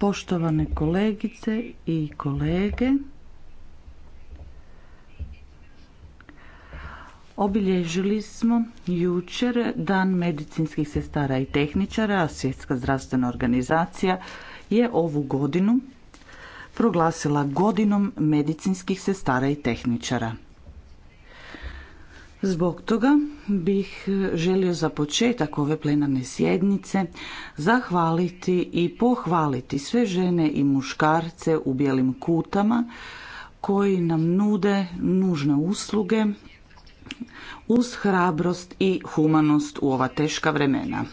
Poštovane kolegice i kolege, Obilježili smo jučer Dan medicinskih sestara i tehničara, a Svjetska zdravstvena organizacija je ovu godinu proglasila godinom medicinskih sestara i tehničara. Zbog toga bih e, želio za početak ove plenarne sjednice zahvaliti i pohvaliti sve žene i muškarce u bijelim kutama koji nam nude nužne usluge uz hrabrost i humanost u ova teška vremena.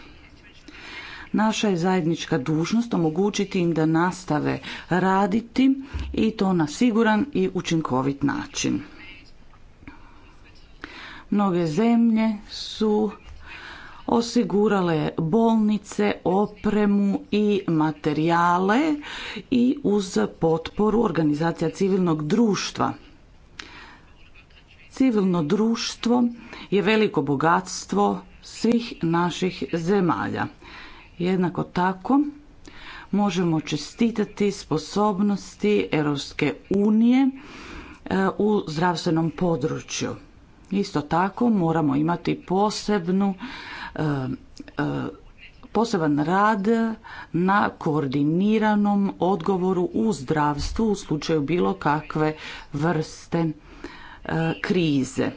Naša je zajednička dužnost omogućiti im da nastave raditi i to na siguran i učinkovit način. Mnoge zemlje su osigurale bolnice, opremu i materijale i uz potporu organizacija civilnog društva. Civilno društvo je veliko bogatstvo svih naših zemalja. Jednako tako možemo čestitati sposobnosti Europske unije e, u zdravstvenom području. Isto tako moramo imati posebnu e, e, poseban rad na koordiniranom odgovoru u zdravstvu u slučaju bilo kakve vrste e, krize.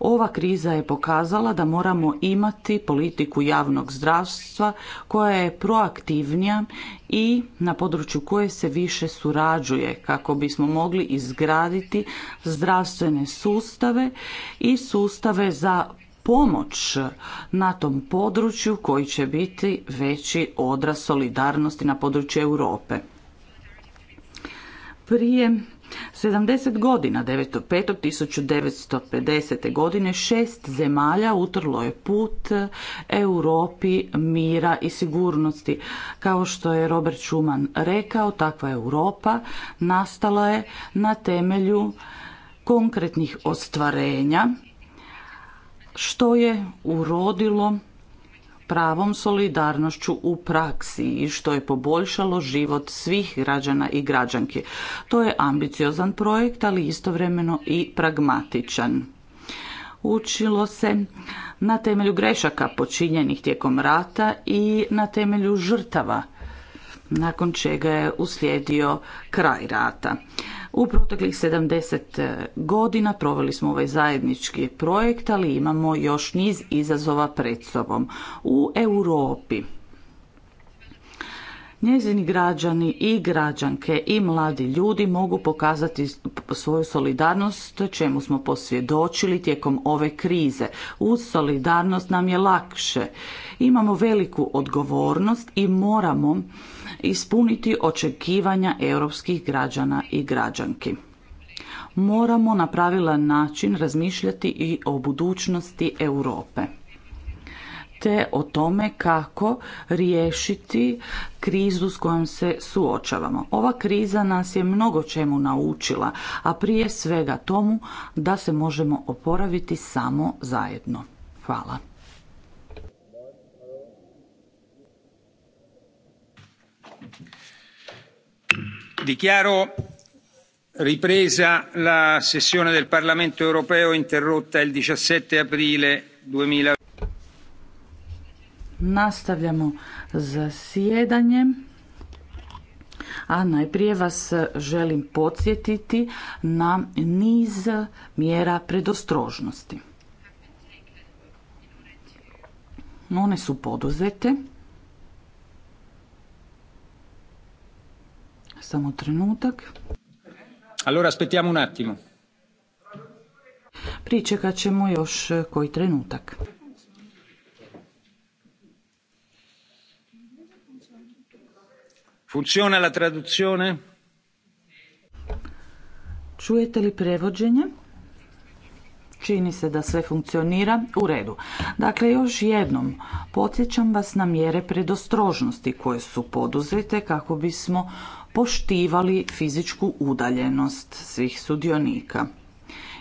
Ova kriza je pokazala da moramo imati politiku javnog zdravstva koja je proaktivnija i na području koje se više surađuje kako bismo mogli izgraditi zdravstvene sustave i sustave za pomoć na tom području koji će biti veći odraz solidarnosti na području Europe. Prije 70 godina 9.5.1950. godine šest zemalja utrlo je put Europi mira i sigurnosti. Kao što je Robert Schumann rekao, takva Europa nastala je na temelju konkretnih ostvarenja što je urodilo pravom solidarnošću u praksi i što je poboljšalo život svih građana i građanki. To je ambiciozan projekt, ali istovremeno i pragmatičan. Učilo se na temelju grešaka počinjenih tijekom rata i na temelju žrtava nakon čega je uslijedio kraj rata. U proteklih 70 e, godina proveli smo ovaj zajednički projekt, ali imamo još niz izazova pred sobom. U Europi Njezini građani i građanke i mladi ljudi mogu pokazati svoju solidarnost čemu smo posvjedočili tijekom ove krize. Uz solidarnost nam je lakše. Imamo veliku odgovornost i moramo ispuniti očekivanja europskih građana i građanki. Moramo na pravilan način razmišljati i o budućnosti Europe te o tome kako riješiti krizu s kojom se suočavamo. Ova kriza nas je mnogo čemu naučila, a prije svega tomu da se možemo oporaviti samo zajedno. Hvala. dichiaro ripresa la sessione del parlamento europeo interrotta il 17 aprile. 2000... nastavljamo zasjedanjem a najprije vas želim podsjetiti na niz mjera predostrožnosti one su poduzete Samo trenutak. Allora aspettiamo un attimo. Pričekat ćemo još e, koji trenutak. Funziona la traduzione? Čujete li prevođenje? Čini se da sve funkcionira u redu. Dakle, još jednom, podsjećam vas na mjere predostrožnosti koje su poduzete kako bismo poštivali fizičku udaljenost svih sudionika.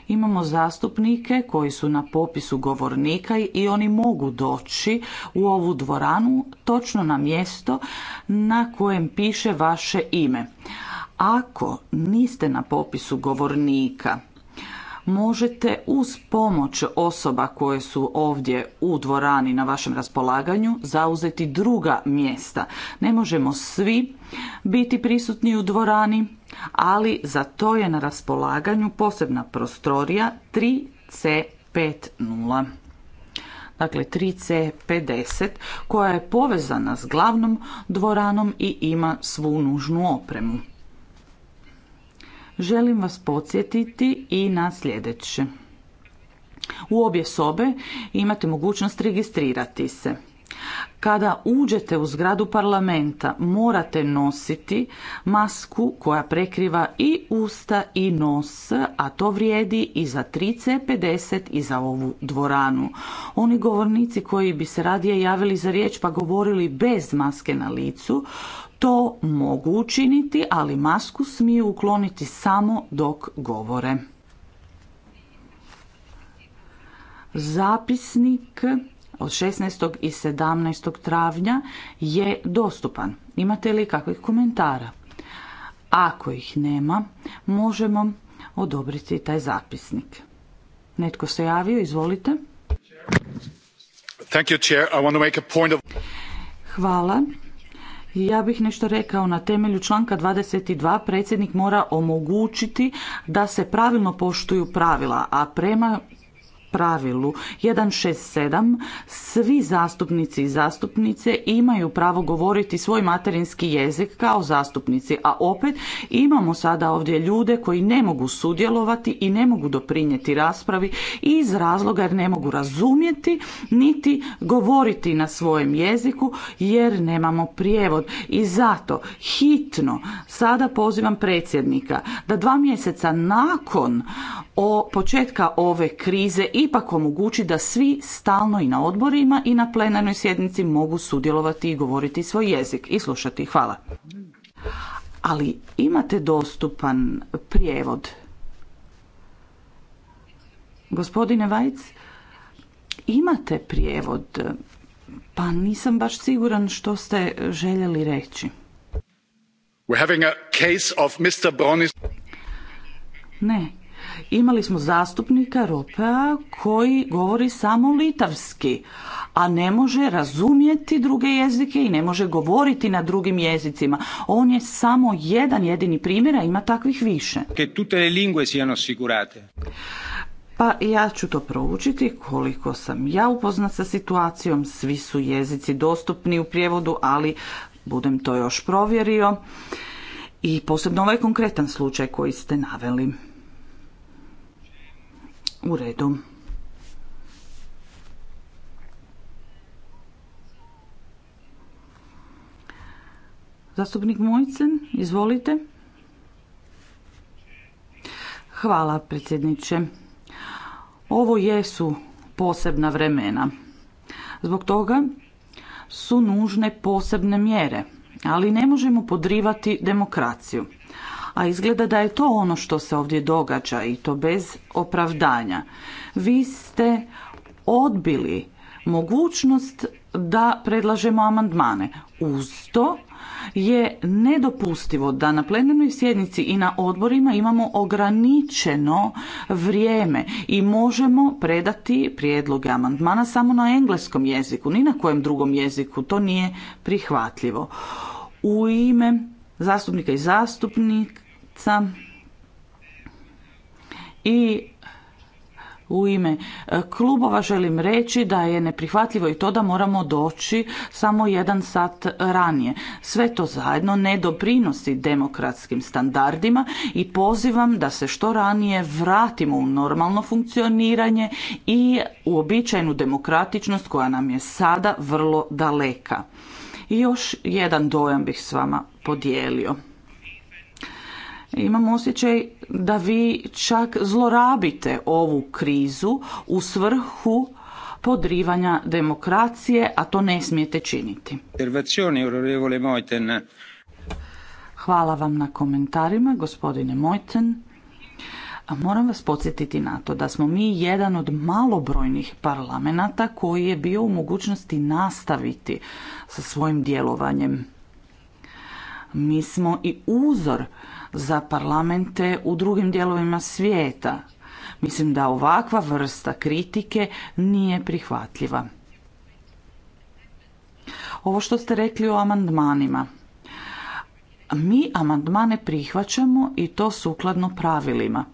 Imamo zastupnike koji su na popisu govornika i oni mogu doći u ovu dvoranu točno na mjesto na kojem piše vaše ime. Ako niste na popisu govornika možete uz pomoć osoba koje su ovdje u dvorani na vašem raspolaganju zauzeti druga mjesta. Ne možemo svi biti prisutni u dvorani, ali za to je na raspolaganju posebna prostorija 3C50 dakle 3C50 koja je povezana s glavnom dvoranom i ima svu nužnu opremu. Želim vas podsjetiti i na sljedeće. U obje sobe imate mogućnost registrirati se. Kada uđete u zgradu parlamenta morate nositi masku koja prekriva i usta i nos, a to vrijedi i za 3 50 i za ovu dvoranu. Oni govornici koji bi se radije javili za riječ pa govorili bez maske na licu to mogu učiniti, ali masku smiju ukloniti samo dok govore. Zapisnik od 16. i 17. travnja je dostupan. Imate li kakvih komentara? Ako ih nema, možemo odobriti taj zapisnik. Netko se javio, izvolite. Hvala. Ja bih nešto rekao na temelju članka 22 predsjednik mora omogućiti da se pravilno poštuju pravila, a prema pravilu 167 svi zastupnici i zastupnice imaju pravo govoriti svoj materinski jezik kao zastupnici, a opet imamo sada ovdje ljude koji ne mogu sudjelovati i ne mogu doprinijeti raspravi iz razloga jer ne mogu razumjeti niti govoriti na svojem jeziku jer nemamo prijevod. I zato hitno sada pozivam predsjednika da dva mjeseca nakon o početka ove krize ipak omogući da svi stalno i na odborima i na plenarnoj sjednici mogu sudjelovati i govoriti svoj jezik i slušati. Hvala. Ali imate dostupan prijevod. Gospodine Vajc, imate prijevod, pa nisam baš siguran što ste željeli reći. Ne, imali smo zastupnika Ropea koji govori samo litarski, a ne može razumjeti druge jezike i ne može govoriti na drugim jezicima. On je samo jedan jedini primjer, a ima takvih više. Che tutte le lingue siano Pa ja ću to proučiti koliko sam ja upoznat sa situacijom. Svi su jezici dostupni u prijevodu, ali budem to još provjerio. I posebno ovaj konkretan slučaj koji ste naveli. U redu. Zastupnik Mojcen, izvolite. Hvala, predsjedniče. Ovo jesu posebna vremena. Zbog toga su nužne posebne mjere, ali ne možemo podrivati demokraciju a izgleda da je to ono što se ovdje događa i to bez opravdanja. Vi ste odbili mogućnost da predlažemo amandmane. Uz to je nedopustivo da na plenarnoj sjednici i na odborima imamo ograničeno vrijeme i možemo predati prijedloge amandmana samo na engleskom jeziku, ni na kojem drugom jeziku. To nije prihvatljivo. U ime zastupnika i zastupnica i u ime e, klubova želim reći da je neprihvatljivo i to da moramo doći samo jedan sat ranije. Sve to zajedno ne doprinosi demokratskim standardima i pozivam da se što ranije vratimo u normalno funkcioniranje i običajnu demokratičnost koja nam je sada vrlo daleka. I još jedan dojam bih s vama podijelio. Imam osjećaj da vi čak zlorabite ovu krizu u svrhu podrivanja demokracije, a to ne smijete činiti. Hvala vam na komentarima, gospodine Mojten. A moram vas podsjetiti na to da smo mi jedan od malobrojnih parlamenata koji je bio u mogućnosti nastaviti sa svojim djelovanjem. Mi smo i uzor za parlamente u drugim dijelovima svijeta. Mislim da ovakva vrsta kritike nije prihvatljiva. Ovo što ste rekli o amandmanima. Mi amandmane prihvaćamo i to sukladno pravilima.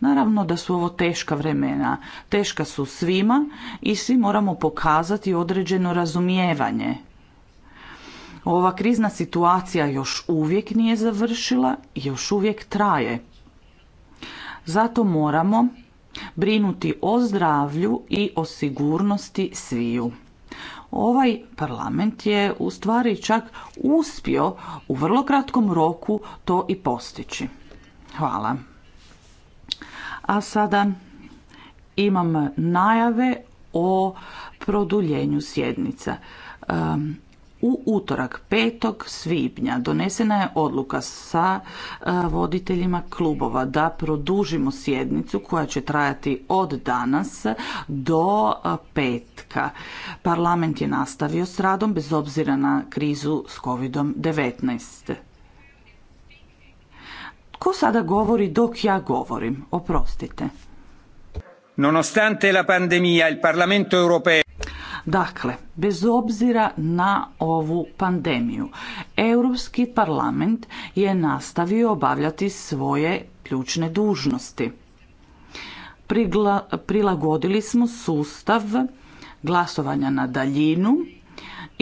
Naravno da su ovo teška vremena, teška su svima i svi moramo pokazati određeno razumijevanje ova krizna situacija još uvijek nije završila i još uvijek traje. Zato moramo brinuti o zdravlju i o sigurnosti sviju. Ovaj parlament je u stvari čak uspio u vrlo kratkom roku to i postići. Hvala. A sada imam najave o produljenju sjednica. Ehm, u utorak 5. svibnja donesena je odluka sa e, voditeljima klubova da produžimo sjednicu koja će trajati od danas do e, petka. Parlament je nastavio s radom bez obzira na krizu s COVID-19. Ko sada govori dok ja govorim? Oprostite. Nonostante la pandemia, il Parlamento europeo Dakle, bez obzira na ovu pandemiju, Europski parlament je nastavio obavljati svoje ključne dužnosti. prilagodili smo sustav glasovanja na daljinu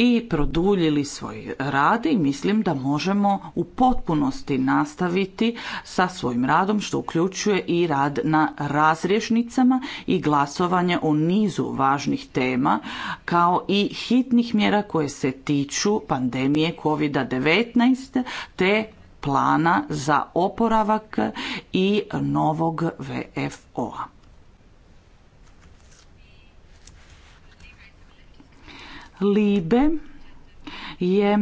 i produljili svoj rad i mislim da možemo u potpunosti nastaviti sa svojim radom što uključuje i rad na razrješnicama i glasovanje o nizu važnih tema kao i hitnih mjera koje se tiču pandemije COVID-19 te plana za oporavak i novog VFO-a. Libe je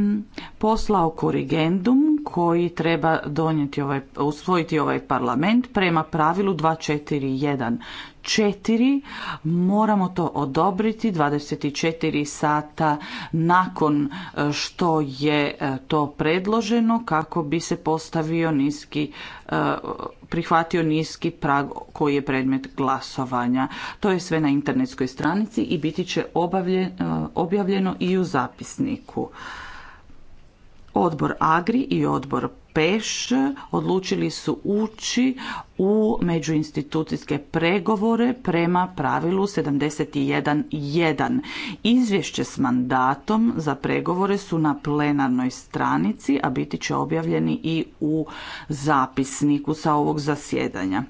poslao korigendum koji treba donijeti ovaj, usvojiti ovaj parlament prema pravilu 241. Četiri moramo to odobriti 24 sata nakon e, što je e, to predloženo kako bi se postavio niski e, prihvatio niski prag koji je predmet glasovanja. To je sve na internetskoj stranici i biti će objavljeno i u zapisniku. Odbor Agri i odbor Peš odlučili su ući u međuinstitucijske pregovore prema pravilu 71.1. Izvješće s mandatom za pregovore su na plenarnoj stranici, a biti će objavljeni i u zapisniku sa ovog zasjedanja.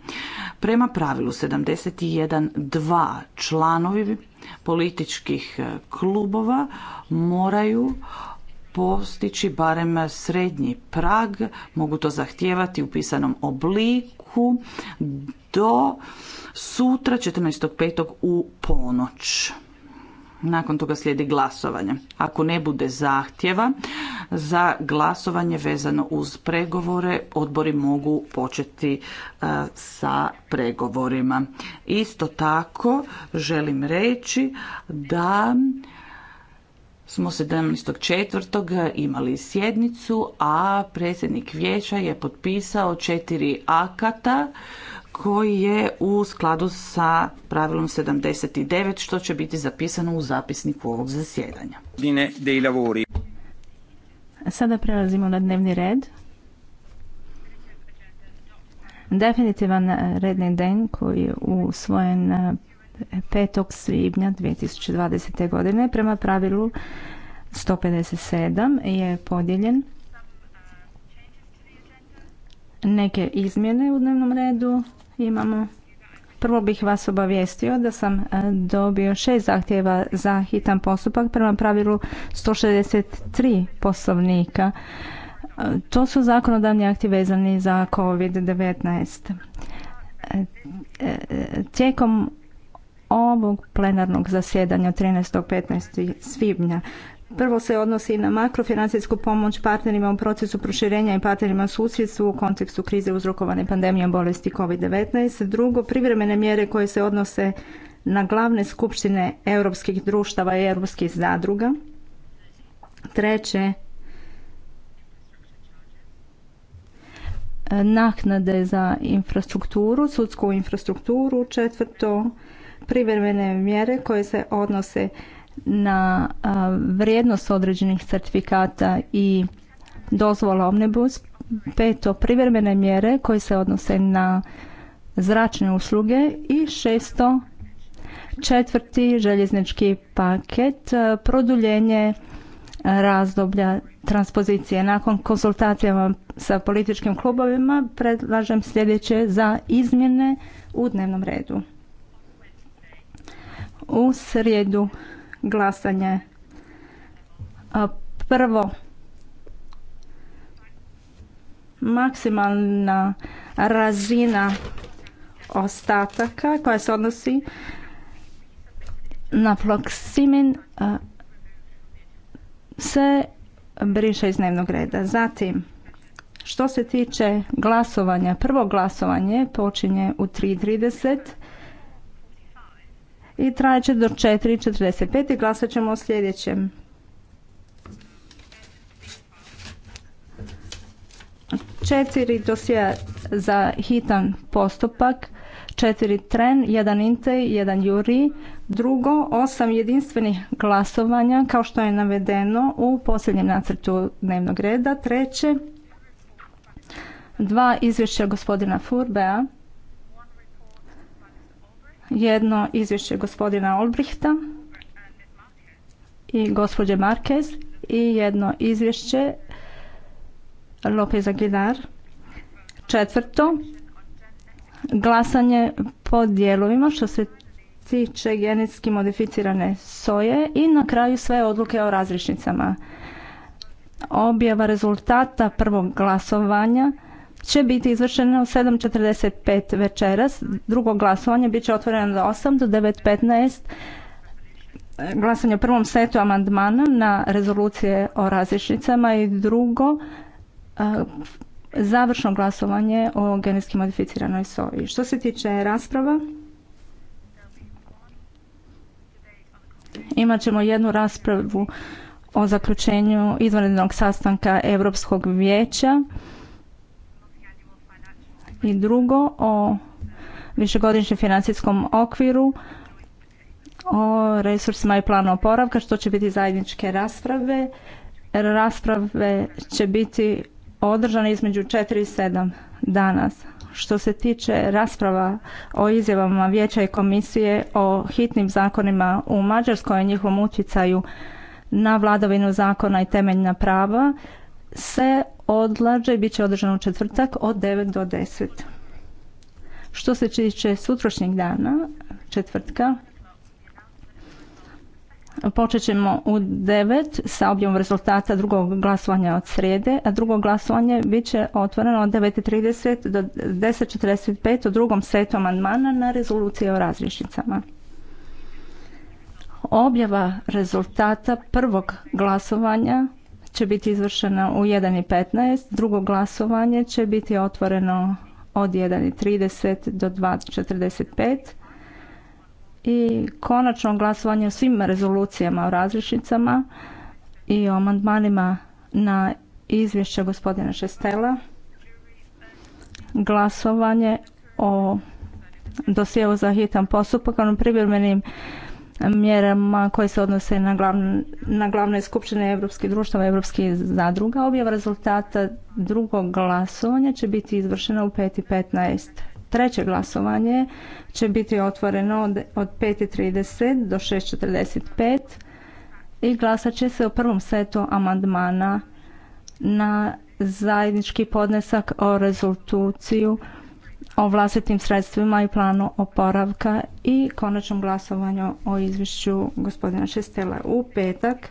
Prema pravilu 71.2 članovi političkih klubova moraju postići barem srednji prag, mogu to zahtijevati u pisanom obliku do sutra 14.5. u ponoć. Nakon toga slijedi glasovanje. Ako ne bude zahtjeva za glasovanje vezano uz pregovore, odbori mogu početi e, sa pregovorima. Isto tako želim reći da smo 17.4. imali sjednicu, a predsjednik vijeća je potpisao četiri akata koji je u skladu sa pravilom 79 što će biti zapisano u zapisniku ovog zasjedanja. Sada prelazimo na dnevni red. Definitivan redni den koji je usvojen 5. svibnja 2020. godine prema pravilu 157 je podijeljen neke izmjene u dnevnom redu imamo. Prvo bih vas obavijestio da sam e, dobio šest zahtjeva za hitan postupak prema pravilu 163 poslovnika. E, to su zakonodavni akti vezani za COVID-19. E, tijekom ovog plenarnog zasjedanja 13. svibnja. Prvo se odnosi na makrofinancijsku pomoć partnerima u procesu proširenja i partnerima susjedstvu u kontekstu krize uzrokovane pandemijom bolesti COVID-19. Drugo, privremene mjere koje se odnose na glavne skupštine europskih društava i europskih zadruga. Treće, naknade za infrastrukturu, sudsku infrastrukturu. Četvrto, privremene mjere koje se odnose na vrijednost određenih certifikata i dozvola Omnibus. Peto, privremene mjere koje se odnose na zračne usluge i šesto, četvrti željeznički paket, produljenje razdoblja transpozicije. Nakon konsultacijama sa političkim klubovima predlažem sljedeće za izmjene u dnevnom redu u srijedu glasanje prvo maksimalna razina ostataka koja se odnosi na floksimin se briše iz dnevnog reda. Zatim, što se tiče glasovanja, prvo glasovanje počinje u 3.30 i trajeće do 4.45 i glasat ćemo o sljedećem. Četiri dosije za hitan postupak, četiri tren, jedan intej, jedan juri, drugo osam jedinstvenih glasovanja kao što je navedeno u posljednjem nacrtu dnevnog reda, treće dva izvješća gospodina Furbea jedno izvješće gospodina Olbrichta i gospođe Marquez i jedno izvješće Lopez Aguilar. Četvrto, glasanje po dijelovima što se tiče genetski modificirane soje i na kraju sve odluke o razrišnicama. Objava rezultata prvog glasovanja će biti izvršeno u 7.45 večeras. Drugo glasovanje bit će otvoreno do 8 do 9.15 glasanje o prvom setu amandmana na rezolucije o različnicama i drugo završno glasovanje o genetski modificiranoj soji. Što se tiče rasprava, imat ćemo jednu raspravu o zaključenju izvanrednog sastanka Europskog vijeća i drugo, o višegodišnjem financijskom okviru, o resursima i planu oporavka, što će biti zajedničke rasprave. Rasprave će biti održane između 4 i 7 danas. Što se tiče rasprava o izjavama Vijeća i Komisije o hitnim zakonima u Mađarskoj i njihovom utjecaju na vladavinu zakona i temeljna prava, se odlaže i bit će održano u četvrtak od 9 do 10. Što se tiče sutrašnjeg dana, četvrtka, počet ćemo u 9 sa objavom rezultata drugog glasovanja od srijede, a drugo glasovanje bit će otvoreno od 9.30 do 10.45 u drugom setu amandmana na rezolucije o razrišnicama. Objava rezultata prvog glasovanja će biti izvršena u 1.15. Drugo glasovanje će biti otvoreno od 1.30 do 2.45. I konačno glasovanje o svim rezolucijama o različnicama i o amandmanima na izvješće gospodina Šestela. Glasovanje o dosjeu za hitan postupak, onom privremenim mjerama koje se odnose na, glavne, na glavne skupštine Europskih društava Europskih zadruga. Objava rezultata drugog glasovanja će biti izvršena u 5.15. Treće glasovanje će biti otvoreno od 5.30 do 6.45 i glasat će se u prvom setu amandmana na zajednički podnesak o rezultuciju o vlastitim sredstvima i planu oporavka i konačnom glasovanju o izvješću gospodina Šestela u petak.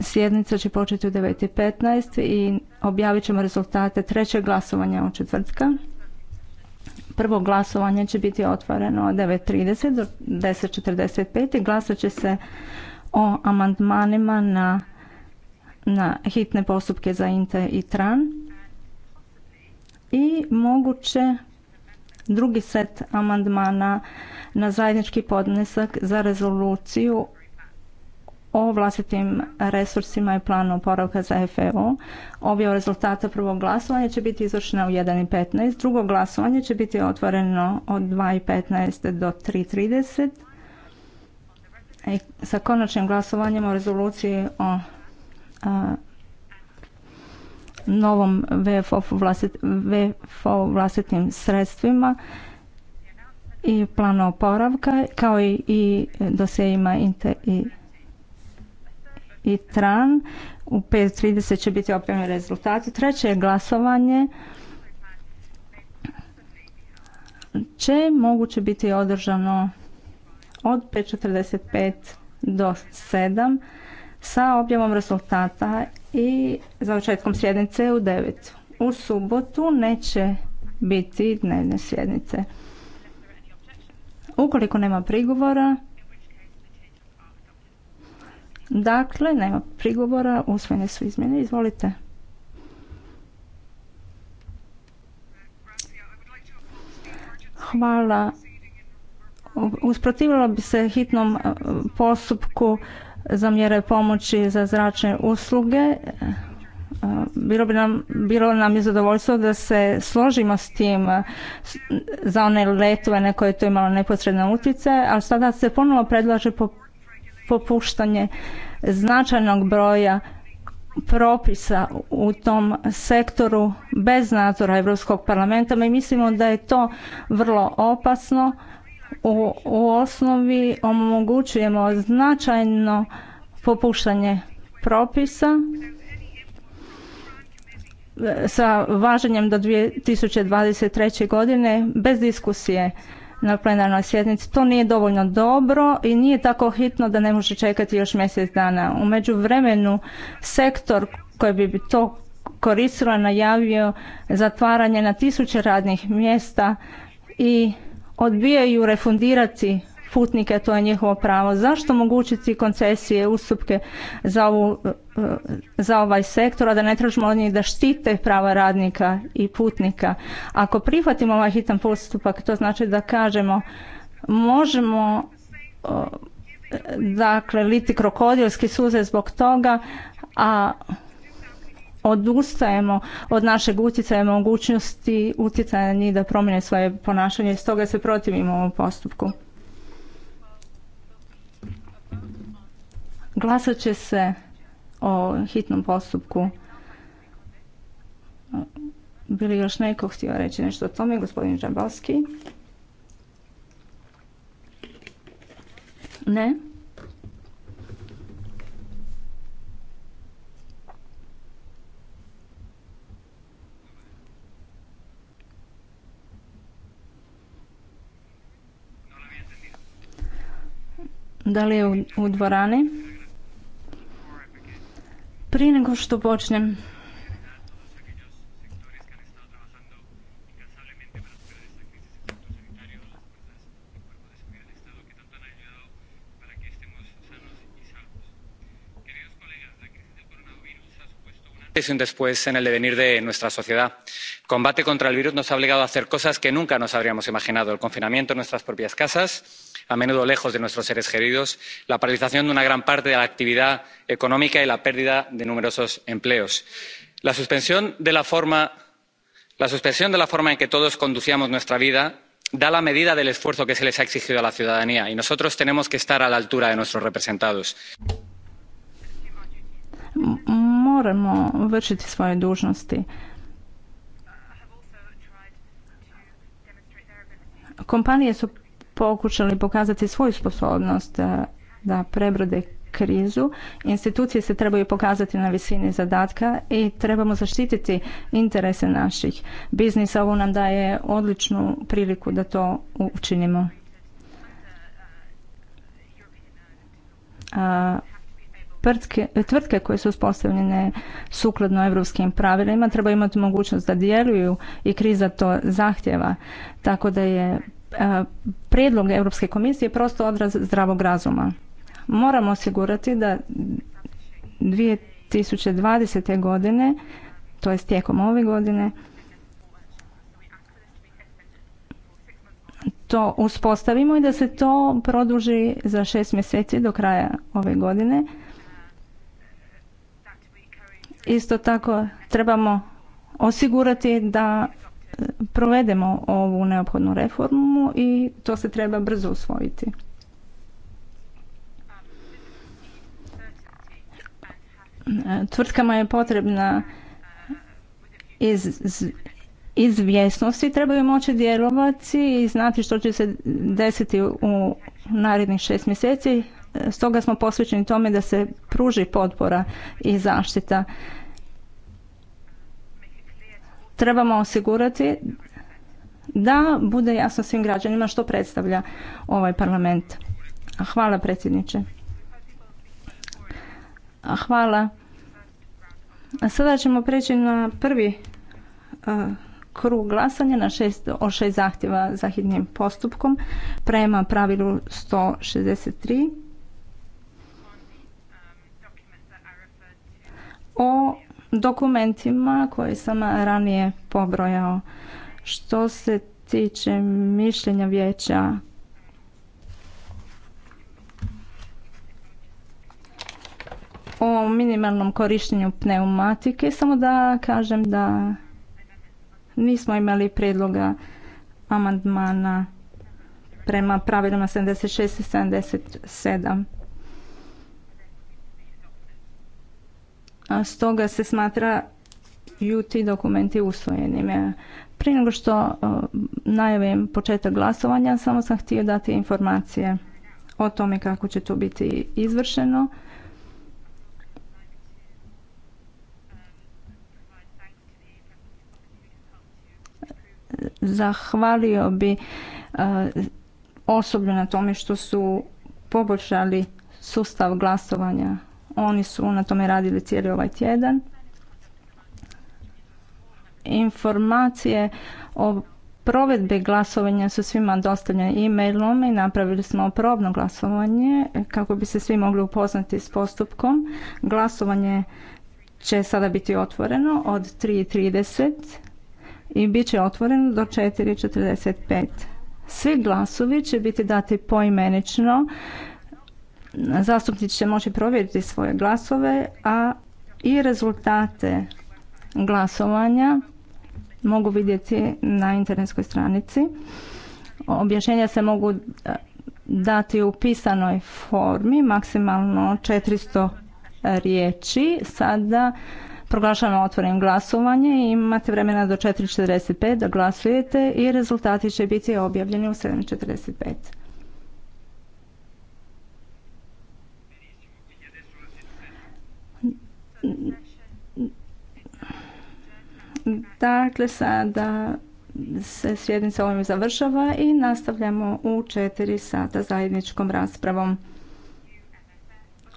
Sjednica će početi u 9.15 i objavit ćemo rezultate trećeg glasovanja u četvrtka. Prvo glasovanje će biti otvoreno od 9.30 do 10.45 i glasat će se o amandmanima na, na hitne postupke za INTE i TRAN i moguće drugi set amandmana na zajednički podnesak za rezoluciju o vlastitim resursima i planu oporavka za FEO. Objav rezultata prvog glasovanja će biti izvršena u 1.15. Drugo glasovanje će biti otvoreno od 2.15 do 3.30 e, sa konačnim glasovanjem o rezoluciji o novom VFO, vlastit, vlastitim sredstvima i planu oporavka kao i, i dosjeima Inte i, i TRAN. U 5.30 će biti opremljeni rezultati. Treće je glasovanje će moguće biti održano od 5.45 do 7 sa objavom rezultata i završetkom sjednice u devet. U subotu neće biti dnevne sjednice. Ukoliko nema prigovora, dakle, nema prigovora, usvojene su izmjene, izvolite. Hvala. Usprotivila bi se hitnom e, postupku za mjere pomoći za zračne usluge. E, bilo bi nam, bilo nam je zadovoljstvo da se složimo s tim e, za one letove na koje je to imalo neposredne utjece, ali sada se ponovno predlaže popuštanje značajnog broja propisa u tom sektoru bez nadzora Europskog parlamenta. Mi mislimo da je to vrlo opasno u, osnovi omogućujemo značajno popuštanje propisa sa važenjem do 2023. godine bez diskusije na plenarnoj sjednici. To nije dovoljno dobro i nije tako hitno da ne može čekati još mjesec dana. U međuvremenu sektor koji bi to koristilo najavio zatvaranje na tisuće radnih mjesta i odbijaju refundirati putnike, to je njihovo pravo. Zašto omogućiti koncesije, ustupke za, ovu, eh, za ovaj sektor, a da ne tražimo od njih da štite prava radnika i putnika? Ako prihvatimo ovaj hitan postupak, to znači da kažemo možemo eh, dakle liti krokodilski suze zbog toga, a odustajemo od našeg utjecaja mogućnosti utjecaja na njih da promjene svoje ponašanje i stoga se protivimo ovom postupku. Glasat će se o hitnom postupku. Bili još neko htio reći nešto o tome, gospodin Ne? Ne? Da li je u, u dvorani? Prije nego što počnem, y un después en el devenir de nuestra sociedad. el combate contra el virus nos ha obligado a hacer cosas que nunca nos habríamos imaginado el confinamiento en nuestras propias casas a menudo lejos de nuestros seres queridos la paralización de una gran parte de la actividad económica y la pérdida de numerosos empleos. la suspensión de la forma en que todos conducíamos nuestra vida da la medida del esfuerzo que se les ha exigido a la ciudadanía y nosotros tenemos que estar a la altura de nuestros representados pokušali pokazati svoju sposobnost e, da prebrode krizu. Institucije se trebaju pokazati na visini zadatka i trebamo zaštititi interese naših biznisa. Ovo nam daje odličnu priliku da to učinimo. Tvrtke, koje su uspostavljene sukladno europskim pravilima trebaju imati mogućnost da djeluju i kriza to zahtjeva. Tako da je E, predlog Europske komisije je prosto odraz zdravog razuma. Moramo osigurati da 2020. godine, to je tijekom ove godine, to uspostavimo i da se to produži za šest mjeseci do kraja ove godine. Isto tako trebamo osigurati da provedemo ovu neophodnu reformu i to se treba brzo usvojiti. Tvrtkama je potrebna iz, izvjesnost i trebaju moći djelovati i znati što će se desiti u narednih šest mjeseci. Stoga smo posvećeni tome da se pruži potpora i zaštita trebamo osigurati da bude jasno svim građanima što predstavlja ovaj parlament. Hvala predsjedniče. Hvala. A sada ćemo preći na prvi e, krug glasanja na šest, o šest zahtjeva za hitnim postupkom prema pravilu 163 o dokumentima koje sam ranije pobrojao. Što se tiče mišljenja vijeća o minimalnom korištenju pneumatike, samo da kažem da nismo imali predloga amandmana prema pravilima 76 i 77. stoga se smatra ti dokumenti usvojenim. Prije nego što najavim početak glasovanja, samo sam htio dati informacije o tome kako će to biti izvršeno. Zahvalio bi e, osoblju na tome što su poboljšali sustav glasovanja oni su na tome radili cijeli ovaj tjedan. Informacije o provedbi glasovanja su svima dostavljene e-mailom i napravili smo probno glasovanje kako bi se svi mogli upoznati s postupkom. Glasovanje će sada biti otvoreno od 3.30 i bit će otvoreno do 4.45. Svi glasovi će biti dati poimenično Zastupnici će moći provjeriti svoje glasove, a i rezultate glasovanja mogu vidjeti na internetskoj stranici. Objašnjenja se mogu e, dati u pisanoj formi, maksimalno 400 riječi. Sada proglašamo otvorenim glasovanje. Imate vremena do 4.45 da glasujete i rezultati će biti objavljeni u 7.45. Dakle, sada se sjednica ovim završava i nastavljamo u četiri sata zajedničkom raspravom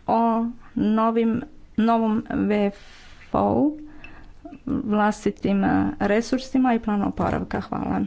o novim, novom VFO-u, vlastitim resursima i planu oporavka. Hvala.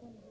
Hvala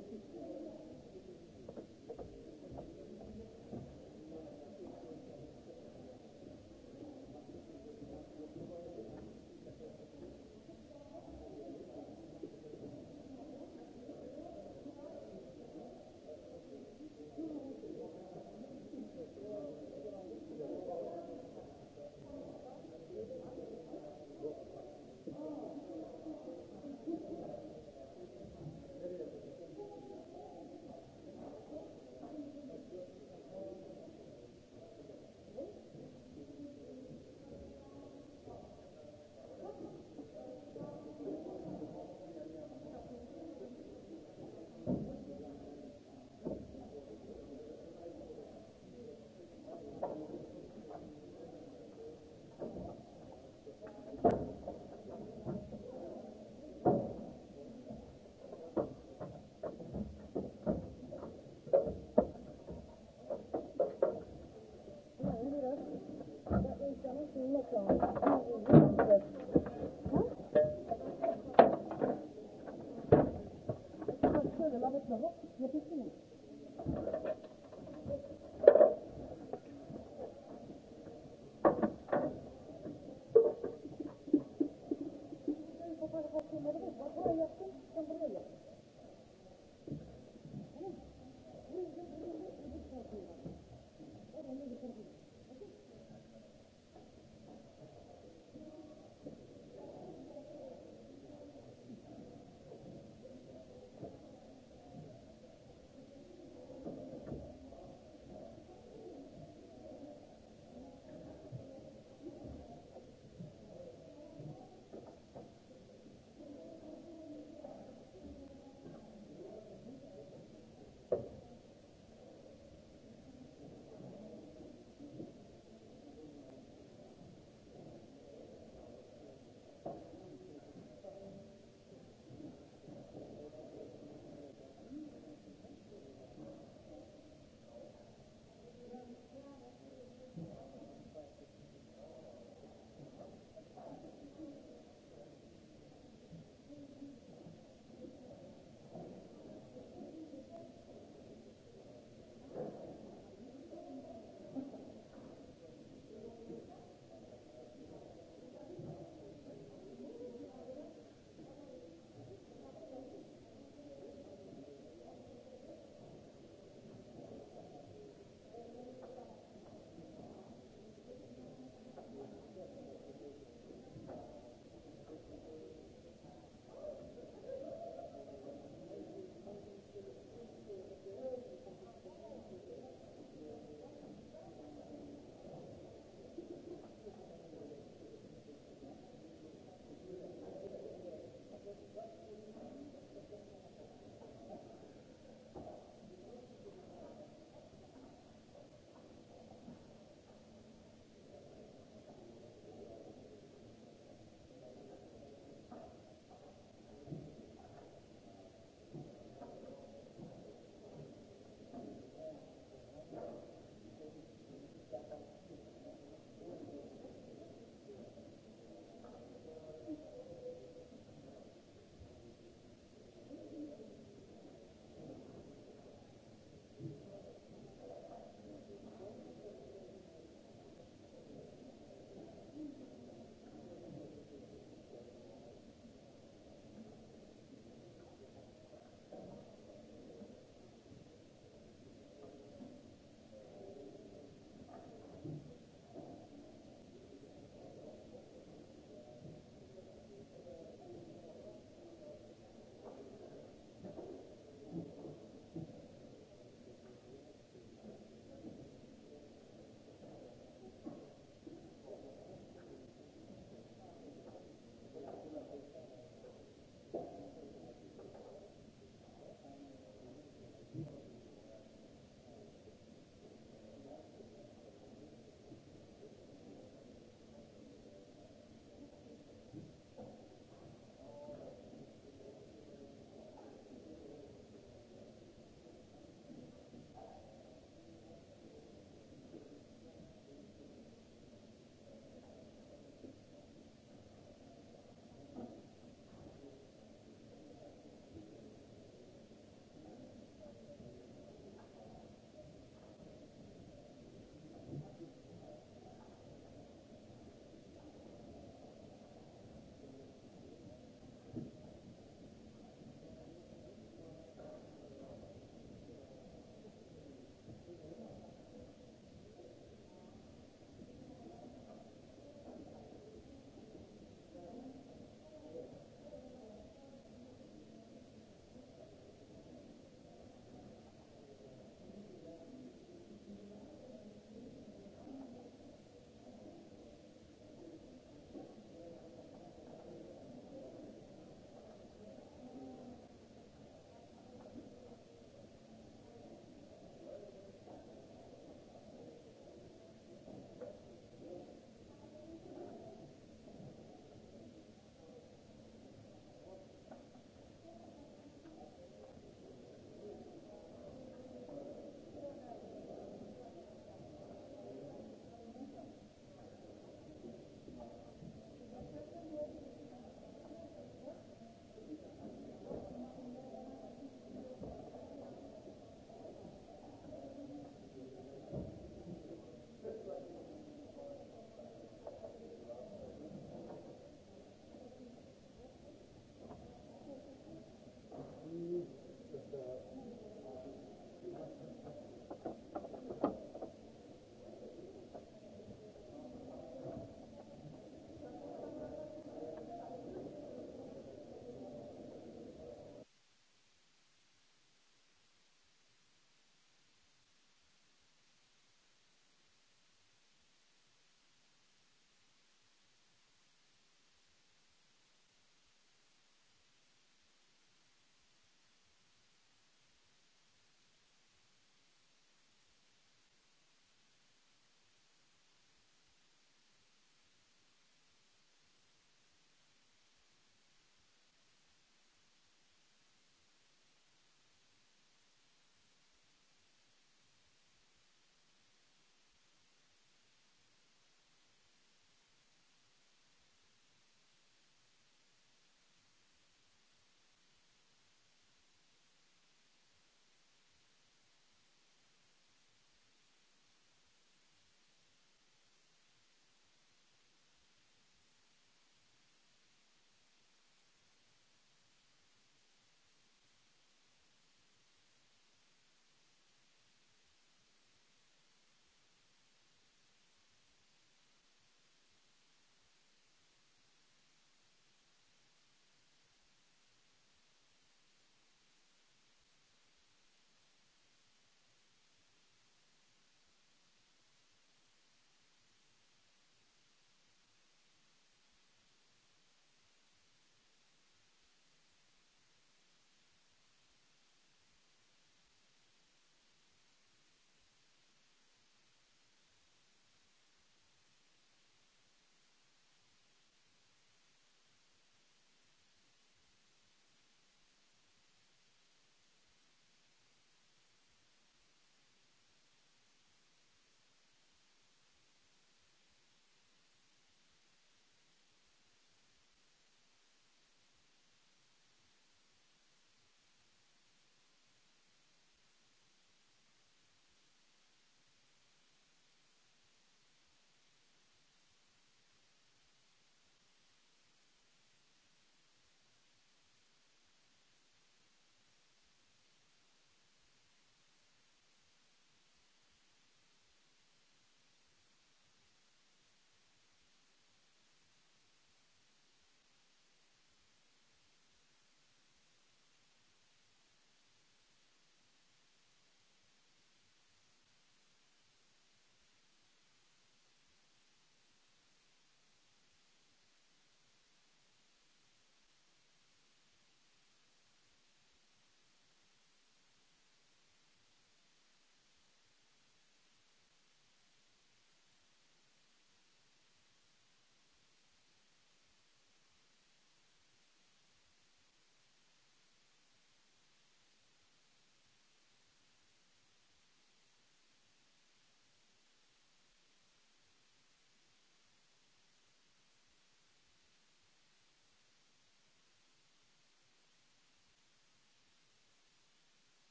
you. lokalne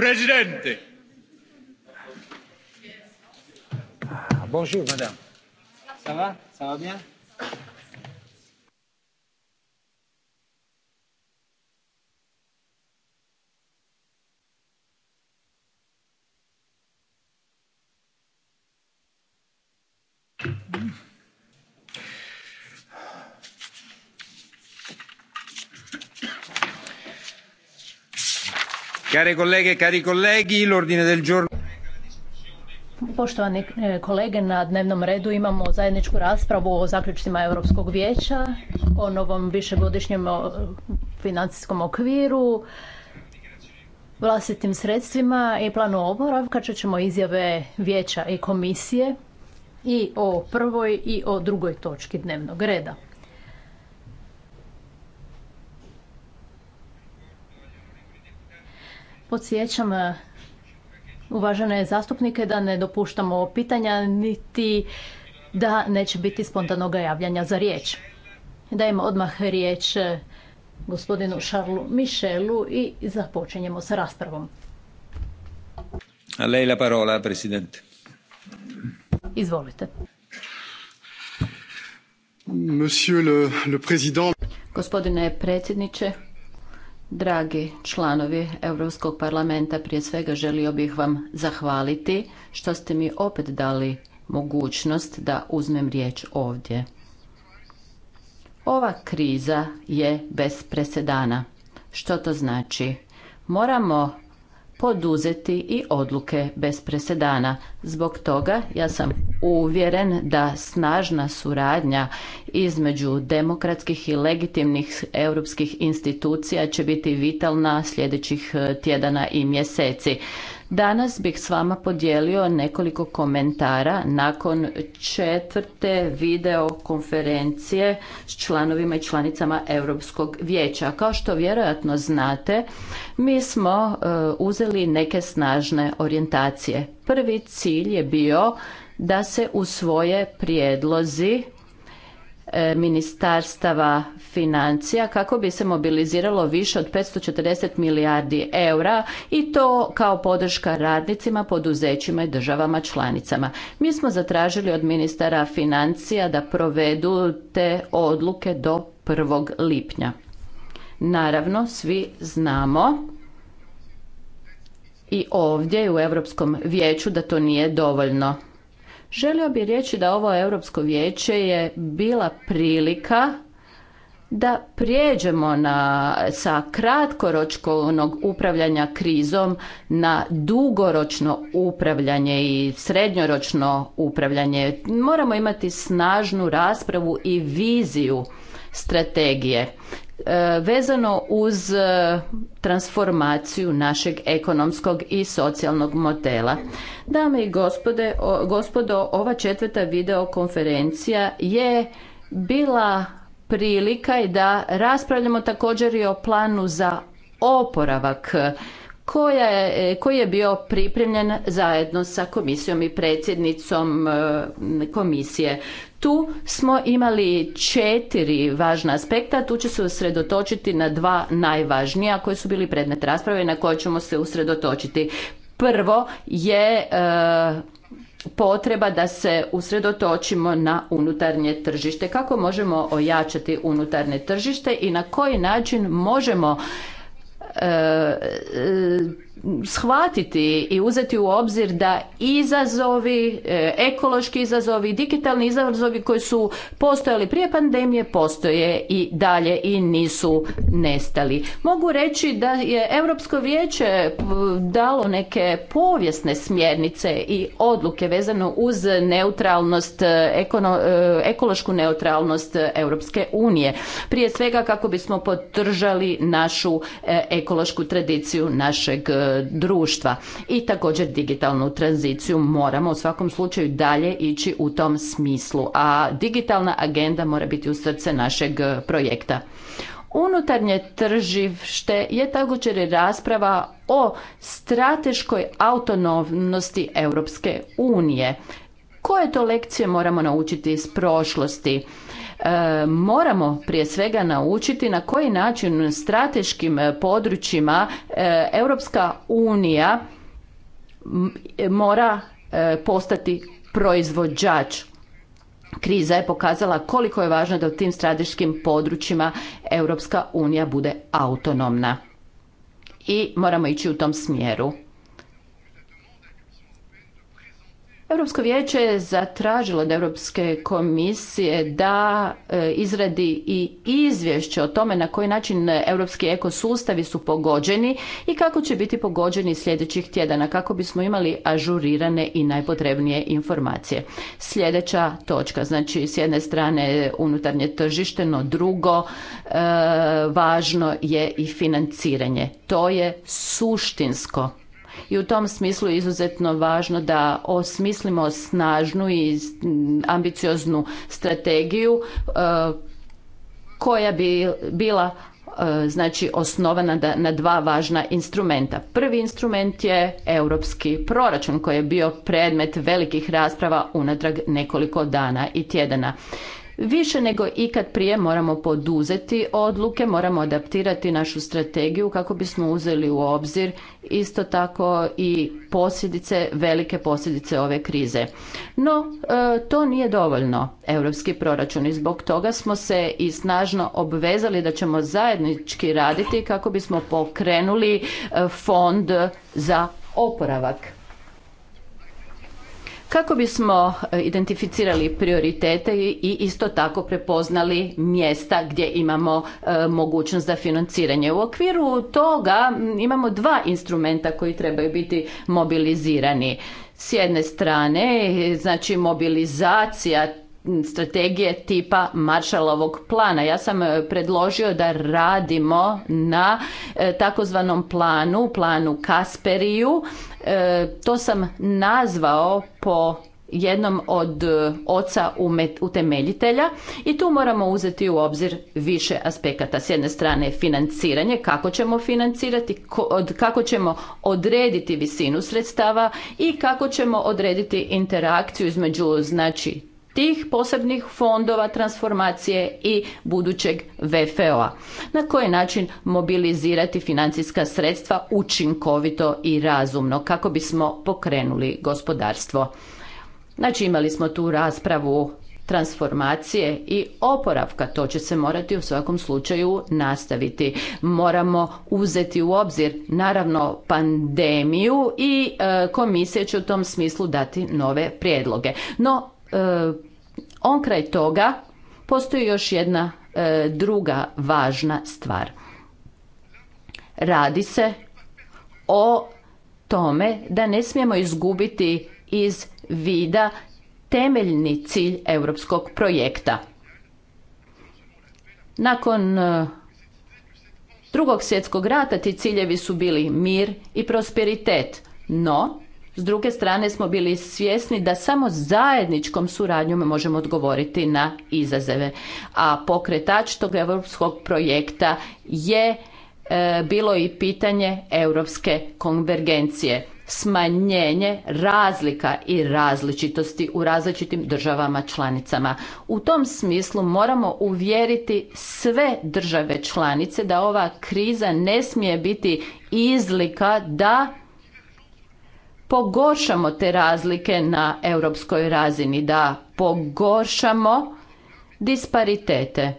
Presidente. Ah, bonjour, madame. Ça va Ça va bien Care kolege, kolegi, l'ordine del giorno. Poštovani eh, kolege, na dnevnom redu imamo zajedničku raspravu o zaključcima Europskog vijeća, o novom višegodišnjem financijskom okviru, vlastitim sredstvima i planu oporavka ćemo izjave vijeća i komisije i o prvoj i o drugoj točki dnevnog reda. Podsjećam eh, uvažene zastupnike da ne dopuštamo pitanja niti da neće biti spontanog javljanja za riječ. Dajem odmah riječ eh, gospodinu Šarlu Mišelu i započinjemo sa raspravom. parola, presidente. Izvolite. Monsieur le, le président. Gospodine predsjedniče, Dragi članovi Europskog parlamenta, prije svega želio bih vam zahvaliti što ste mi opet dali mogućnost da uzmem riječ ovdje. Ova kriza je bez presedana. Što to znači? Moramo poduzeti i odluke bez presedana. Zbog toga ja sam uvjeren da snažna suradnja između demokratskih i legitimnih europskih institucija će biti vitalna sljedećih eh, tjedana i mjeseci. Danas bih s vama podijelio nekoliko komentara nakon četvrte video konferencije s članovima i članicama Europskog vijeća. Kao što vjerojatno znate, mi smo e, uzeli neke snažne orijentacije. Prvi cilj je bio da se usvoje prijedlozi E, ministarstava financija kako bi se mobiliziralo više od 540 milijardi eura i to kao podrška radnicima, poduzećima i državama članicama. Mi smo zatražili od ministara financija da provedu te odluke do 1. lipnja. Naravno, svi znamo i ovdje u Europskom vijeću da to nije dovoljno. Želio bih reći da ovo Europsko vijeće je bila prilika da prijeđemo na, sa kratkoročkog upravljanja krizom na dugoročno upravljanje i srednjoročno upravljanje. Moramo imati snažnu raspravu i viziju strategije E, vezano uz e, transformaciju našeg ekonomskog i socijalnog modela. Dame i gospode, gospodo, ova četvrta videokonferencija je bila prilika i da raspravljamo također i o planu za oporavak je, e, koji je bio pripremljen zajedno sa komisijom i predsjednicom komisije. Tu smo imali četiri važna aspekta, tu ću se usredotočiti na dva najvažnija koji su bili predmet rasprave na koje ćemo se usredotočiti. Prvo je e, potreba da se usredotočimo na unutarnje tržište, kako možemo ojačati unutarnje tržište i na koji način možemo e, e, shvatiti i uzeti u obzir da izazovi, e, ekološki izazovi, digitalni izazovi koji su postojali prije pandemije postoje i dalje i nisu nestali. Mogu reći da je Europsko vijeće e, dalo neke povijesne smjernice i odluke vezano uz neutralnost, e, ekološku neutralnost Europske unije. Prije svega kako bismo podržali našu ekološku tradiciju našeg društva i također digitalnu tranziciju moramo u svakom slučaju dalje ići u tom smislu, a digitalna agenda mora biti u srce našeg e, projekta. Unutarnje tržište je također i rasprava o strateškoj autonomnosti Europske unije. Koje to lekcije moramo naučiti iz prošlosti? moramo prije svega naučiti na koji način strateškim e, područjima e, Europska unija e, mora postati proizvođač kriza je pokazala koliko je važno da u tim strateškim područjima Europska unija bude autonomna. I moramo ići u tom smjeru. Europsko vijeće je zatražilo od Europske komisije da e, izradi i izvješće o tome na koji način europski ekosustavi su pogođeni i kako će biti pogođeni sljedećih tjedana kako bismo imali ažurirane i najpotrebnije informacije. Sljedeća točka, znači s jedne strane unutarnje tržište, no drugo e, važno je i financiranje. To je suštinsko i u tom smislu je izuzetno važno da osmislimo snažnu i ambicioznu strategiju e, koja bi bila e, znači osnovana na dva važna instrumenta. Prvi instrument je europski proračun koji je bio predmet velikih rasprava unatrag nekoliko dana i tjedana. Više nego ikad prije moramo poduzeti odluke, moramo adaptirati našu strategiju kako bismo uzeli u obzir isto tako i posljedice, velike posljedice ove krize. No, e, to nije dovoljno, europski proračun i zbog toga smo se i snažno obvezali da ćemo zajednički raditi kako bismo pokrenuli e, fond za oporavak kako bismo e, identificirali prioritete i isto tako prepoznali mjesta gdje imamo e, mogućnost za financiranje. U okviru toga imamo dva instrumenta koji trebaju biti mobilizirani. S jedne strane, e, znači mobilizacija strategije tipa maršalovog plana. Ja sam e, predložio da radimo na e, takozvanom planu, planu Kasperiju. E, to sam nazvao po jednom od oca utemeljitelja i tu moramo uzeti u obzir više aspekata. S jedne strane financiranje, kako ćemo financirati, kako ćemo odrediti visinu sredstava i kako ćemo odrediti interakciju između znači tih posebnih fondova transformacije i budućeg VFO-a. Na koji način mobilizirati financijska sredstva učinkovito i razumno kako bismo pokrenuli gospodarstvo. Znači imali smo tu raspravu transformacije i oporavka. To će se morati u svakom slučaju nastaviti. Moramo uzeti u obzir naravno pandemiju i e, komisija će u tom smislu dati nove prijedloge. No E, on kraj toga postoji još jedna e, druga važna stvar. Radi se o tome da ne smijemo izgubiti iz vida temeljni cilj europskog projekta. Nakon e, drugog svjetskog rata ti ciljevi su bili mir i prosperitet, no s druge strane smo bili svjesni da samo zajedničkom suradnjom možemo odgovoriti na izazove. A pokretač tog europskog projekta je e, bilo i pitanje europske konvergencije smanjenje razlika i različitosti u različitim državama članicama. U tom smislu moramo uvjeriti sve države članice da ova kriza ne smije biti izlika da pogoršamo te razlike na europskoj razini, da pogoršamo disparitete.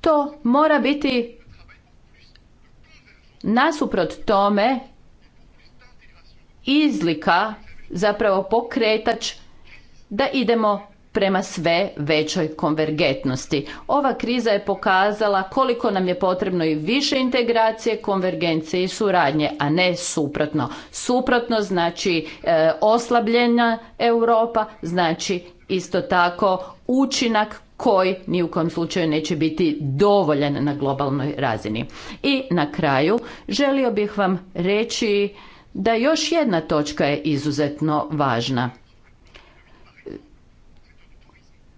To mora biti nasuprot tome izlika, zapravo pokretač da idemo prema sve većoj konvergentnosti. Ova kriza je pokazala koliko nam je potrebno i više integracije, konvergencije i suradnje, a ne suprotno. Suprotno znači e, oslabljena Europa, znači isto tako učinak koji ni u kojem slučaju neće biti dovoljan na globalnoj razini. I na kraju želio bih vam reći da još jedna točka je izuzetno važna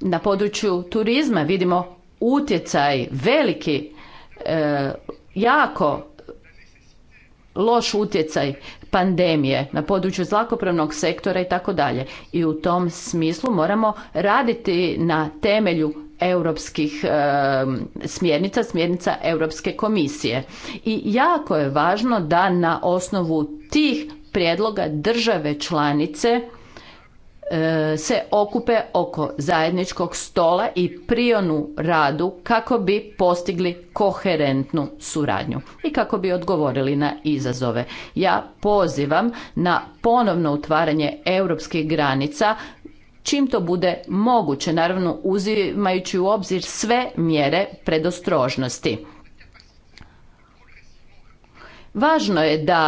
na području turizma vidimo utjecaj veliki e, jako loš utjecaj pandemije na području zlakopravnog sektora i tako dalje i u tom smislu moramo raditi na temelju europskih e, smjernica, smjernica Europske komisije. I jako je važno da na osnovu tih prijedloga države članice E, se okupe oko zajedničkog stola i prionu radu kako bi postigli koherentnu suradnju i kako bi odgovorili na izazove. Ja pozivam na ponovno utvaranje europskih granica čim to bude moguće, naravno uzimajući u obzir sve mjere predostrožnosti. Važno je da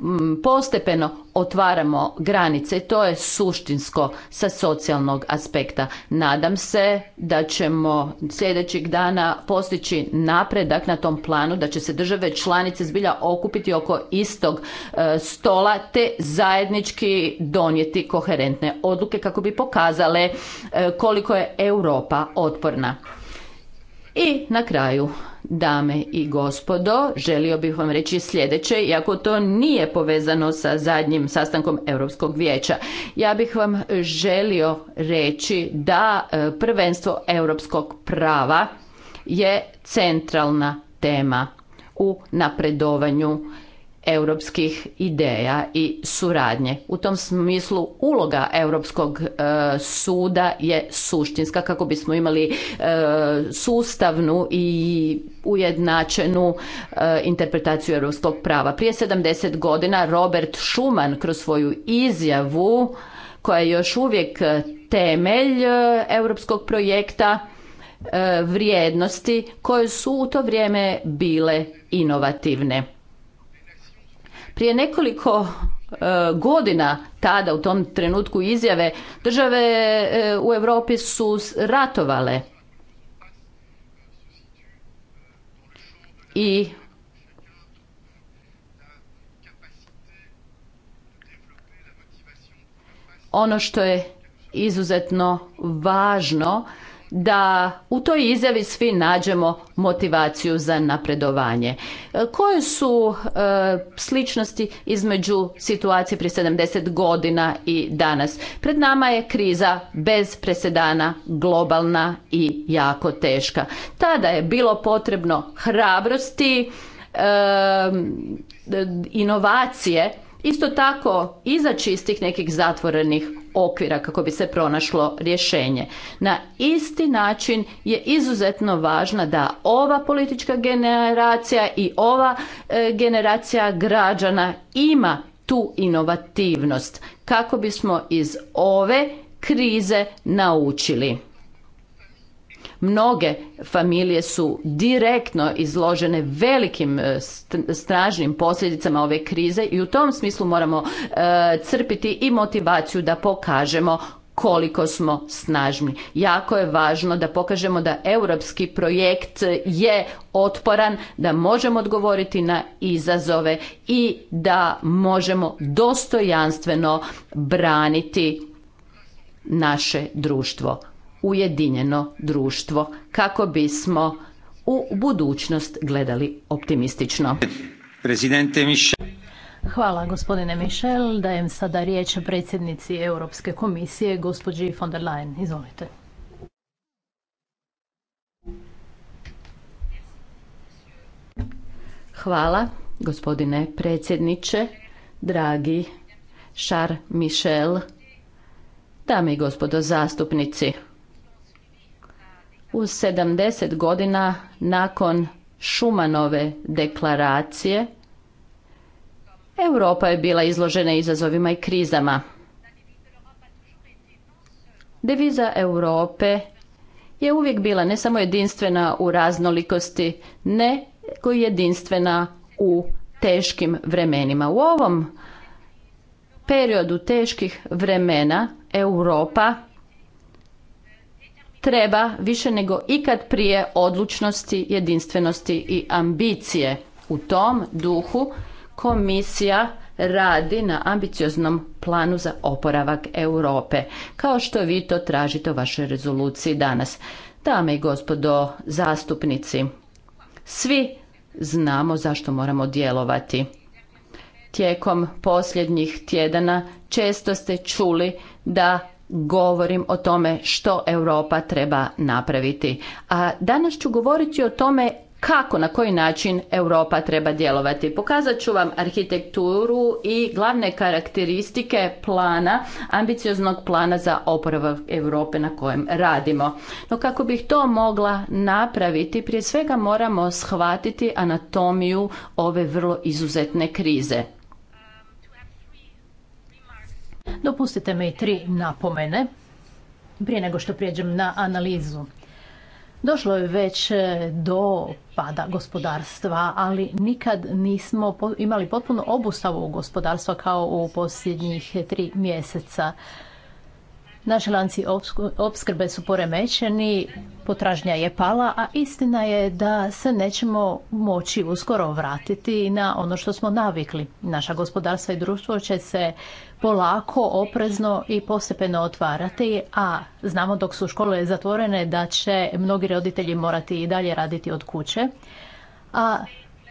mm, postepeno otvaramo granice i to je suštinsko sa socijalnog aspekta. Nadam se da ćemo sljedećeg dana postići napredak na tom planu, da će se države članice zbilja okupiti oko istog e, stola te zajednički donijeti koherentne odluke kako bi pokazale e, koliko je Europa otporna. I na kraju Dame i gospodo, želio bih vam reći sljedeće, iako to nije povezano sa zadnjim sastankom Europskog vijeća. Ja bih vam želio reći da e, prvenstvo europskog prava je centralna tema u napredovanju europskih ideja i suradnje. U tom smislu uloga Europskog e, suda je suštinska kako bismo imali e, sustavnu i ujednačenu e, interpretaciju europskog prava. Prije 70 godina Robert Schuman kroz svoju izjavu koja je još uvijek temelj europskog projekta vrijednosti koje su u to vrijeme bile inovativne. Prije nekoliko e, godina tada u tom trenutku izjave države e, u Europi su ratovale i ono što je izuzetno važno da u toj izjavi svi nađemo motivaciju za napredovanje. E, koje su e, sličnosti između situacije prije 70 godina i danas? Pred nama je kriza bez presedana, globalna i jako teška. Tada je bilo potrebno hrabrosti, e, inovacije Isto tako, izaći iz tih nekih zatvorenih okvira kako bi se pronašlo rješenje. Na isti način je izuzetno važna da ova politička generacija i ova e, generacija građana ima tu inovativnost kako bismo iz ove krize naučili. Mnoge familije su direktno izložene velikim e, stražnim posljedicama ove krize i u tom smislu moramo e, crpiti i motivaciju da pokažemo koliko smo snažni. Jako je važno da pokažemo da europski projekt je otporan, da možemo odgovoriti na izazove i da možemo dostojanstveno braniti naše društvo ujedinjeno društvo kako bismo u budućnost gledali optimistično. Hvala gospodine Michel. Dajem sada riječ predsjednici Europske komisije, gospođi von der Leyen. Izvolite. Hvala gospodine predsjedniče, dragi Šar Michel, dame i gospodo zastupnici u 70 godina nakon Šumanove deklaracije Europa je bila izložena izazovima i krizama. Deviza Europe je uvijek bila ne samo jedinstvena u raznolikosti, nego i jedinstvena u teškim vremenima. U ovom periodu teških vremena Europa treba više nego ikad prije odlučnosti, jedinstvenosti i ambicije. U tom duhu komisija radi na ambicioznom planu za oporavak Europe, kao što vi to tražite u vašoj rezoluciji danas. Dame i gospodo zastupnici, svi znamo zašto moramo djelovati. Tijekom posljednjih tjedana često ste čuli da govorim o tome što Europa treba napraviti. A danas ću govoriti o tome kako, na koji način Europa treba djelovati. Pokazat ću vam arhitekturu i glavne karakteristike plana, ambicioznog plana za oporavak Europe na kojem radimo. No kako bih to mogla napraviti, prije svega moramo shvatiti anatomiju ove vrlo izuzetne krize. Dopustite mi tri napomene prije nego što prijeđem na analizu. Došlo je već e, do pada gospodarstva, ali nikad nismo imali potpuno obustavu gospodarstva kao u posljednjih tri mjeseca. Naši lanci opskrbe su poremećeni, potražnja je pala, a istina je da se nećemo moći uskoro vratiti na ono što smo navikli. Naša gospodarstva i društvo će se polako, oprezno i postepeno otvarati, a znamo dok su škole zatvorene da će mnogi roditelji morati i dalje raditi od kuće. A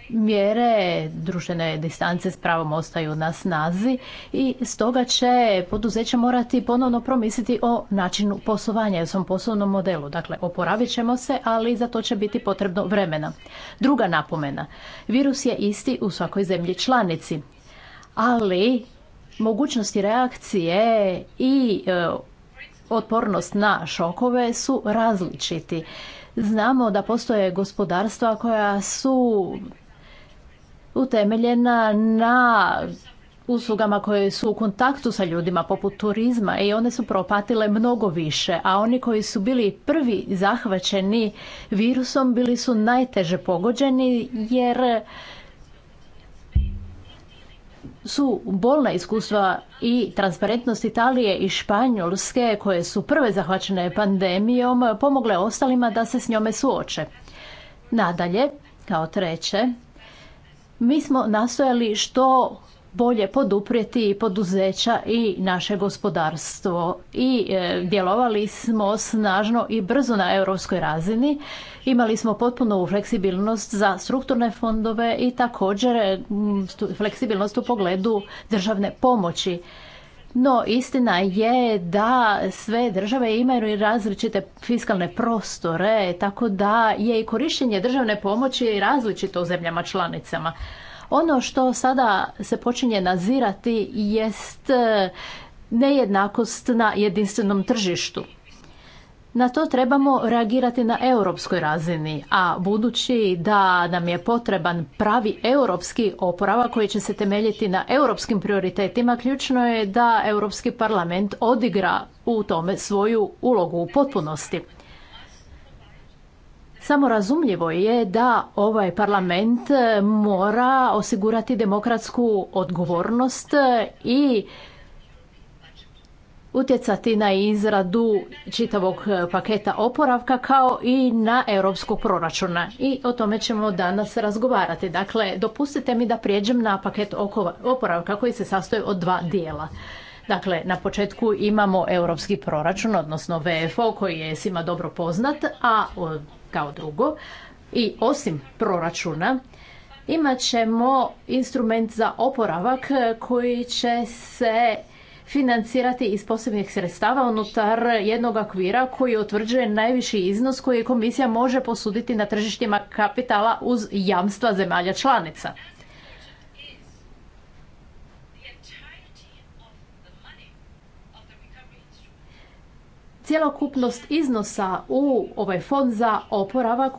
mjere društvene distance s pravom ostaju na snazi i stoga će poduzeće morati ponovno promisliti o načinu poslovanja i svom poslovnom modelu. Dakle, oporavit ćemo se, ali za to će biti potrebno vremena. Druga napomena. Virus je isti u svakoj zemlji članici, ali mogućnosti reakcije i e, otpornost na šokove su različiti. Znamo da postoje gospodarstva koja su utemeljena na uslugama koje su u kontaktu sa ljudima poput turizma i one su propatile mnogo više, a oni koji su bili prvi zahvaćeni virusom bili su najteže pogođeni jer su bolna iskustva i transparentnost Italije i Španjolske koje su prve zahvaćene pandemijom pomogle ostalima da se s njome suoče. Nadalje, kao treće, mi smo nastojali što bolje poduprijeti poduzeća i naše gospodarstvo i e, djelovali smo snažno i brzo na europskoj razini. Imali smo potpunu fleksibilnost za strukturne fondove i također fleksibilnost u pogledu državne pomoći. No, istina je da sve države imaju različite fiskalne prostore, tako da je i korištenje državne pomoći različito u zemljama članicama. Ono što sada se počinje nazirati jest e, nejednakost na jedinstvenom tržištu. Na to trebamo reagirati na europskoj razini, a budući da nam je potreban pravi europski oporavak koji će se temeljiti na europskim prioritetima, ključno je da Europski parlament odigra u tome svoju ulogu u potpunosti. Samo razumljivo je da ovaj parlament mora osigurati demokratsku odgovornost i utjecati na izradu čitavog e, paketa oporavka kao i na europskog proračuna. I o tome ćemo danas razgovarati. Dakle, dopustite mi da prijeđem na paket oporavka koji se sastoji od dva dijela. Dakle, na početku imamo europski proračun, odnosno VFO, koji je svima dobro poznat, a kao drugo, i osim proračuna, imat ćemo instrument za oporavak e, koji će se financirati iz posebnih sredstava unutar jednog okvira koji utvrđuje najviši iznos koji komisija može posuditi na tržištima kapitala uz jamstva zemalja članica. Cjelokupnost iznosa u ovaj fond za oporavak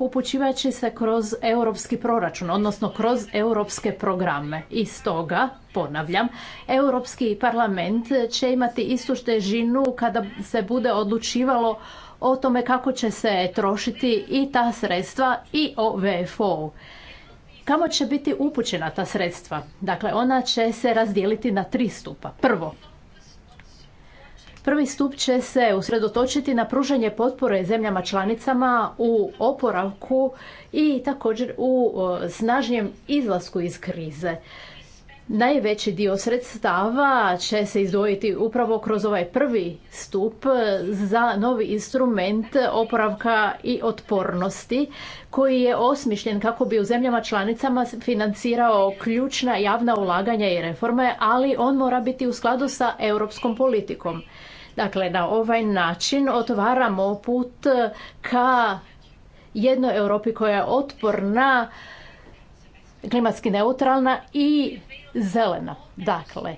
će se kroz europski proračun, odnosno kroz europske programe. I stoga, ponavljam, Europski parlament će imati istu težinu kada se bude odlučivalo o tome kako će se trošiti i ta sredstva i o VFO-u. Kamo će biti upućena ta sredstva? Dakle, ona će se razdijeliti na tri stupa. Prvo, Prvi stup će se usredotočiti na pružanje potpore zemljama članicama u oporavku i također u snažnijem izlasku iz krize. Najveći dio sredstava će se izdvojiti upravo kroz ovaj prvi stup za novi instrument oporavka i otpornosti koji je osmišljen kako bi u zemljama članicama financirao ključna javna ulaganja i reforme, ali on mora biti u skladu sa europskom politikom. Dakle, na ovaj način otvaramo put eh, ka jednoj Europi koja je otporna, klimatski neutralna i zelena. Dakle,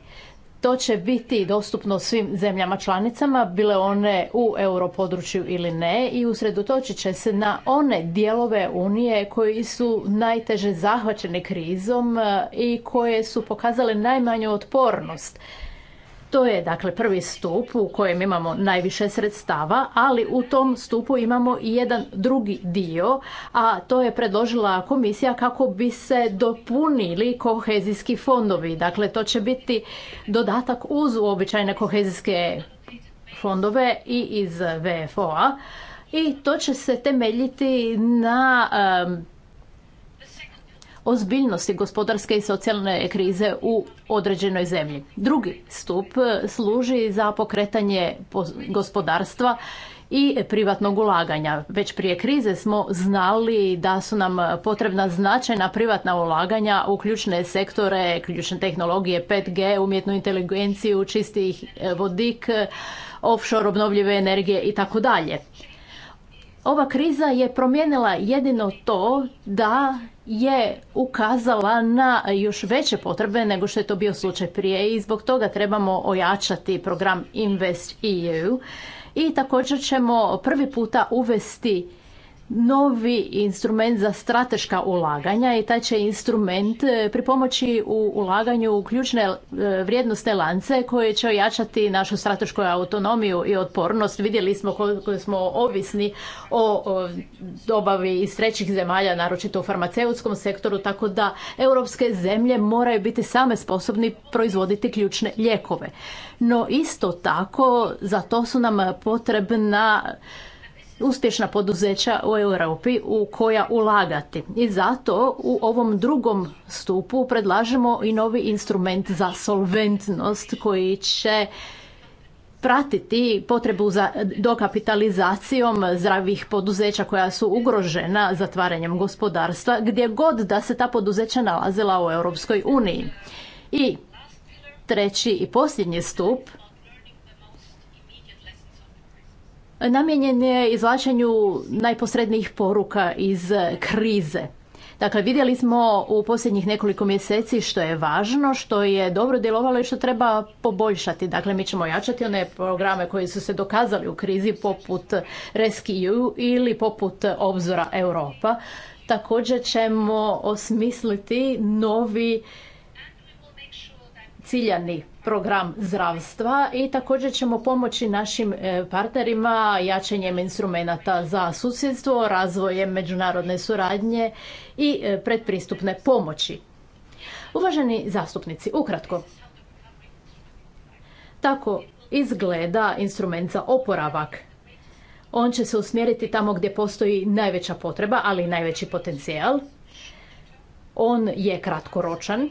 to će biti dostupno svim zemljama članicama, bile one u europodručju ili ne, i usredotočit će se na one dijelove Unije koji su najteže zahvaćeni krizom eh, i koje su pokazale najmanju otpornost. To je dakle prvi stup u kojem imamo najviše sredstava, ali u tom stupu imamo i jedan drugi dio, a to je predložila komisija kako bi se dopunili kohezijski fondovi. Dakle, to će biti dodatak uz uobičajene kohezijske fondove i iz VFO-a i to će se temeljiti na ozbiljnosti gospodarske i socijalne krize u određenoj zemlji. Drugi stup e, služi za pokretanje gospodarstva i privatnog ulaganja. Već prije krize smo znali da su nam potrebna značajna privatna ulaganja u ključne sektore, ključne tehnologije 5G, umjetnu inteligenciju, čistih e, vodik, e, offshore obnovljive energije i tako dalje. Ova kriza je promijenila jedino to da je ukazala na još veće potrebe nego što je to bio slučaj prije i zbog toga trebamo ojačati program Invest EU i također ćemo prvi puta uvesti novi instrument za strateška ulaganja i taj će instrument e, pripomoći u ulaganju u ključne e, vrijednostne lance koje će ojačati našu stratešku autonomiju i otpornost. Vidjeli smo koliko smo ovisni o dobavi iz trećih zemalja, naročito u farmaceutskom sektoru, tako da europske zemlje moraju biti same sposobni proizvoditi ključne lijekove. No isto tako za to su nam potrebna uspješna poduzeća u Europi u koja ulagati. I zato u ovom drugom stupu predlažemo i novi instrument za solventnost koji će pratiti potrebu za dokapitalizacijom zdravih poduzeća koja su ugrožena zatvaranjem gospodarstva gdje god da se ta poduzeća nalazila u Europskoj uniji. I treći i posljednji stup namijenjen je izvlačenju najposrednijih poruka iz krize. Dakle, vidjeli smo u posljednjih nekoliko mjeseci što je važno, što je dobro djelovalo i što treba poboljšati. Dakle, mi ćemo jačati one programe koji su se dokazali u krizi poput Rescue ili poput Obzora Europa. Također ćemo osmisliti novi ciljani program zdravstva i također ćemo pomoći našim e, partnerima jačanjem instrumenata za susjedstvo, razvojem međunarodne suradnje i e, predpristupne pomoći. Uvaženi zastupnici, ukratko. Tako izgleda instrument za oporavak. On će se usmjeriti tamo gdje postoji najveća potreba, ali i najveći potencijal. On je kratkoročan,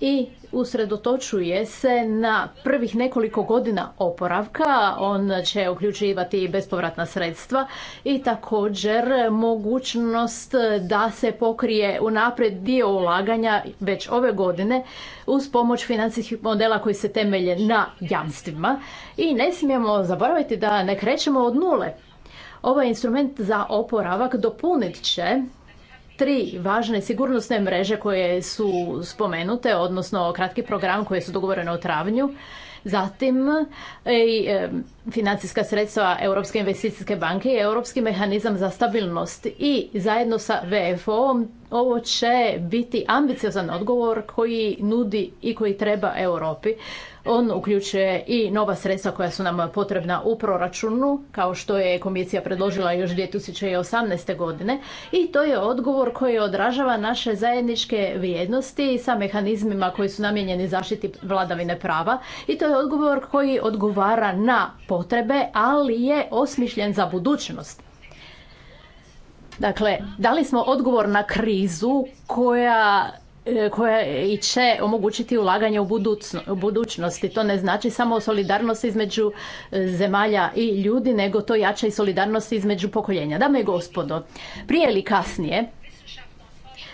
i usredotočuje se na prvih nekoliko godina oporavka. On će uključivati bespovratna sredstva i također mogućnost da se pokrije unaprijed dio ulaganja već ove godine uz pomoć financijskih modela koji se temelje na jamstvima. I ne smijemo zaboraviti da ne krećemo od nule. Ovaj instrument za oporavak dopunit će tri važne sigurnosne mreže koje su spomenute, odnosno kratki program koje su dogovorene u travnju. Zatim e, i e, financijska sredstva Europske investicijske banke i Europski mehanizam za stabilnost i zajedno sa VFO-om ovo će biti ambiciozan odgovor koji nudi i koji treba Europi on uključuje i nova sredstva koja su nam potrebna u proračunu, kao što je komisija predložila još 2018. godine. I to je odgovor koji odražava naše zajedničke vrijednosti sa mehanizmima koji su namijenjeni zaštiti vladavine prava. I to je odgovor koji odgovara na potrebe, ali je osmišljen za budućnost. Dakle, dali smo odgovor na krizu koja E, koja i će omogućiti ulaganje u budućnosti. To ne znači samo solidarnost između e, zemalja i ljudi, nego to jača i solidarnost između pokoljenja. Dame i gospodo, prije ili kasnije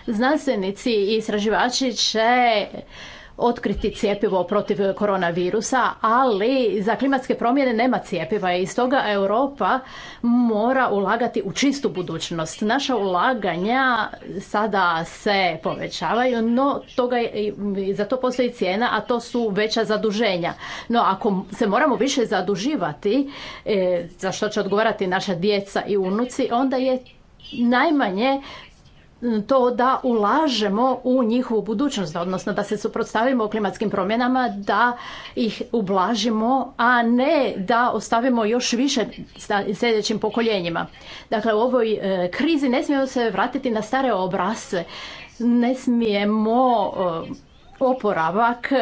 znanstvenici i istraživači će otkriti cjepivo protiv koronavirusa, ali za klimatske promjene nema cjepiva i stoga Europa mora ulagati u čistu budućnost. Naša ulaganja sada se povećavaju, no toga je, za to postoji cijena, a to su veća zaduženja. No ako se moramo više zaduživati, e, za što će odgovarati naša djeca i unuci, onda je najmanje to da ulažemo u njihovu budućnost, odnosno da se suprotstavimo klimatskim promjenama, da ih ublažimo, a ne da ostavimo još više sljedećim pokoljenjima. Dakle, u ovoj e, krizi ne smijemo se vratiti na stare obrasce, ne smijemo e, oporavak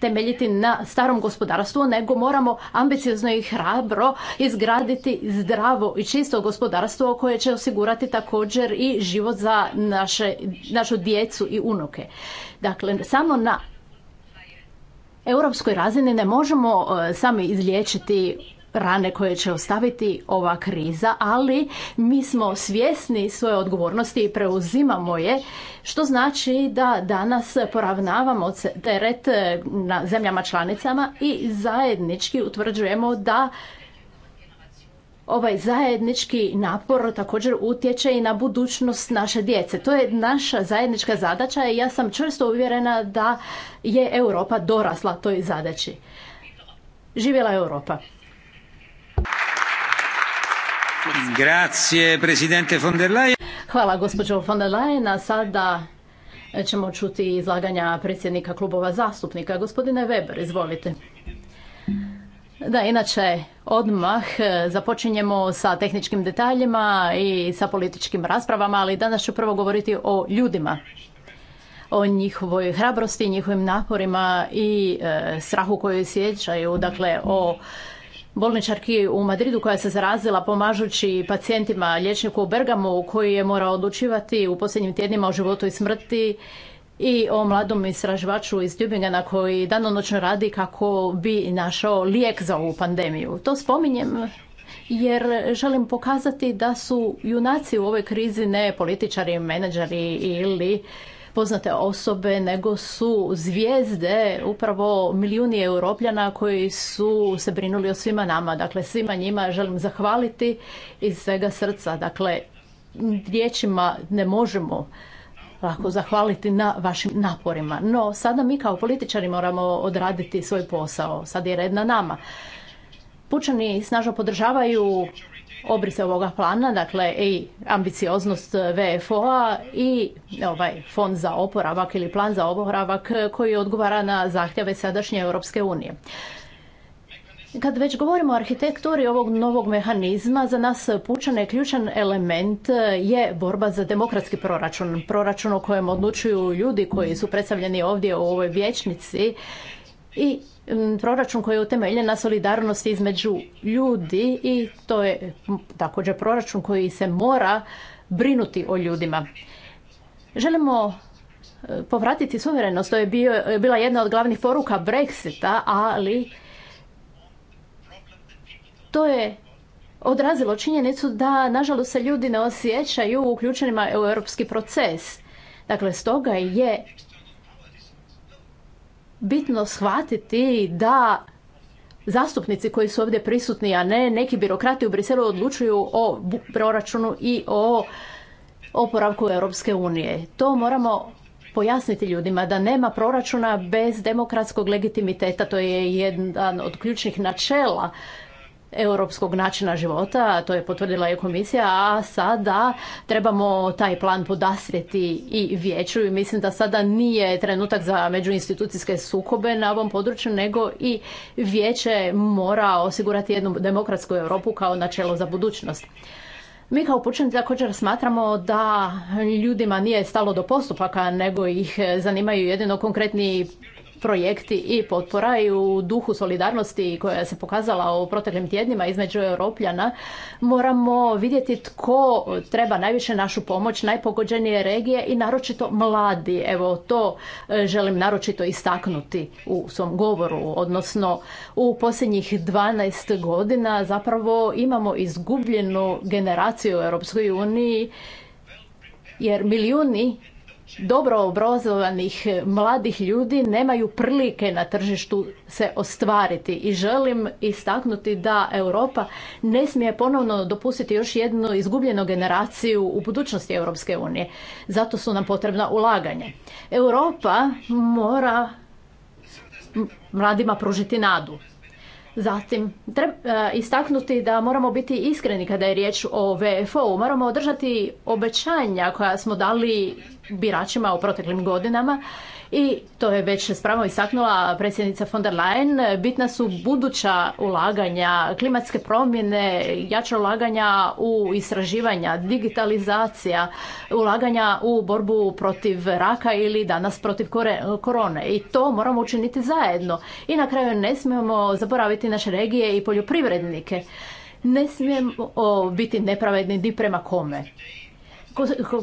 temeljiti na starom gospodarstvu, nego moramo ambiciozno i hrabro izgraditi zdravo i čisto gospodarstvo koje će osigurati također i život za naše, našu djecu i unuke. Dakle, samo na europskoj razini ne možemo e, sami izliječiti rane koje će ostaviti ova kriza, ali mi smo svjesni svoje odgovornosti i preuzimamo je, što znači da danas poravnavamo teret e, na zemljama članicama i zajednički utvrđujemo da ovaj zajednički napor također utječe i na budućnost naše djece. To je naša zajednička zadaća i ja sam čvrsto uvjerena da je Europa dorasla toj zadaći. Živjela Europa von Hvala gospođo von der Leyen. A sada ćemo čuti izlaganja predsjednika klubova zastupnika. Gospodine Weber, izvolite. Da, inače odmah e, započinjemo sa tehničkim detaljima i sa političkim raspravama, ali danas ću prvo govoriti o ljudima o njihovoj hrabrosti, njihovim naporima i e, strahu koju sjećaju, dakle o bolničarki u Madridu koja se zarazila pomažući pacijentima liječniku u Bergamu koji je morao odlučivati u posljednjim tjednima o životu i smrti i o mladom istraživaču iz Ljubingana koji danonoćno radi kako bi našao lijek za ovu pandemiju. To spominjem jer želim pokazati da su junaci u ovoj krizi ne političari, menadžeri ili poznate osobe, nego su zvijezde upravo milijuni europljana koji su se brinuli o svima nama. Dakle, svima njima želim zahvaliti iz svega srca. Dakle, riječima ne možemo lako zahvaliti na vašim naporima. No, sada mi kao političari moramo odraditi svoj posao. Sad je red na nama. Pučani snažno podržavaju obrise ovoga plana, dakle i ambicioznost VFO-a i ovaj fond za oporavak ili plan za oporavak koji odgovara na zahtjeve sadašnje Europske unije. Kad već govorimo o arhitekturi ovog novog mehanizma, za nas pučan ključan element je borba za demokratski proračun. Proračun o kojem odlučuju ljudi koji su predstavljeni ovdje u ovoj vječnici i mm, proračun koji je utemeljen na solidarnosti između ljudi i to je također proračun koji se mora brinuti o ljudima. Želimo e, povratiti suverenost, to je bio, bila jedna od glavnih poruka Brexita, ali to je odrazilo činjenicu da nažalost se ljudi ne osjećaju uključenima u europski proces. Dakle, stoga je bitno shvatiti da zastupnici koji su ovdje prisutni, a ne neki birokrati u Briselu odlučuju o proračunu i o oporavku Europske unije. To moramo pojasniti ljudima da nema proračuna bez demokratskog legitimiteta. To je jedan od ključnih načela europskog načina života, to je potvrdila i komisija, a sada trebamo taj plan podastrijeti i vijeću i mislim da sada nije trenutak za međuinstitucijske sukobe na ovom području, nego i vijeće mora osigurati jednu demokratsku Europu kao načelo za budućnost. Mi kao pučani također smatramo da ljudima nije stalo do postupaka, nego ih zanimaju jedino konkretni projekti i potpora i u duhu solidarnosti koja se pokazala u proteklim tjednima između Europljana moramo vidjeti tko treba najviše našu pomoć, najpogođenije regije i naročito mladi. Evo to e, želim naročito istaknuti u svom govoru, odnosno u posljednjih 12 godina zapravo imamo izgubljenu generaciju u Europskoj uniji jer milijuni dobro obrazovanih mladih ljudi nemaju prilike na tržištu se ostvariti i želim istaknuti da Europa ne smije ponovno dopustiti još jednu izgubljenu generaciju u budućnosti Europske unije. Zato su nam potrebna ulaganja. Europa mora mladima pružiti nadu. Zatim, treba e, istaknuti da moramo biti iskreni kada je riječ o VFO-u. Moramo održati obećanja koja smo dali biračima u proteklim godinama i to je već spravo pravom istaknula predsjednica von der Leyen. Bitna su buduća ulaganja, klimatske promjene, jača ulaganja u istraživanja, digitalizacija, ulaganja u borbu protiv raka ili danas protiv korone. I to moramo učiniti zajedno. I na kraju ne smijemo zaboraviti naše regije i poljoprivrednike. Ne smijemo biti nepravedni di prema kome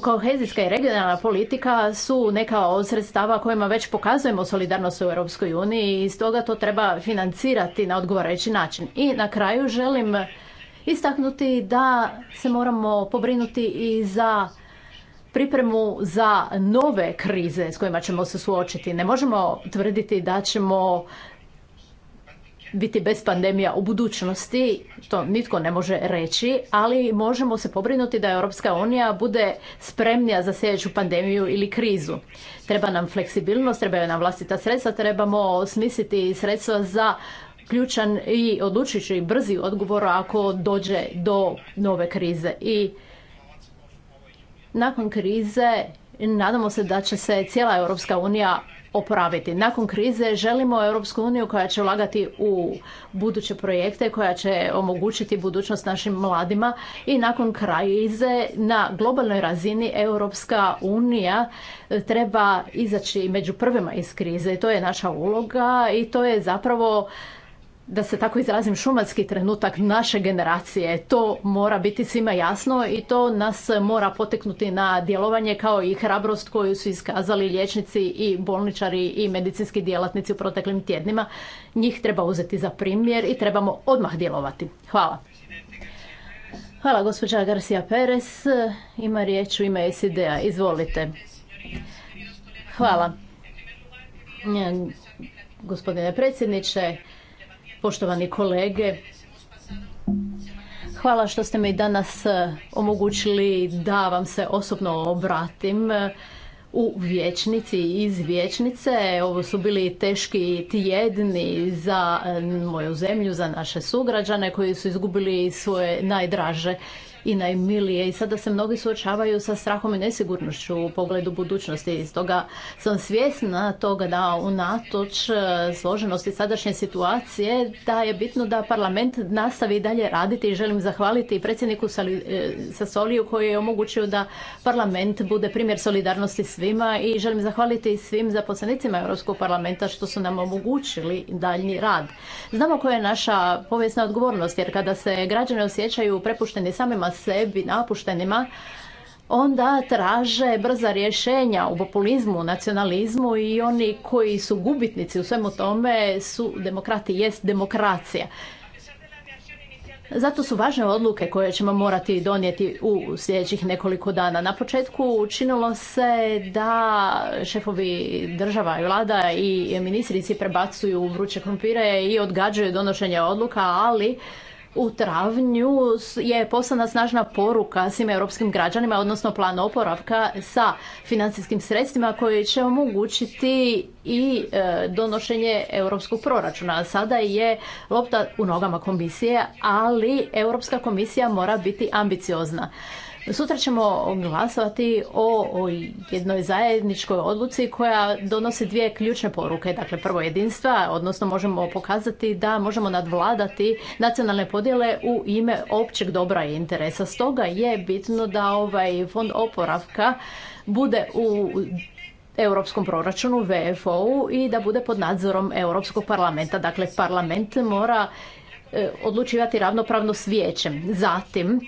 kohezijska i regionalna politika su neka od sredstava kojima već pokazujemo solidarnost u Europskoj uniji i stoga to treba financirati na odgovarajući način. I na kraju želim istaknuti da se moramo pobrinuti i za pripremu za nove krize s kojima ćemo se suočiti. Ne možemo tvrditi da ćemo biti bez pandemija u budućnosti, to nitko ne može reći, ali možemo se pobrinuti da Europska unija bude spremnija za sljedeću pandemiju ili krizu. Treba nam fleksibilnost, trebaju nam vlastita sredstva, trebamo smisliti sredstva za ključan i odlučujući i brzi odgovor ako dođe do nove krize. I nakon krize nadamo se da će se cijela Europska unija oporaviti. Nakon krize želimo Europsku uniju koja će ulagati u buduće projekte, koja će omogućiti budućnost našim mladima i nakon krize na globalnoj razini Europska unija treba izaći među prvima iz krize. To je naša uloga i to je zapravo da se tako izrazim, šumatski trenutak naše generacije. To mora biti svima jasno i to nas mora poteknuti na djelovanje kao i hrabrost koju su iskazali liječnici i bolničari i medicinski djelatnici u proteklim tjednima. Njih treba uzeti za primjer i trebamo odmah djelovati. Hvala. Hvala gospođa Garcia Perez. Ima riječ u ime SID-a. Izvolite. Hvala. Gospodine predsjedniče, poštovani kolege. Hvala što ste mi danas e, omogućili da vam se osobno obratim e, u vječnici i iz vječnice. Ovo su bili teški tjedni za e, moju zemlju, za naše sugrađane koji su izgubili svoje najdraže i najmilije i sada se mnogi suočavaju sa strahom i nesigurnošću u pogledu budućnosti. Stoga sam svjesna toga da unatoč e, složenosti sadašnje situacije da je bitno da parlament nastavi dalje raditi i želim zahvaliti predsjedniku e, Sasoliju koji je omogućio da parlament bude primjer solidarnosti svima i želim zahvaliti svim zaposlenicima Europskog parlamenta što su nam omogućili daljnji rad. Znamo koja je naša povijesna odgovornost jer kada se građani osjećaju prepušteni samima sebi, napuštenima, onda traže brza rješenja u populizmu, nacionalizmu i oni koji su gubitnici u svemu tome su demokrati, jest demokracija. Zato su važne odluke koje ćemo morati donijeti u sljedećih nekoliko dana. Na početku učinilo se da šefovi država i vlada i ministrici prebacuju vruće krumpire i odgađaju donošenje odluka, ali u travnju je poslana snažna poruka svim europskim građanima, odnosno plan oporavka sa financijskim sredstvima koji će omogućiti i e, donošenje europskog proračuna. Sada je lopta u nogama komisije, ali Europska komisija mora biti ambiciozna. Sutra ćemo glasovati o, jednoj zajedničkoj odluci koja donosi dvije ključne poruke. Dakle, prvo jedinstva, odnosno možemo pokazati da možemo nadvladati nacionalne podjele u ime općeg dobra i interesa. Stoga je bitno da ovaj fond oporavka bude u europskom proračunu, VFO-u i da bude pod nadzorom Europskog parlamenta. Dakle, parlament mora e, odlučivati ravnopravno s vijećem. Zatim,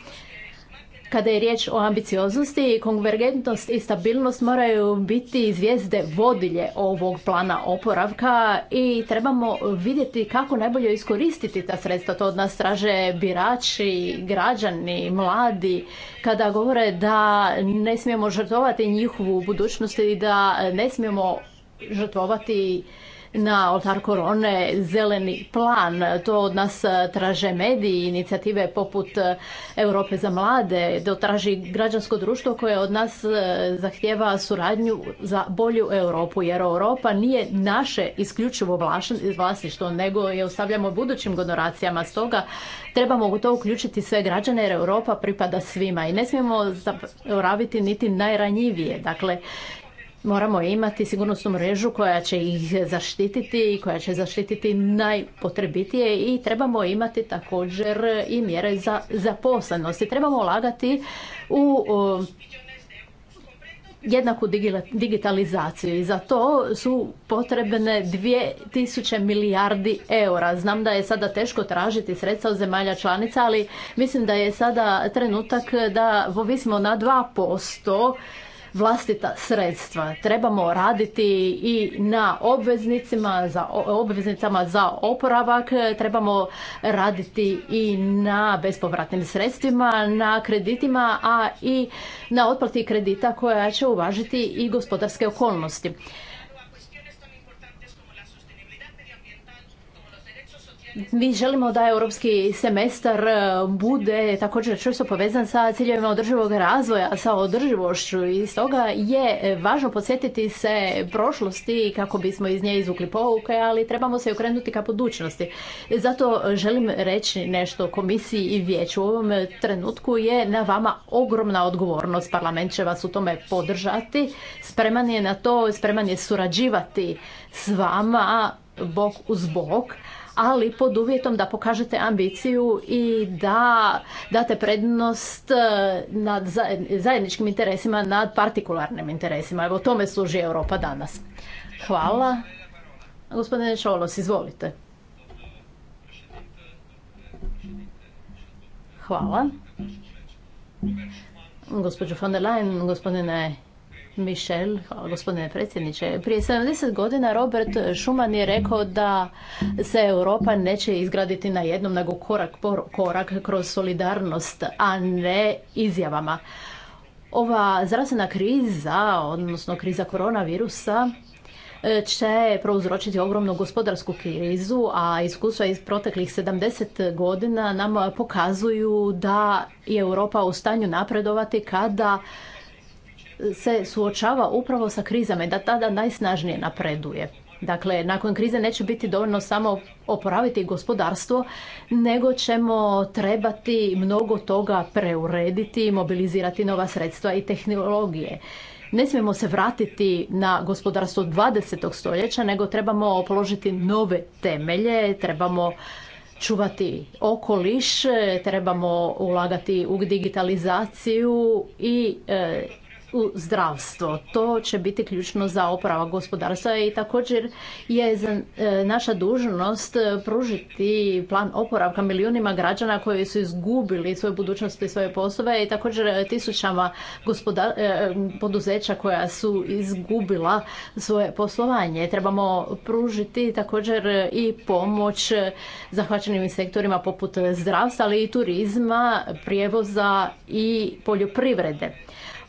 kada je riječ o ambicioznosti, konvergentnost i stabilnost moraju biti zvijezde vodilje ovog plana oporavka i trebamo vidjeti kako najbolje iskoristiti ta sredstva. To od nas traže birači, građani, mladi, kada govore da ne smijemo žrtvovati njihovu budućnost i da ne smijemo žrtvovati na oltar korone zeleni plan. To od nas eh, traže mediji, inicijative poput eh, Europe za mlade, da traži građansko društvo koje od nas eh, zahtjeva suradnju za bolju Europu, jer Europa nije naše isključivo vlasništvo, nego je ostavljamo budućim generacijama. Stoga trebamo u to uključiti sve građane jer Europa pripada svima i ne smijemo zaboraviti niti najranjivije. Dakle, Moramo imati sigurnosnu mrežu koja će ih zaštititi i koja će zaštititi najpotrebitije i trebamo imati također i mjere za zaposlenost. Trebamo ulagati u jednaku digitalizaciju i za to su potrebne 2000 milijardi eura. Znam da je sada teško tražiti sredstva od zemalja članica, ali mislim da je sada trenutak da povisimo na 2% vlastita sredstva. Trebamo raditi i na obveznicima za, obveznicama za oporavak, trebamo raditi i na bespovratnim sredstvima, na kreditima, a i na otplati kredita koja će uvažiti i gospodarske okolnosti. Mi želimo da europski semestar e, bude također čvrsto povezan sa ciljevima održivog razvoja, sa održivošću i stoga je važno podsjetiti se prošlosti kako bismo iz nje izvukli pouke, ali trebamo se okrenuti ka budućnosti. Zato želim reći nešto komisiji i vijeću. U ovom trenutku je na vama ogromna odgovornost. Parlament će vas u tome podržati. Spreman je na to, spreman je surađivati s vama bok uz bok ali pod uvjetom da pokažete ambiciju i da date prednost e, nad zajedničkim interesima nad partikularnim interesima. Evo tome služi Europa danas. Hvala. Gospodine Šolos, izvolite. Hvala. Gospođo von der Leyen, gospodine Michel, gospodine predsjedniče. Prije 70 godina Robert Schuman je rekao da se Europa neće izgraditi na jednom, nego korak po korak kroz solidarnost, a ne izjavama. Ova zdravstvena kriza, odnosno kriza koronavirusa, će prouzročiti ogromnu gospodarsku krizu, a iskustva iz proteklih 70 godina nam pokazuju da je Europa u stanju napredovati kada se suočava upravo sa krizama i da tada najsnažnije napreduje. Dakle, nakon krize neće biti dovoljno samo oporaviti gospodarstvo, nego ćemo trebati mnogo toga preurediti, mobilizirati nova sredstva i tehnologije. Ne smijemo se vratiti na gospodarstvo 20. stoljeća, nego trebamo položiti nove temelje, trebamo čuvati okoliš, trebamo ulagati u digitalizaciju i e, u zdravstvo. To će biti ključno za opravak gospodarstva i također je e, naša dužnost e, pružiti plan oporavka milijunima građana koji su izgubili svoju budućnost i svoje poslove i također tisućama e, poduzeća koja su izgubila svoje poslovanje. Trebamo pružiti također i pomoć zahvaćenim sektorima poput zdravstva, ali i turizma, prijevoza i poljoprivrede.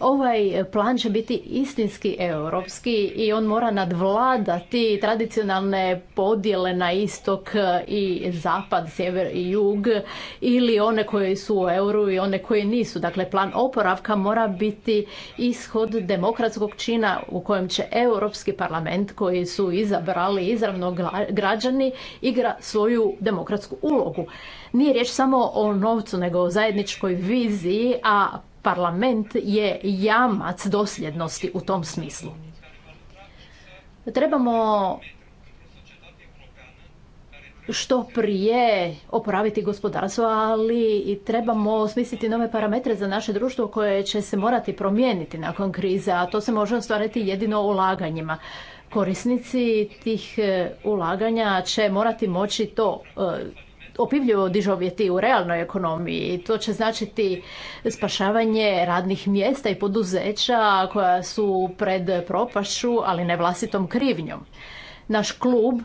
Ovaj plan će biti istinski europski i on mora nadvladati tradicionalne podjele na istok i zapad, sjever i jug ili one koje su u euru i one koje nisu. Dakle, plan oporavka mora biti ishod demokratskog čina u kojem će Europski parlament koji su izabrali izravno građani igra svoju demokratsku ulogu. Nije riječ samo o novcu nego o zajedničkoj viziji, a parlament je jamac dosljednosti u tom smislu. Trebamo što prije oporaviti gospodarstvo, ali i trebamo smisliti nove parametre za naše društvo koje će se morati promijeniti nakon krize, a to se može ostvariti jedino ulaganjima. Korisnici tih e, ulaganja će morati moći to e, opivljivo dižovjeti u realnoj ekonomiji. To će značiti spašavanje radnih mjesta i poduzeća koja su pred propašću, ali ne vlastitom krivnjom. Naš klub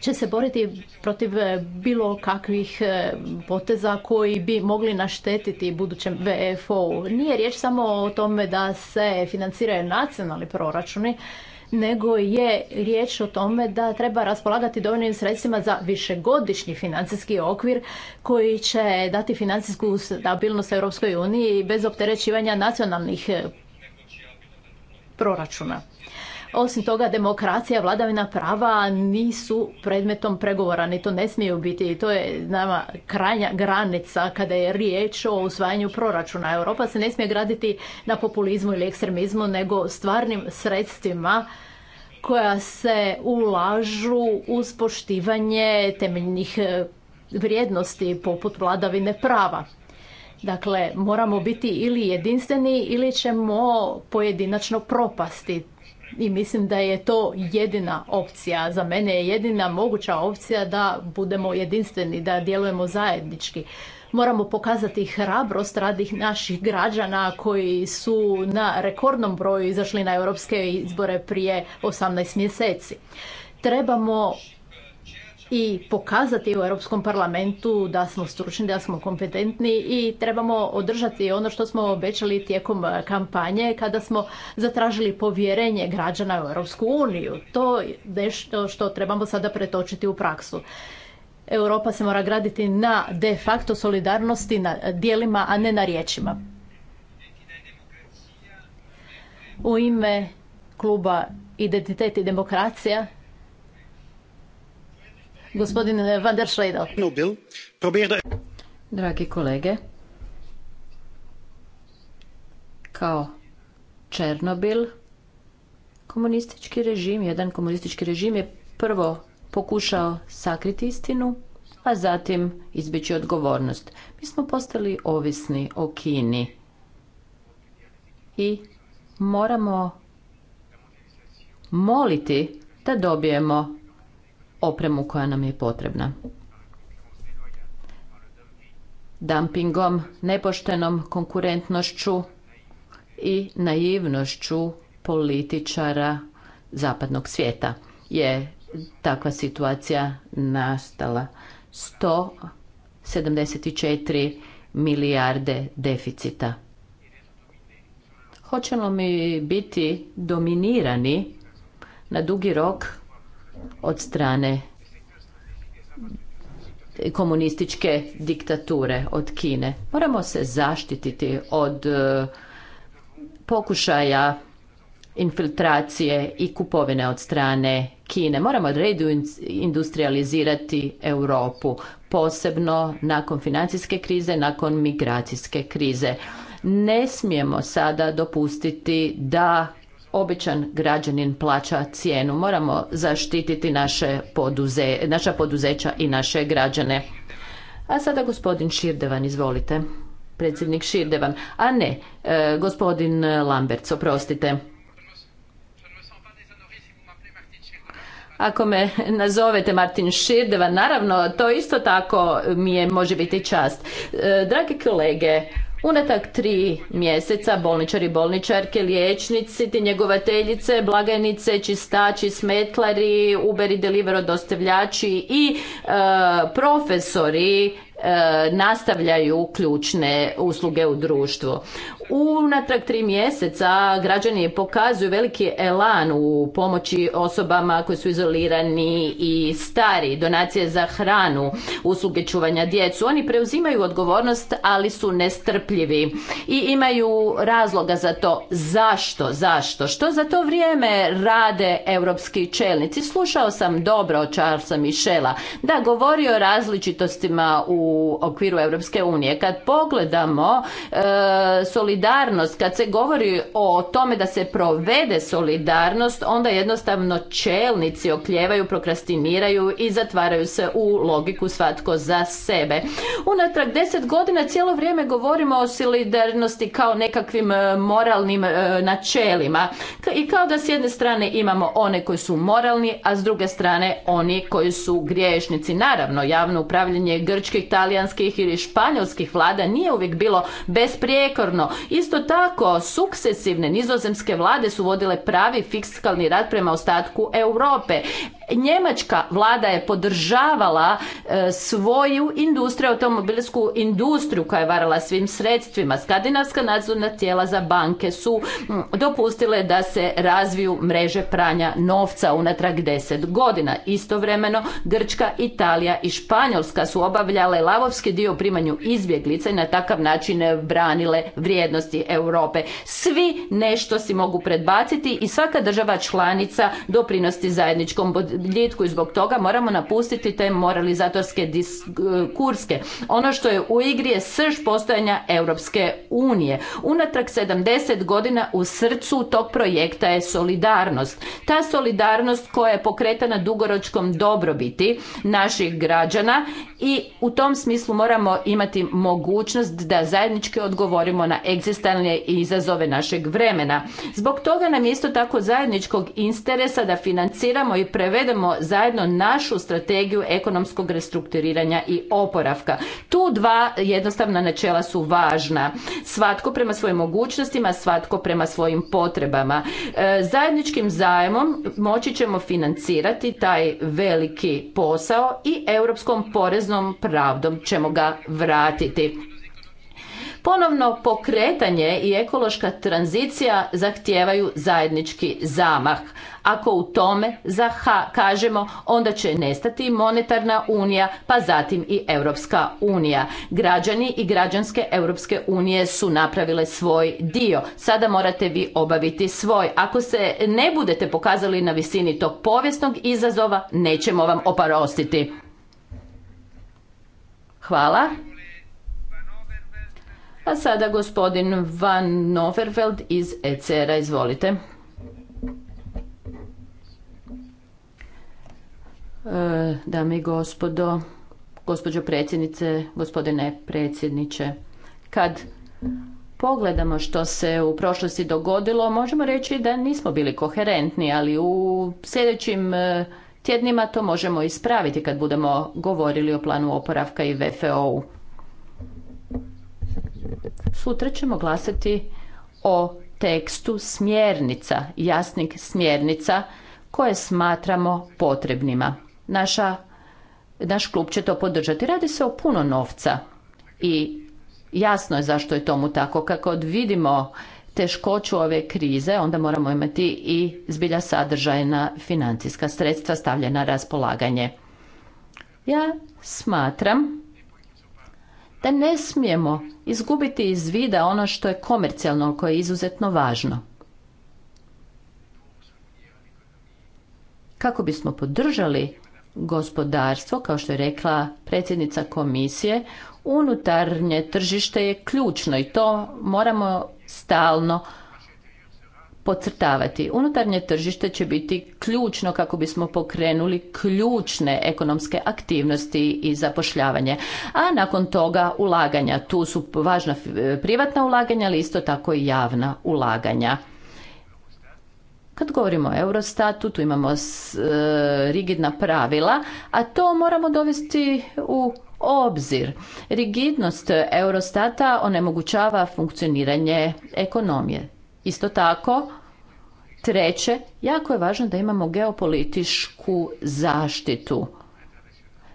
će se boriti protiv bilo kakvih e, poteza koji bi mogli naštetiti budućem VFO-u. Nije riječ samo o tome da se financiraju nacionalni proračuni, nego je riječ o tome da treba raspolagati dovoljnim sredstvima za višegodišnji financijski okvir koji će dati financijsku stabilnost Europskoj uniji bez opterećivanja nacionalnih eh, proračuna. Osim toga, demokracija, vladavina prava nisu predmetom pregovora, ni to ne smiju biti. I to je nama krajnja granica kada je riječ o usvajanju proračuna. Europa se ne smije graditi na populizmu ili ekstremizmu, nego stvarnim sredstvima koja se ulažu uz poštivanje temeljnih e, vrijednosti poput vladavine prava. Dakle, moramo biti ili jedinstveni ili ćemo pojedinačno propasti i mislim da je to jedina opcija. Za mene je jedina moguća opcija da budemo jedinstveni, da djelujemo zajednički. Moramo pokazati hrabrost radi naših građana koji su na rekordnom broju izašli na europske izbore prije 18 mjeseci. Trebamo i pokazati u Europskom parlamentu da smo stručni, da smo kompetentni i trebamo održati ono što smo obećali tijekom e, kampanje kada smo zatražili povjerenje građana u Europsku uniju. To je nešto što trebamo sada pretočiti u praksu. Europa se mora graditi na de facto solidarnosti, na dijelima, a ne na riječima. U ime kluba Identitet i demokracija Gospodine eh, Van der Dragi kolege, kao Černobil, komunistički režim, jedan komunistički režim je prvo pokušao sakriti istinu, a zatim izbjeći odgovornost. Mi smo postali ovisni o Kini i moramo moliti da dobijemo opremu koja nam je potrebna. Dumpingom, nepoštenom konkurentnošću i naivnošću političara zapadnog svijeta je takva situacija nastala. 174 milijarde deficita. Hoćemo mi biti dominirani na dugi rok od strane komunističke diktature od Kine. Moramo se zaštititi od e, pokušaja infiltracije i kupovine od strane Kine. Moramo industrializirati Europu, posebno nakon financijske krize, nakon migracijske krize. Ne smijemo sada dopustiti da običan građanin plaća cijenu. Moramo zaštititi naše naša poduzeća i naše građane. A sada gospodin Širdevan, izvolite. Predsjednik Širdevan. A ne, e, gospodin Lambert, oprostite. Ako me nazovete Martin Širdevan, naravno, to isto tako mi je može biti čast. E, dragi kolege, Unatak tri mjeseca bolničari, bolničarke, liječnici, ti njegovateljice, blagajnice, čistači, smetlari, uberi, delivero, dostavljači i e, profesori E, nastavljaju ključne usluge u društvu. Unatrag tri mjeseca građani pokazuju veliki elan u pomoći osobama koji su izolirani i stari, donacije za hranu, usluge čuvanja djecu. Oni preuzimaju odgovornost, ali su nestrpljivi i imaju razloga za to. Zašto? Zašto? Što za to vrijeme rade europski čelnici? Slušao sam dobro od Charlesa Michela da govori o različitostima u okviru Europske unije. Kad pogledamo e, solidarnost, kad se govori o tome da se provede solidarnost, onda jednostavno čelnici okljevaju, prokrastiniraju i zatvaraju se u logiku svatko za sebe. Unatrag deset godina cijelo vrijeme govorimo o solidarnosti kao nekakvim e, moralnim e, načelima. I kao da s jedne strane imamo one koji su moralni, a s druge strane oni koji su griješnici. Naravno, javno upravljanje grčkih talijanskih ili španjolskih vlada nije uvijek bilo besprijekorno. Isto tako, sukcesivne nizozemske vlade su vodile pravi fiskalni rad prema ostatku Europe. Njemačka vlada je podržavala e, svoju industriju, automobilsku industriju koja je varala svim sredstvima. Skandinavska nadzorna tijela za banke su dopustile da se razviju mreže pranja novca unatrag deset godina. Istovremeno Grčka, Italija i Španjolska su obavljale lavovski dio primanju izbjeglica i na takav način branile vrijednosti Europe. Svi nešto si mogu predbaciti i svaka država članica doprinosti zajedničkom boljitku i zbog toga moramo napustiti te moralizatorske diskurske. Ono što je u igri je srž postojanja Europske unije. Unatrag 70 godina u srcu tog projekta je solidarnost. Ta solidarnost koja je pokretana dugoročkom dobrobiti naših građana i u tom smislu moramo imati mogućnost da zajednički odgovorimo na egzistalne izazove našeg vremena. Zbog toga nam je isto tako zajedničkog interesa da financiramo i prevedemo zajedno našu strategiju ekonomskog restrukturiranja i oporavka. Tu dva jednostavna načela su važna. Svatko prema svojim mogućnostima, svatko prema svojim potrebama. E, zajedničkim zajemom moći ćemo financirati taj veliki posao i europskom poreznom pravu pravdom ćemo ga vratiti. Ponovno pokretanje i ekološka tranzicija zahtijevaju zajednički zamah. Ako u tome za H kažemo, onda će nestati monetarna unija, pa zatim i Europska unija. Građani i građanske Europske unije su napravile svoj dio. Sada morate vi obaviti svoj. Ako se ne budete pokazali na visini tog povijesnog izazova, nećemo vam oparostiti. Hvala. A sada gospodin Van Noverveld iz ECR-a, izvolite. E, dame i gospodo, gospođo predsjednice, gospodine predsjedniče, kad pogledamo što se u prošlosti dogodilo, možemo reći da nismo bili koherentni, ali u sljedećim e, tjednima, to možemo ispraviti kad budemo govorili o planu oporavka i VFO-u. Sutra ćemo glasati o tekstu smjernica, jasnih smjernica koje smatramo potrebnima. Naša, naš klub će to podržati. Radi se o puno novca i jasno je zašto je tomu tako. Kako vidimo teškoću ove krize, onda moramo imati i zbilja sadržajna financijska sredstva stavljena na raspolaganje. Ja smatram da ne smijemo izgubiti iz vida ono što je komercijalno, koje je izuzetno važno. Kako bismo podržali gospodarstvo, kao što je rekla predsjednica komisije, unutarnje tržište je ključno i to moramo stalno podcrtavati. Unutarnje tržište će biti ključno kako bismo pokrenuli ključne ekonomske aktivnosti i zapošljavanje. A nakon toga ulaganja. Tu su važna privatna ulaganja, ali isto tako i javna ulaganja. Kad govorimo o Eurostatu, tu imamo e, rigidna pravila, a to moramo dovesti u obzir. Rigidnost Eurostata onemogućava funkcioniranje ekonomije. Isto tako, treće, jako je važno da imamo geopolitičku zaštitu.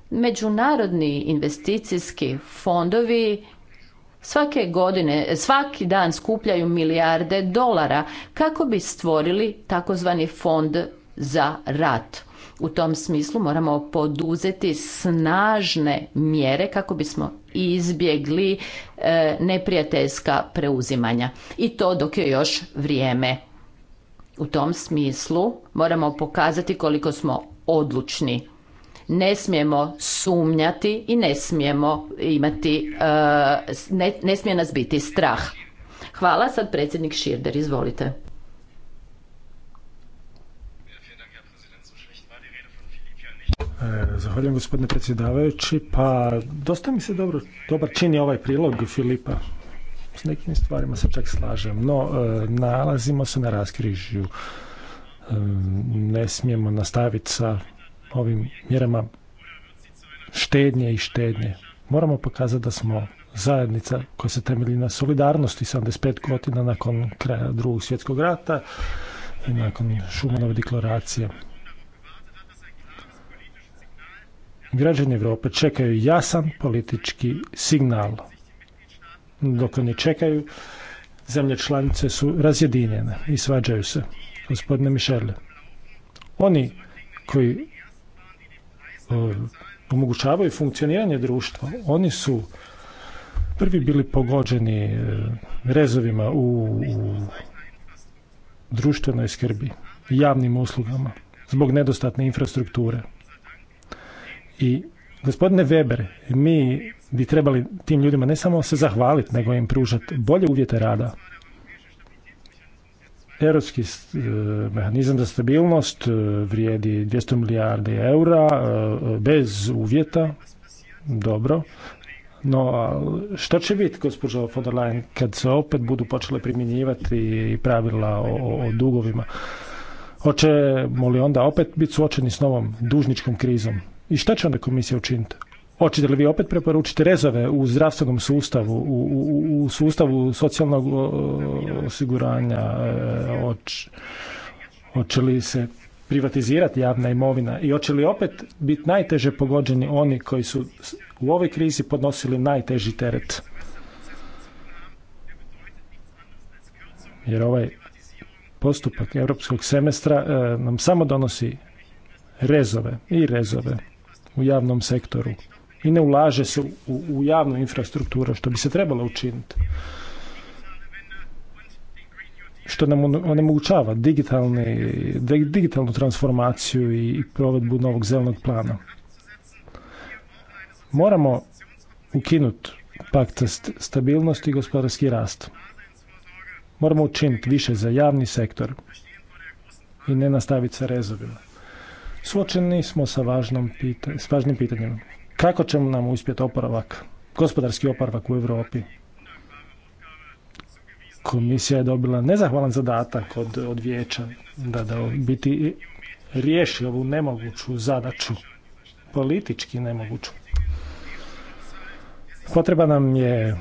Međunarodni investicijski fondovi svake godine, svaki dan skupljaju milijarde dolara kako bi stvorili takozvani fond za rat. U tom smislu moramo poduzeti snažne mjere kako bismo izbjegli e, neprijateljska preuzimanja i to dok je još vrijeme. U tom smislu moramo pokazati koliko smo odlučni. Ne smijemo sumnjati i ne smijemo imati e, ne, ne smije nas biti strah. Hvala sad predsjednik Širder, izvolite. Zahvaljujem gospodine predsjedavajući. Pa dosta mi se dobro, dobar čini ovaj prilog Filipa. S nekim stvarima se čak slažem, no e, nalazimo se na raskrižju. E, ne smijemo nastaviti sa ovim mjerama štednje i štednje. Moramo pokazati da smo zajednica koja se temelji na solidarnosti 75 godina nakon kraja drugog svjetskog rata i nakon Šumanove deklaracije. Građani Europe čekaju jasan politički signal. Dok oni čekaju, zemlje članice su razjedinjene i svađaju se. Gospodine Mišele, oni koji e, omogućavaju funkcioniranje društva, oni su prvi bili pogođeni e, rezovima u, u društvenoj skrbi, javnim uslugama, zbog nedostatne infrastrukture. I gospodine Weber, mi bi trebali tim ljudima ne samo se zahvaliti, nego im pružati bolje uvjete rada. Europski e, mehanizam za stabilnost e, vrijedi 200 milijardi eura e, bez uvjeta. Dobro. No, što će biti, gospođo von der Leyen, kad se opet budu počele primjenjivati pravila o, o dugovima? Hoćemo li onda opet biti suočeni s novom dužničkom krizom? I šta će onda komisija učiniti? Hoćete li vi opet preporučiti rezove u zdravstvenom sustavu, u, u, u sustavu socijalnog osiguranja? E, hoće li se privatizirati javna imovina i hoće li opet biti najteže pogođeni oni koji su u ovoj krizi podnosili najteži teret? Jer ovaj postupak europskog semestra e, nam samo donosi rezove i rezove u javnom sektoru i ne ulaže se u, javnu infrastrukturu što bi se trebalo učiniti što nam ono- onemogućava digitalnu transformaciju i provedbu novog zelenog plana. Moramo ukinuti pakt stabilnosti i gospodarski rast. Moramo učiniti više za javni sektor i ne nastaviti sa rezovima. Suočeni smo sa, važnom s važnim pitanjem. Kako ćemo nam uspjeti oporavak, gospodarski oporavak u Europi? Komisija je dobila nezahvalan zadatak od, od vijeća da, da biti riješi ovu nemoguću zadaću, politički nemoguću. Potreba nam je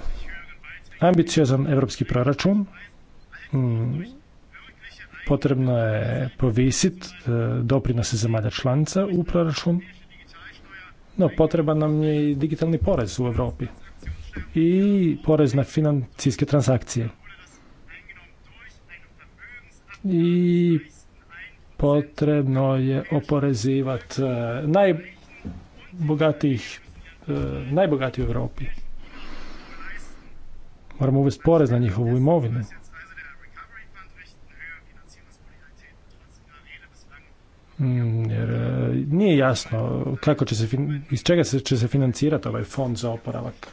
ambiciozan europski proračun, mm, Potrebno je povisit e, doprinose zemalja članica u proračun, no potreban nam je i digitalni porez u Europi i porez na financijske transakcije. I potrebno je oporezivati e, najbogatijih, e, najbogatiji u Europi. Moramo uvesti porez na njihovu imovinu. Mm, jer e, nije jasno kako će se, iz čega se, će se financirati ovaj fond za oporavak.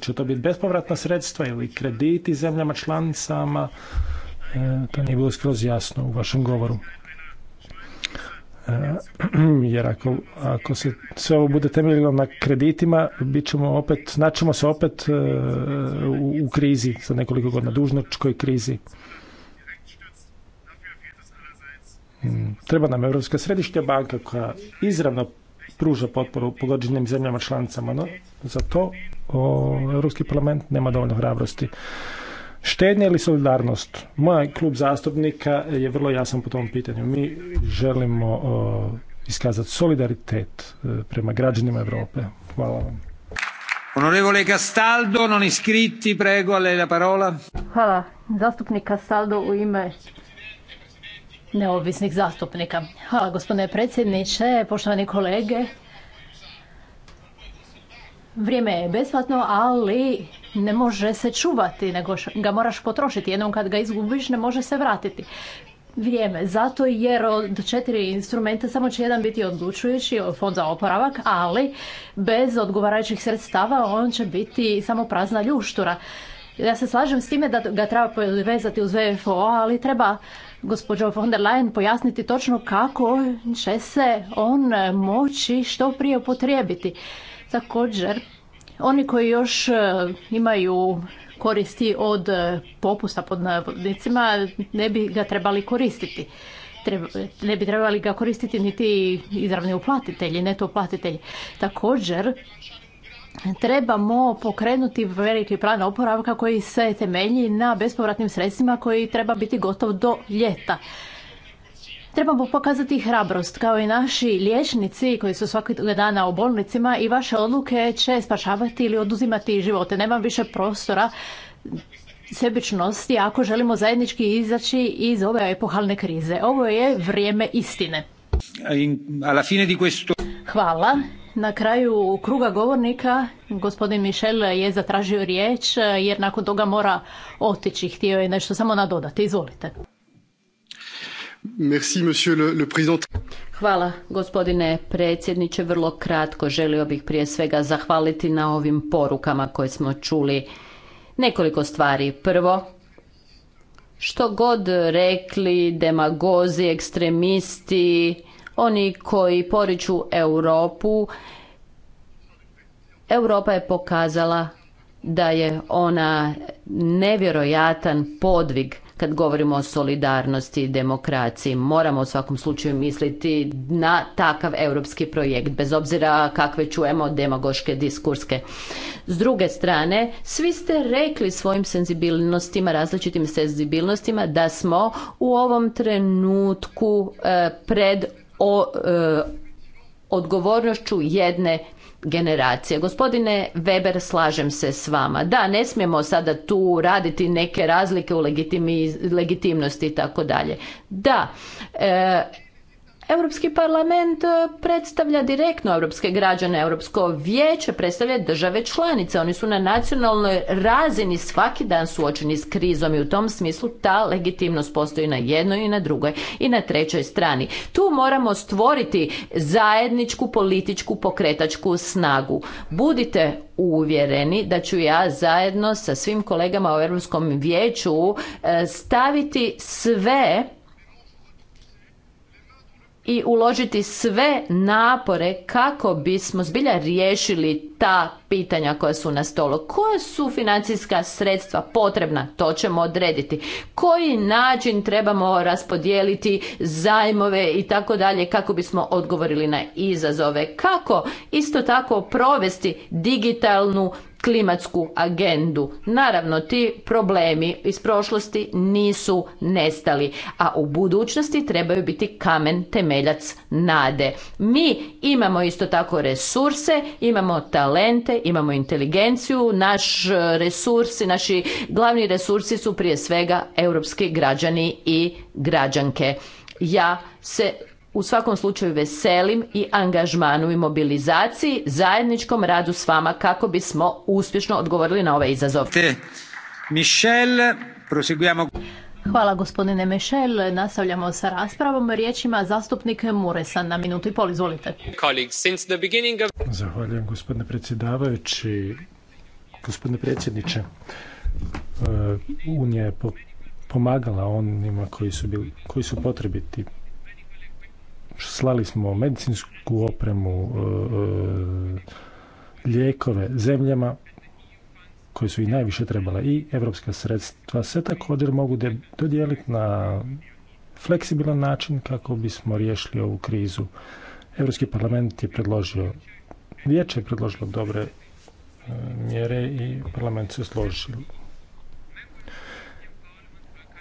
Će to biti bespovratna sredstva ili krediti zemljama članicama? E, to nije bilo skroz jasno u vašem govoru. E, jer ako, ako se sve ovo bude temeljilo na kreditima, bit ćemo opet, naćemo se opet u, u krizi za nekoliko godina, dužnočkoj krizi. Mm. Treba nam Europska središnja banka koja izravno pruža potporu pogođenim zemljama članicama, no za to Europski parlament nema dovoljno hrabrosti. Štednja ili solidarnost? Moj klub zastupnika je vrlo jasan po tom pitanju. Mi želimo iskazati solidaritet e, prema građanima Europe. Hvala vam. Onorevole Castaldo, non iscritti, prego, la parola. Hvala. Zastupnik Castaldo u ime neovisnih zastupnika. Hvala gospodine predsjedniče, poštovani kolege. Vrijeme je besplatno, ali ne može se čuvati, nego ga moraš potrošiti. Jednom kad ga izgubiš ne može se vratiti. Vrijeme, zato jer od četiri instrumenta samo će jedan biti odlučujući, fond za oporavak, ali bez odgovarajućih sredstava on će biti samo prazna ljuštura. Ja se slažem s time da ga treba povezati uz VFO, ali treba gospođo von der Leyen pojasniti točno kako će se on moći što prije upotrijebiti. Također, oni koji još e, imaju koristi od popusta pod navodnicima ne bi ga trebali koristiti. ne bi trebali ga koristiti niti izravni uplatitelji, neto uplatitelji. Također, trebamo pokrenuti veliki plan oporavka koji se temelji na bespovratnim sredstvima koji treba biti gotov do ljeta. Trebamo pokazati hrabrost kao i naši liječnici koji su svakog dana u bolnicima i vaše odluke će spašavati ili oduzimati živote. Nemam više prostora sebičnosti ako želimo zajednički izaći iz ove epohalne krize. Ovo je vrijeme istine. Hvala. Na kraju kruga govornika gospodin Mišel je zatražio riječ jer nakon toga mora otići. Htio je nešto samo nadodati. Izvolite. Merci, monsieur le président. Hvala gospodine predsjedniče. Vrlo kratko želio bih prije svega zahvaliti na ovim porukama koje smo čuli. Nekoliko stvari. Prvo, što god rekli demagozi, ekstremisti, oni koji poriču Europu, Europa je pokazala da je ona nevjerojatan podvig kad govorimo o solidarnosti i demokraciji. Moramo u svakom slučaju misliti na takav europski projekt, bez obzira kakve čujemo demagoške diskurske. S druge strane, svi ste rekli svojim senzibilnostima, različitim senzibilnostima, da smo u ovom trenutku eh, pred o e, odgovornošću jedne generacije. Gospodine Weber, slažem se s vama. Da, ne smijemo sada tu raditi neke razlike u legitimi, legitimnosti i tako dalje. Da, e, Europski parlament e, predstavlja direktno europske građane, Europsko vijeće predstavlja države članice. Oni su na nacionalnoj razini svaki dan suočeni s krizom i u tom smislu ta legitimnost postoji na jednoj i na drugoj i na trećoj strani. Tu moramo stvoriti zajedničku političku pokretačku snagu. Budite uvjereni da ću ja zajedno sa svim kolegama u Europskom vijeću e, staviti sve i uložiti sve napore kako bismo zbilja riješili ta pitanja koja su na stolu. Koja su financijska sredstva potrebna, to ćemo odrediti. Koji način trebamo raspodijeliti zajmove i tako dalje kako bismo odgovorili na izazove. Kako isto tako provesti digitalnu klimatsku agendu. Naravno, ti problemi iz prošlosti nisu nestali, a u budućnosti trebaju biti kamen temeljac nade. Mi imamo isto tako resurse, imamo talent, talente, imamo inteligenciju, naš e, resursi, naši glavni resursi su prije svega europski građani i građanke. Ja se u svakom slučaju veselim i angažmanu i mobilizaciji, zajedničkom radu s vama kako bismo uspješno odgovorili na ovaj izazov. Hvala gospodine Mešel. Nastavljamo sa raspravom. Riječima zastupnik Muresa na minutu i pol. Izvolite. Zahvaljujem gospodine predsjedavajući. Gospodine predsjedniče, e, Unija je pomagala onima koji su, bili, koji su potrebiti. Slali smo medicinsku opremu, e, e, lijekove zemljama koje su i najviše trebala i evropska sredstva se također mogu dodijeliti na fleksibilan način kako bismo riješili ovu krizu. Europski parlament je predložio, vijeće je predložilo dobre e, mjere i parlament se složio.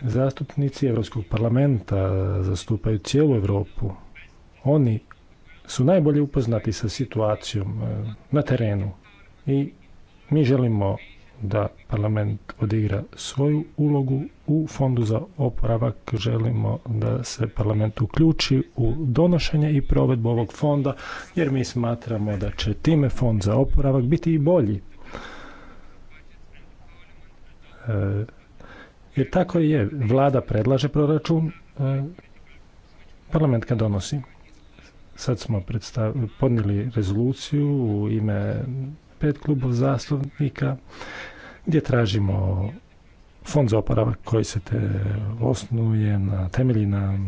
Zastupnici Europskog parlamenta zastupaju cijelu Europu. Oni su najbolje upoznati sa situacijom e, na terenu i mi želimo da parlament odigra svoju ulogu u fondu za oporavak. Želimo da se parlament uključi u donošenje i provedbu ovog fonda jer mi smatramo da će time fond za oporavak biti i bolji. E, jer tako je, vlada predlaže proračun, e, parlament ga donosi. Sad smo podnijeli rezoluciju u ime pet klubov zastupnika gdje tražimo fond za oporavak koji se te osnuje na temelji na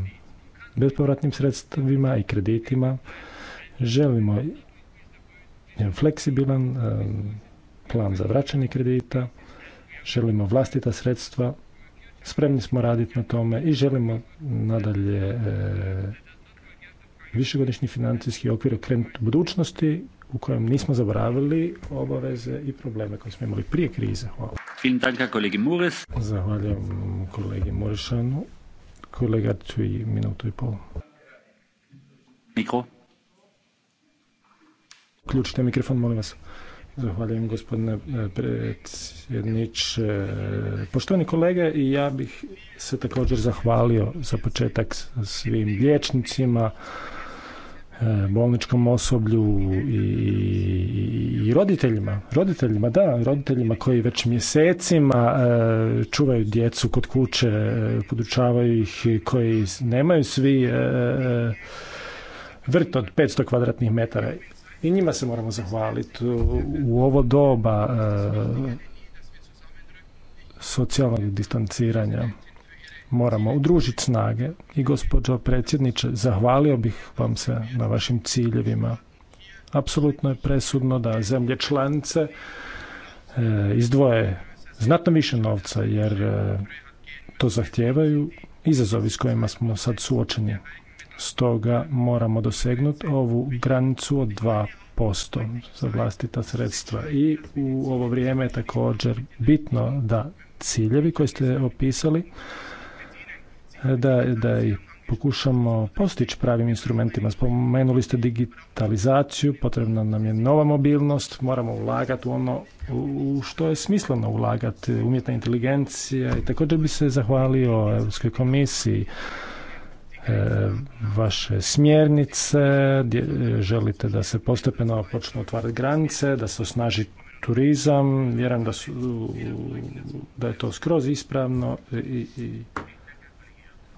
bespovratnim sredstvima i kreditima. Želimo fleksibilan e, plan za vraćanje kredita, želimo vlastita sredstva, spremni smo raditi na tome i želimo nadalje e, višegodišnji financijski okvir u budućnosti u kojem nismo zaboravili obaveze i probleme koje smo imali prije krize. Hvala. Zahvaljujem kolegi Murešanu. Kolega i minutu i pol. Mikro. Ključite mikrofon, molim vas. Zahvaljujem gospodine eh, predsjedniče. Poštovani kolege, ja bih se također zahvalio za početak svim liječnicima, E, bolničkom osoblju i, i, i roditeljima, roditeljima, da, roditeljima koji već mjesecima e, čuvaju djecu kod kuće, e, podučavaju ih, koji nemaju svi e, e, vrt od 500 kvadratnih metara. I njima se moramo zahvaliti. U, u ovo doba socijalnog distanciranja moramo udružiti snage. I gospođo predsjedniče, zahvalio bih vam se na vašim ciljevima. Apsolutno je presudno da zemlje članice e, izdvoje znatno više novca jer e, to zahtijevaju izazovi s kojima smo sad suočeni. Stoga moramo dosegnuti ovu granicu od 2% za vlastita sredstva. I u ovo vrijeme je također bitno da ciljevi koje ste opisali da, da pokušamo postići pravim instrumentima. Spomenuli ste digitalizaciju, potrebna nam je nova mobilnost, moramo ulagati u ono u što je smisleno ulagati, umjetna inteligencija i također bi se zahvalio Europskoj komisiji e, vaše smjernice, e, želite da se postepeno počnu otvarati granice, da se osnaži turizam, vjerujem da, su, da je to skroz ispravno i, i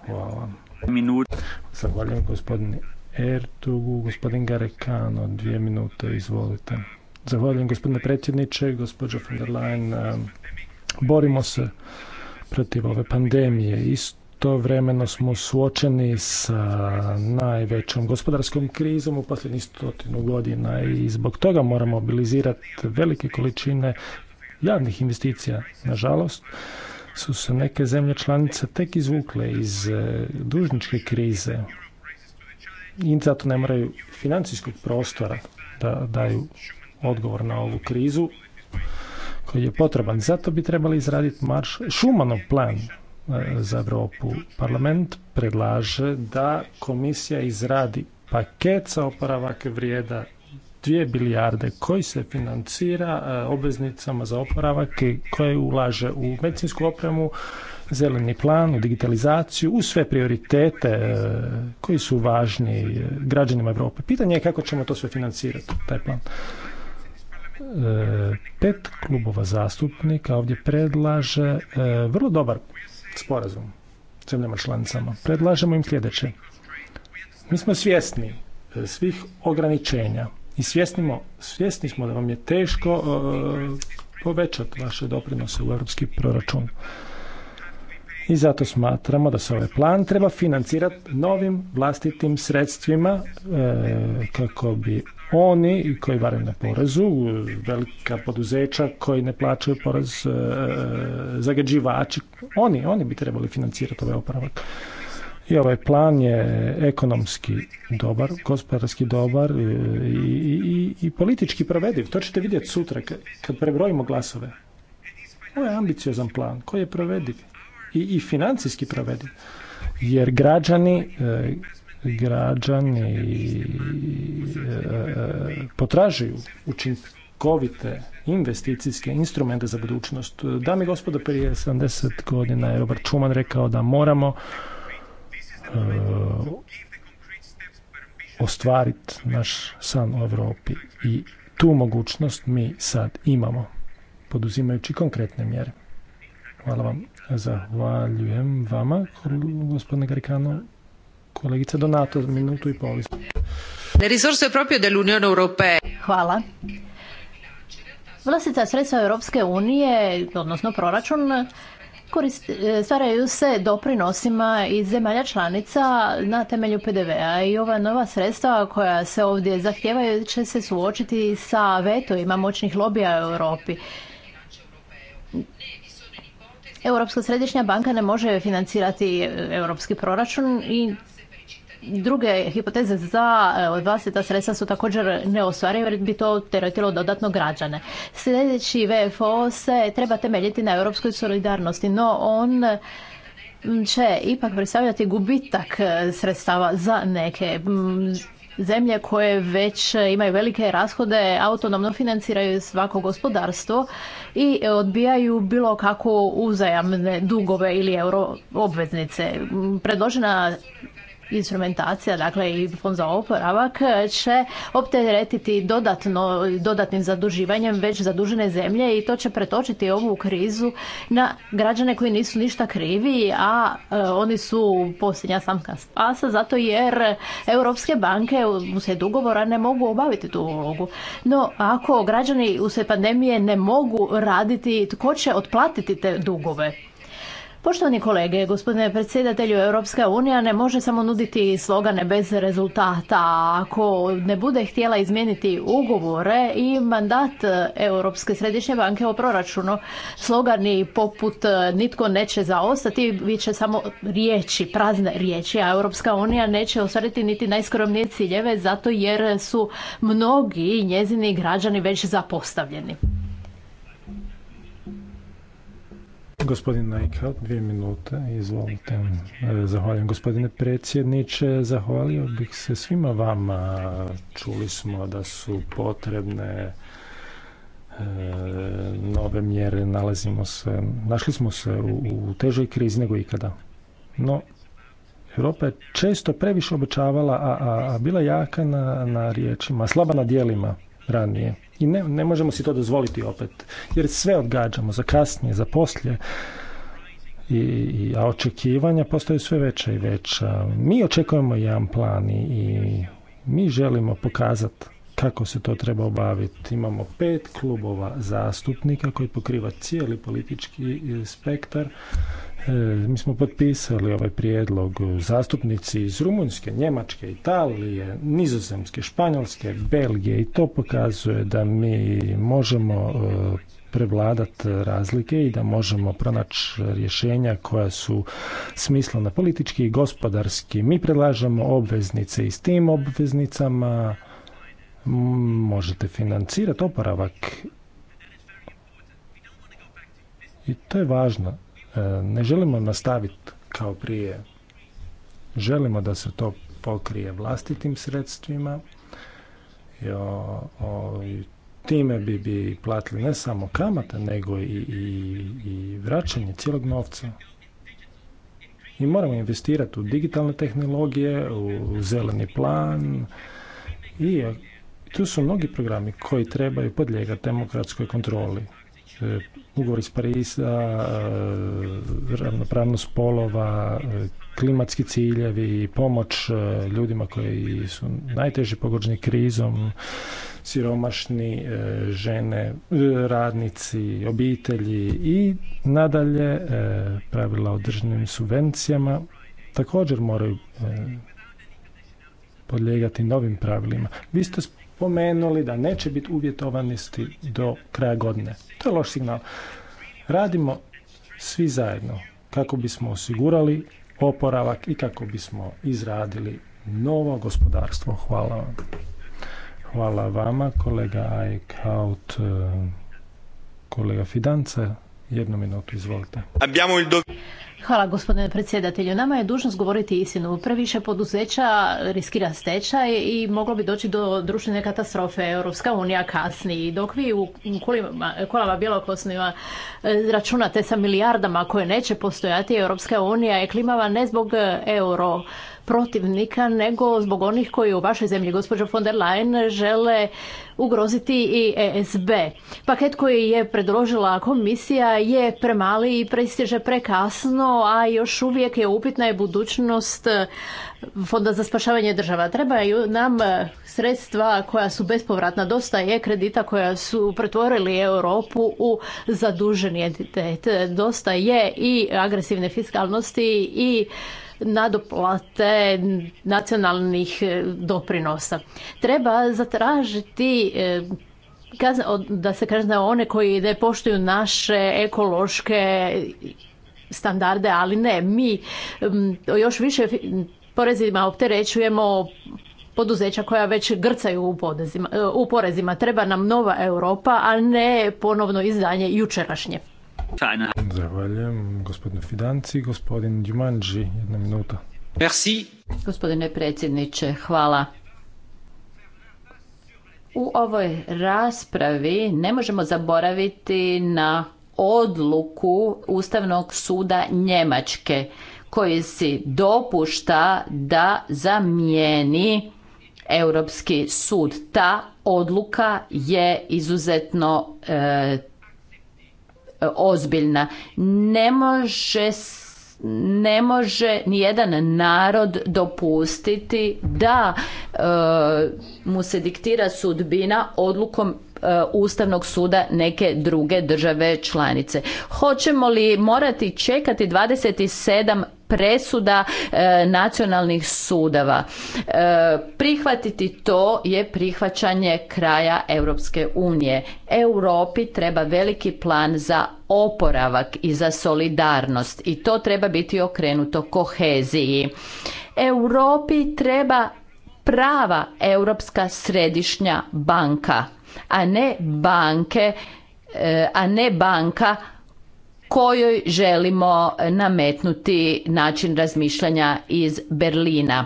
Hvala. Minut. Zahvaljujem gospodin Ertugu. Gospodin Garekano, dvije minute, izvolite. Zahvaljujem gospodine predsjedniče, gospođo von der Leyen. Ehm, borimo se protiv ove pandemije. Istovremeno smo suočeni sa najvećom gospodarskom krizom u posljednjih stotinu godina i zbog toga moramo mobilizirati velike količine javnih investicija, nažalost su se neke zemlje članice tek izvukle iz e, dužničke krize i zato ne moraju financijskog prostora da daju odgovor na ovu krizu koji je potreban. Zato bi trebali izraditi marš plan e, za Europu. Parlament predlaže da komisija izradi paket sa oporavak vrijeda 2 bilijarde koji se financira e, obveznicama za oporavak i koje ulaže u medicinsku opremu, zeleni plan, u digitalizaciju, u sve prioritete e, koji su važni e, građanima Europe. Pitanje je kako ćemo to sve financirati, taj plan. Pet klubova zastupnika ovdje predlaže vrlo dobar sporazum s zemljama članicama. Predlažemo im sljedeće. Mi smo svjesni svih ograničenja i svjesnimo, svjesni smo da vam je teško e, povećati vaše doprinose u europski proračun. I zato smatramo da se ovaj plan treba financirati novim vlastitim sredstvima e, kako bi oni koji varaju na porezu, velika poduzeća koji ne plaćaju porez, e, zagađivači, oni, oni bi trebali financirati ovaj oporavak. I ovaj plan je ekonomski dobar, gospodarski dobar e, i, i, i politički provediv. To ćete vidjeti sutra kad prebrojimo glasove. Ovo je ambiciozan plan koji je provediv i, i financijski provediv. Jer građani, e, građani e, potražuju učinkovite investicijske instrumente za budućnost. Dame i gospodo, prije 70 godina je Robert Čuman rekao da moramo Eh, ostvariti naš san u Europi i tu mogućnost mi sad imamo poduzimajući konkretne mjere. Hvala vam. Zahvaljujem vama, gospodine Garicano. Kolegica Donato, minutu i pol. Le risorse proprio dell'Unione Europea. Hvala. Vlastica sredstva Europske unije, odnosno proračun, E, stvaraju se doprinosima iz zemalja članica na temelju PDV-a i ova nova sredstva koja se ovdje zahtijevaju će se suočiti sa vetojima moćnih lobija u Europi. Europska središnja banka ne može financirati europski proračun i druge hipoteze za vlastita sredstva su također neostvarive jer bi to teretilo dodatno građane. Sljedeći VFO se treba temeljiti na europskoj solidarnosti, no on će ipak predstavljati gubitak sredstava za neke zemlje koje već imaju velike rashode, autonomno financiraju svako gospodarstvo i odbijaju bilo kako uzajamne dugove ili euro obveznice. Predložena instrumentacija, dakle i fond za oporavak, e, će opteretiti dodatno, dodatnim zaduživanjem već zadužene zemlje i to će pretočiti ovu krizu na građane koji nisu ništa krivi, a e, oni su posljednja samka spasa, zato jer europske banke uslijed ugovora ne mogu obaviti tu ulogu. No, ako građani uslijed pandemije ne mogu raditi, tko će otplatiti te dugove? Poštovani kolege, gospodine predsjedatelju, Europska unija ne može samo nuditi slogane bez rezultata. Ako ne bude htjela izmijeniti ugovore i mandat Europske središnje banke o proračunu, slogani poput nitko neće zaostati, bit će samo riječi, prazne riječi, a Europska unija neće ostvariti niti najskromnije ciljeve zato jer su mnogi njezini građani već zapostavljeni. Gospodin Najkal, dvije minute, izvolite. E, zahvaljujem gospodine predsjedniče. Zahvalio bih se svima vama. Čuli smo da su potrebne e, nove mjere. Nalazimo se, našli smo se u težoj krizi nego ikada. No, Europa je često previše obećavala, a, bila jaka na, na riječima, slaba na dijelima ranije. I ne, ne možemo si to dozvoliti opet. Jer sve odgađamo za kasnije, za poslije. I, i, a očekivanja postaju sve veća i veća. Mi očekujemo jedan plan i, i mi želimo pokazati kako se to treba obaviti. Imamo pet klubova zastupnika koji pokriva cijeli politički spektar E, mi smo potpisali ovaj prijedlog zastupnici iz Rumunjske, Njemačke, Italije, Nizozemske, Španjolske, Belgije i to pokazuje da mi možemo e, prevladati razlike i da možemo pronaći rješenja koja su smislena politički i gospodarski. Mi predlažemo obveznice i s tim obveznicama možete financirati oporavak. I to je važno. E, ne želimo nastaviti kao prije. Želimo da se to pokrije vlastitim sredstvima i time bi, bi platili ne samo kamate nego i, i, i vraćanje cijelog novca. I moramo investirati u digitalne tehnologije, u zeleni plan i e, tu su mnogi programi koji trebaju podlijegati demokratskoj kontroli. E, ugovor iz Parisa, e, ravnopravnost polova, e, klimatski ciljevi pomoć ljudima koji su najteže pogođeni krizom, siromašni, žene, radnici, obitelji i nadalje pravila o državnim subvencijama također moraju podlijegati novim pravilima. Vi ste pomenuli da neće biti uvjetovanosti do kraja godine. To je loš signal. Radimo svi zajedno kako bismo osigurali oporavak i kako bismo izradili novo gospodarstvo. Hvala vam. Hvala vama, kolega Eichhout, kolega Fidanca. Jednu minutu, izvolite. Hvala gospodine predsjedatelju. Nama je dužnost govoriti istinu. Previše poduzeća riskira stečaj i moglo bi doći do društvene katastrofe. Europska unija kasni. Dok vi u kolama bjelokosnima e, računate sa milijardama koje neće postojati, Europska unija je klimava ne zbog e, euro protivnika, nego zbog onih koji u vašoj zemlji, gospođo von der Leyen, žele ugroziti i ESB. Paket koji je predložila komisija je premali i prestiže prekasno, a još uvijek je upitna je budućnost e, Fonda za spašavanje država. Trebaju nam e, sredstva koja su bespovratna. Dosta je kredita koja su pretvorili Europu u zaduženi entitet. Dosta je i agresivne fiskalnosti i nadoplate nacionalnih e, doprinosa. Treba zatražiti e, da se kazne one koji ne poštuju naše ekološke standarde, ali ne, mi još više porezima opterećujemo poduzeća koja već grcaju u, e, u porezima. Treba nam nova Europa, a ne ponovno izdanje jučerašnje. Zahvaljujem gospodinu Fidanci, gospodin jedna minuta. Gospodine predsjedniče, hvala. U ovoj raspravi ne možemo zaboraviti na odluku Ustavnog suda Njemačke koji si dopušta da zamijeni Europski sud. Ta odluka je izuzetno e, E, ozbiljna. Ne može ne može nijedan narod dopustiti da e, mu se diktira sudbina odlukom e, Ustavnog suda neke druge države članice. Hoćemo li morati čekati 27 presuda e, nacionalnih sudova. E, prihvatiti to je prihvaćanje kraja Europske unije. Europi treba veliki plan za oporavak i za solidarnost i to treba biti okrenuto koheziji. Europi treba prava Europska središnja banka, a ne banke, e, a ne banka kojoj želimo nametnuti način razmišljanja iz Berlina.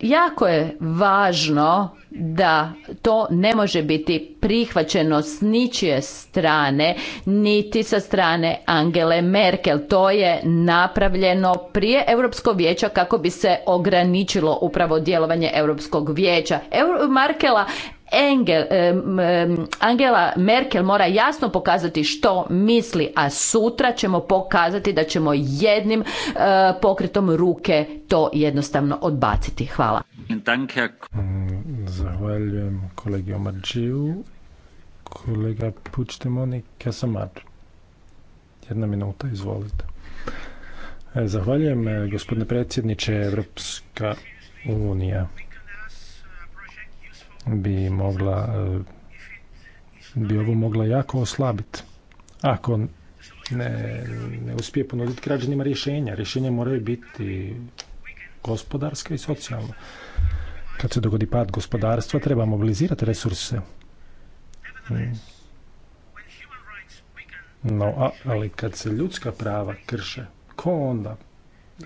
Jako je važno da to ne može biti prihvaćeno s ničije strane, niti sa strane Angele Merkel. To je napravljeno prije Europskog vijeća kako bi se ograničilo upravo djelovanje Europskog vijeća. Markela Engel, Angela Merkel mora jasno pokazati što misli, a sutra ćemo pokazati da ćemo jednim eh, pokretom ruke to jednostavno odbaciti. Hvala. Mm, zahvaljujem kolegi Omarđiju. Kolega Pučtemoni Kasamar. Jedna minuta, izvolite. E, zahvaljujem, eh, gospodine predsjedniče Evropska unija bi mogla eh, bi ovo mogla jako oslabiti ako ne, ne uspije ponuditi građanima rješenja. Rješenja moraju biti gospodarska i socijalna. Kad se dogodi pad gospodarstva, treba mobilizirati resurse. Mm. No, ali kad se ljudska prava krše, ko onda?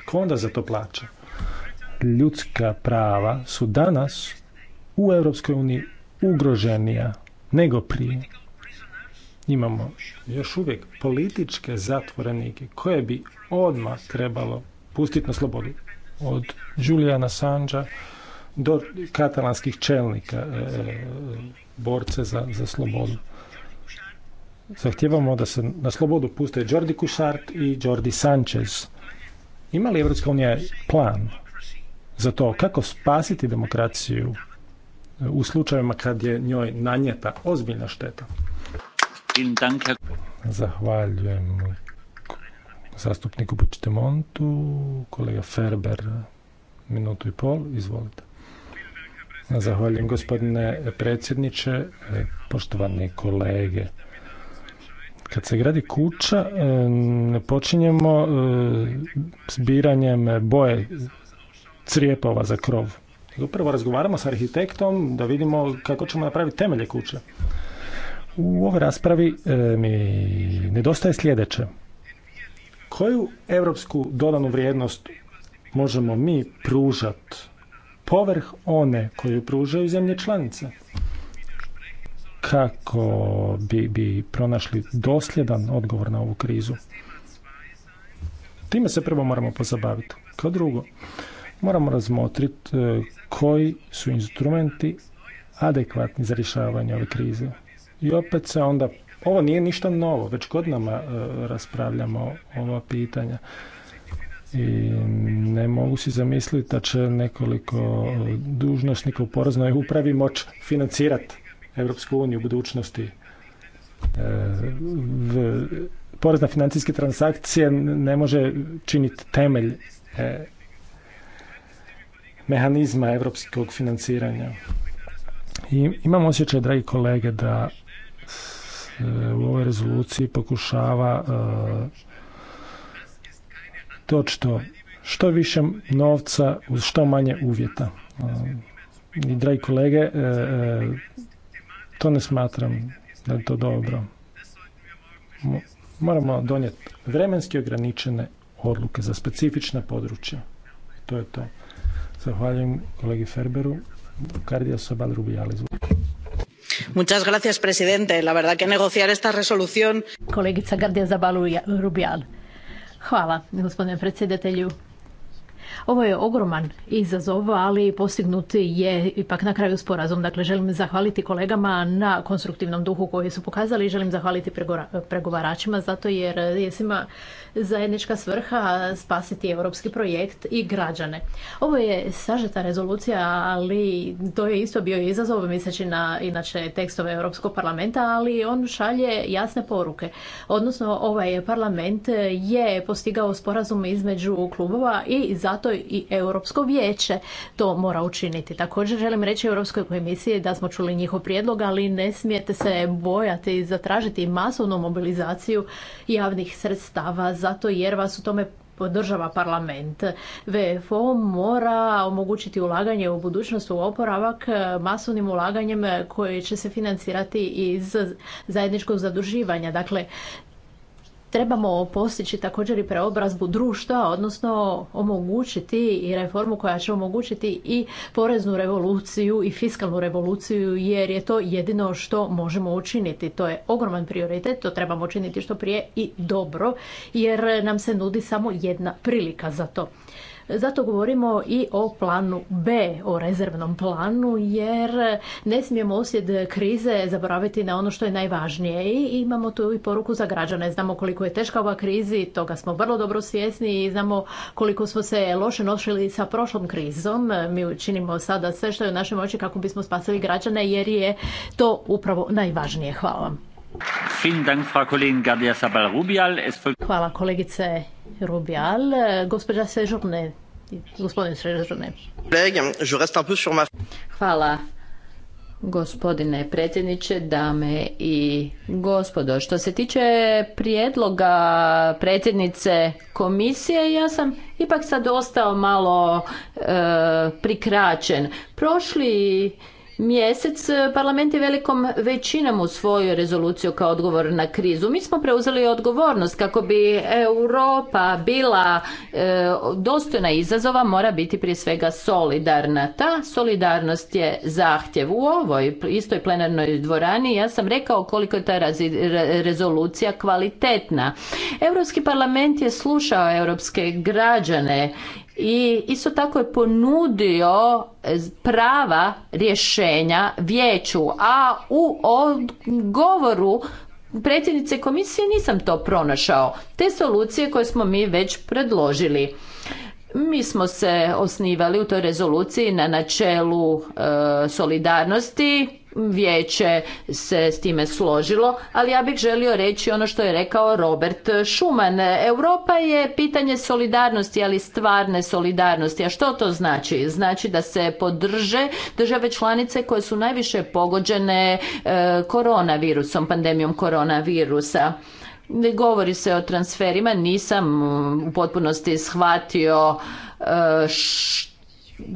Ko onda za to plaća? Ljudska prava su danas u Europskoj uniji ugroženija nego prije. Imamo još uvijek političke zatvorenike koje bi odmah trebalo pustiti na slobodu. Od Juliana Sanđa do katalanskih čelnika e, e, borce za, za slobodu. Zahtjevamo da se na slobodu puste Jordi Kušart i Jordi Sanchez. Ima li Evropska unija plan za to kako spasiti demokraciju u slučajevima kad je njoj nanjeta ozbiljna šteta. Zahvaljujem zastupniku montu kolega Ferber, minutu i pol, izvolite. Zahvaljujem gospodine predsjedniče, poštovani kolege. Kad se gradi kuća, ne počinjemo e, s biranjem boje crijepova za krov nego prvo razgovaramo s arhitektom da vidimo kako ćemo napraviti temelje kuće. U ovoj raspravi e, mi nedostaje sljedeće. Koju europsku dodanu vrijednost možemo mi pružati povrh one koju pružaju zemlje članice? Kako bi, bi pronašli dosljedan odgovor na ovu krizu? Time se prvo moramo pozabaviti. Kao drugo, moramo razmotriti e, koji su instrumenti adekvatni za rješavanje ove krize. I opet se onda, ovo nije ništa novo, već godinama e, raspravljamo ova pitanja. I ne mogu si zamisliti da će nekoliko e, dužnosnika u poreznoj upravi moć financirati Europsku uniju u budućnosti. porez na financijske transakcije ne može činiti temelj mehanizma europskog financiranja. I imam osjećaj, dragi kolege, da u ovoj rezoluciji pokušava točno e, što više novca uz što manje uvjeta. E, I dragi kolege, e, to ne smatram da je to dobro. Moramo donijeti vremenski ograničene odluke za specifična područja. To je to. Zahvaljujem kolegi Ferberu. Gardija Sabal Muchas gracias, presidente la verdad que negociar esta resolución. kolegica gardija Zabalu rubial hvala gospodine predsjedatelju ovo je ogroman izazov, ali postignuti je ipak na kraju sporazum. Dakle, želim zahvaliti kolegama na konstruktivnom duhu koji su pokazali i želim zahvaliti pregovaračima zato jer je svima zajednička svrha spasiti europski projekt i građane. Ovo je sažeta rezolucija, ali to je isto bio izazov, misleći na inače tekstove Europskog parlamenta, ali on šalje jasne poruke. Odnosno, ovaj parlament je postigao sporazum između klubova i zato i Europsko vijeće to mora učiniti. Također želim reći Europskoj komisiji da smo čuli njihov prijedlog, ali ne smijete se bojati i zatražiti masovnu mobilizaciju javnih sredstava zato jer vas u tome podržava parlament. VFO mora omogućiti ulaganje u budućnost u oporavak masovnim ulaganjem koje će se financirati iz zajedničkog zaduživanja. Dakle, trebamo postići također i preobrazbu društva, odnosno omogućiti i reformu koja će omogućiti i poreznu revoluciju i fiskalnu revoluciju jer je to jedino što možemo učiniti. To je ogroman prioritet, to trebamo učiniti što prije i dobro jer nam se nudi samo jedna prilika za to. Zato govorimo i o planu B, o rezervnom planu, jer ne smijemo osjed krize zaboraviti na ono što je najvažnije. I imamo tu i poruku za građane. Znamo koliko je teška ova krizi, toga smo vrlo dobro svjesni i znamo koliko smo se loše nosili sa prošlom krizom. Mi učinimo sada sve što je u našoj moći kako bismo spasili građane, jer je to upravo najvažnije. Hvala vam. Hvala kolegice Robial, gospođa Sežurne, gospodin Sežurne. Hvala gospodine predsjedniče, dame i gospodo. Što se tiče prijedloga predsjednice komisije, ja sam ipak sad ostao malo e, prikraćen. Prošli mjesec e, parlament je velikom većinom usvojio rezoluciju kao odgovor na krizu. Mi smo preuzeli odgovornost kako bi Europa bila e, dostojna izazova mora biti prije svega solidarna. Ta solidarnost je zahtjev. U ovoj istoj plenarnoj dvorani ja sam rekao koliko je ta rezolucija kvalitetna. Europski parlament je slušao europske građane i isto tako je ponudio e, prava rješenja vijeću, a u govoru predsjednice komisije nisam to pronašao. Te solucije koje smo mi već predložili. Mi smo se osnivali u toj rezoluciji na načelu e, solidarnosti vijeće se s time složilo, ali ja bih želio reći ono što je rekao Robert Schuman. Europa je pitanje solidarnosti, ali stvarne solidarnosti. A što to znači? Znači da se podrže države članice koje su najviše pogođene e, koronavirusom, pandemijom koronavirusa. Govori se o transferima, nisam u potpunosti shvatio što e,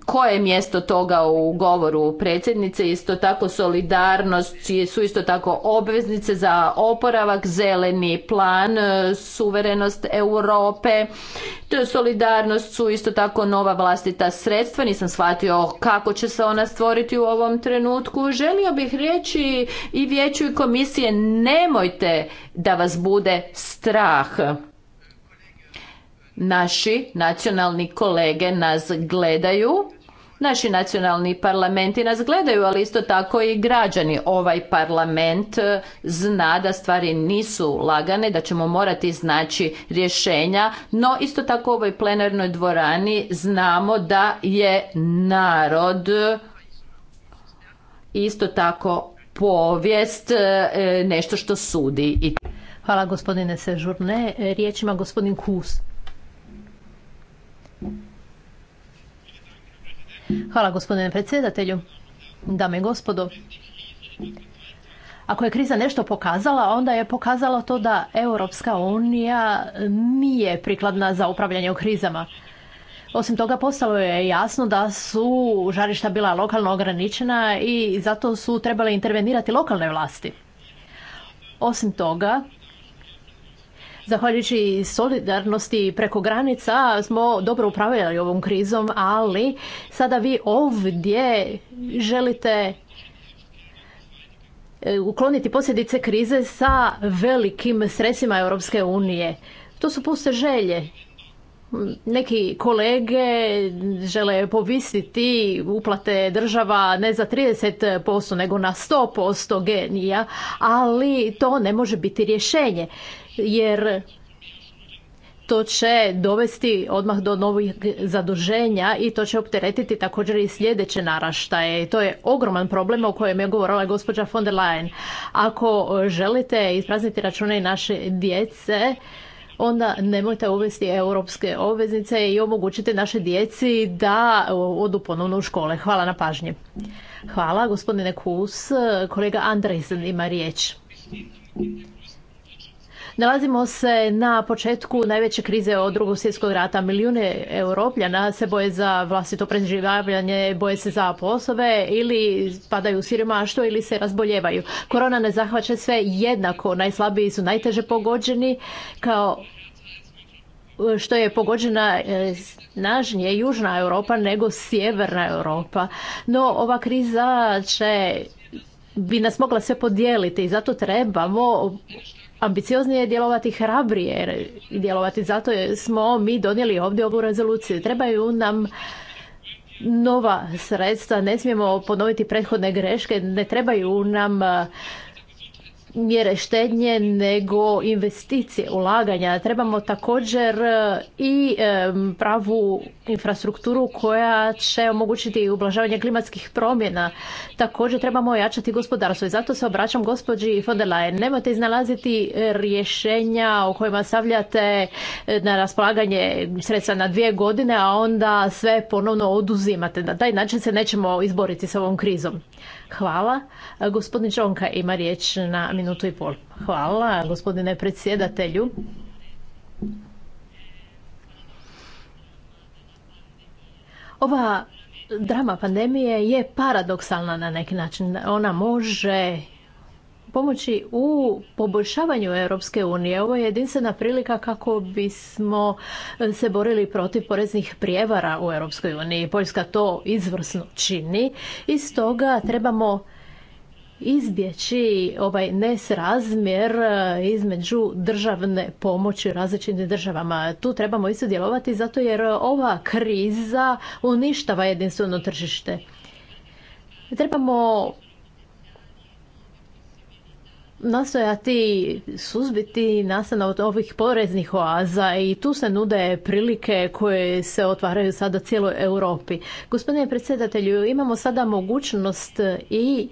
koje je mjesto toga u govoru predsjednice, isto tako solidarnost, su isto tako obveznice za oporavak, zeleni plan, e, suverenost Europe, solidarnost su isto tako nova vlastita sredstva, nisam shvatio kako će se ona stvoriti u ovom trenutku. Želio bih reći i vijeću i komisije, nemojte da vas bude strah Naši nacionalni kolege nas gledaju, naši nacionalni parlamenti nas gledaju, ali isto tako i građani. Ovaj parlament e, zna da stvari nisu lagane, da ćemo morati iznaći rješenja, no isto tako u ovoj plenarnoj dvorani znamo da je narod e, isto tako povijest e, nešto što sudi. Hvala gospodine Sežurne. Riječ ima gospodin Kus. Hvala gospodine predsjedatelju. Dame i gospodo, ako je kriza nešto pokazala, onda je pokazalo to da Europska unija nije prikladna za upravljanje u krizama. Osim toga, postalo je jasno da su žarišta bila lokalno ograničena i zato su trebale intervenirati lokalne vlasti. Osim toga, Zahvaljujući solidarnosti preko granica smo dobro upravljali ovom krizom, ali sada vi ovdje želite e, ukloniti posljedice krize sa velikim sredstvima Europske unije. To su puste želje. Neki kolege žele povisiti uplate država ne za 30% nego na 100% genija, ali to ne može biti rješenje jer to će dovesti odmah do novih zaduženja i to će opteretiti također i sljedeće naraštaje. To je ogroman problem o kojem je govorila gospođa von der Leyen. Ako želite isprazniti račune naše djece, onda nemojte uvesti europske obveznice i omogućite naše djeci da odu ponovno u škole. Hvala na pažnji. Hvala, gospodine Kus. Kolega Andresen ima riječ. Nalazimo se na početku najveće krize od drugog svjetskog rata. Milijune europljana se boje za vlastito preživljavanje, boje se za poslove ili padaju u siromaštvo ili se razboljevaju. Korona ne zahvaća sve jednako. Najslabiji su najteže pogođeni kao što je pogođena e, snažnije Južna Europa nego Sjeverna Europa. No ova kriza će bi nas mogla sve podijeliti i zato trebamo ambicioznije djelovati hrabrije djelovati. Zato smo mi donijeli ovdje ovu rezoluciju. Trebaju nam nova sredstva, ne smijemo ponoviti prethodne greške, ne trebaju nam mjere štednje nego investicije, ulaganja. Trebamo također e, i e, pravu infrastrukturu koja će omogućiti ublažavanje klimatskih promjena. Također trebamo ojačati gospodarstvo i zato se obraćam gospođi von der Leyen. Nemojte iznalaziti rješenja o kojima stavljate e, na raspolaganje sredstva na dvije godine, a onda sve ponovno oduzimate. Na taj način se nećemo izboriti s ovom krizom. Hvala. Gospodin Čonka ima riječ na minutu i pol. Hvala, gospodine predsjedatelju. Ova drama pandemije je paradoksalna na neki način. Ona može pomoći u poboljšavanju Europske unije. Ovo je jedinstvena prilika kako bismo se borili protiv poreznih prijevara u Europskoj uniji. Poljska to izvrsno čini i stoga trebamo izbjeći ovaj nesrazmjer između državne pomoći različitim državama. Tu trebamo isto djelovati zato jer ova kriza uništava jedinstveno tržište. Trebamo nastojati suzbiti nastana od ovih poreznih oaza i tu se nude prilike koje se otvaraju sada cijeloj Europi. Gospodine predsjedatelju, imamo sada mogućnost i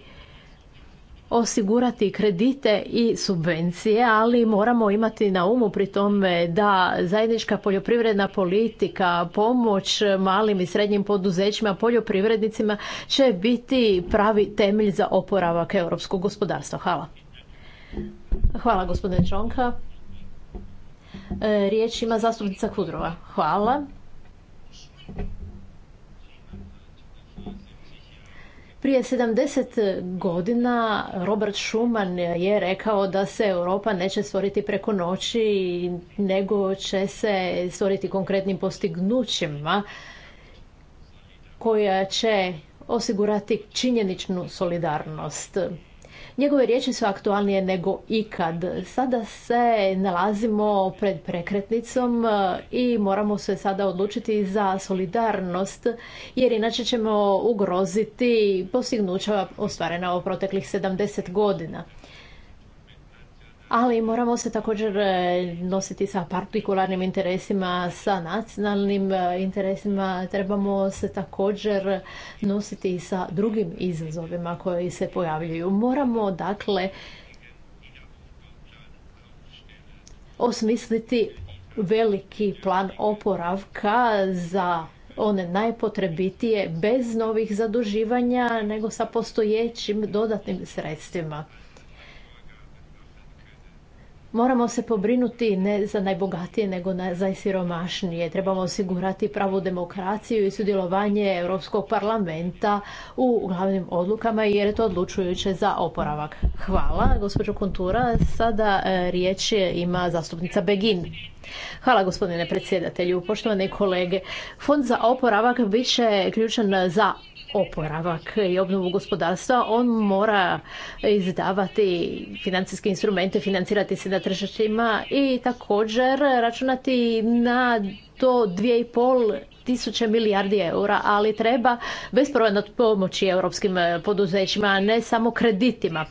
osigurati kredite i subvencije, ali moramo imati na umu pri tome da zajednička poljoprivredna politika, pomoć malim i srednjim poduzećima, poljoprivrednicima će biti pravi temelj za oporavak europskog gospodarstva. Hvala. Hvala gospodine Čonka. E, riječ ima zastupnica Kudrova. Hvala. Prije 70 godina Robert Schuman je rekao da se Europa neće stvoriti preko noći, nego će se stvoriti konkretnim postignućima koja će osigurati činjeničnu solidarnost. Njegove riječi su aktualnije nego ikad. Sada se nalazimo pred prekretnicom e, i moramo se sada odlučiti za solidarnost jer inače ćemo ugroziti postignuća ostvarena u proteklih 70 godina ali moramo se također e, nositi sa partikularnim interesima, sa nacionalnim e, interesima, trebamo se također nositi i sa drugim izazovima koji se pojavljuju. Moramo dakle osmisliti veliki plan oporavka za one najpotrebitije bez novih zaduživanja nego sa postojećim dodatnim sredstvima. Moramo se pobrinuti ne za najbogatije, nego za siromašnije. Trebamo osigurati pravu demokraciju i sudjelovanje Europskog parlamenta u glavnim odlukama, jer je to odlučujuće za oporavak. Hvala, gospođo Kontura. Sada e, riječ ima zastupnica Begin. Hvala gospodine predsjedatelju. Poštovane kolege, Fond za oporavak bit će ključan za oporavak i obnovu gospodarstva, on mora izdavati financijske instrumente, financirati se na tržištima i također računati na to 2,5 tisuće milijardi eura, ali treba bez pomoći europskim poduzećima, ne samo kreditima.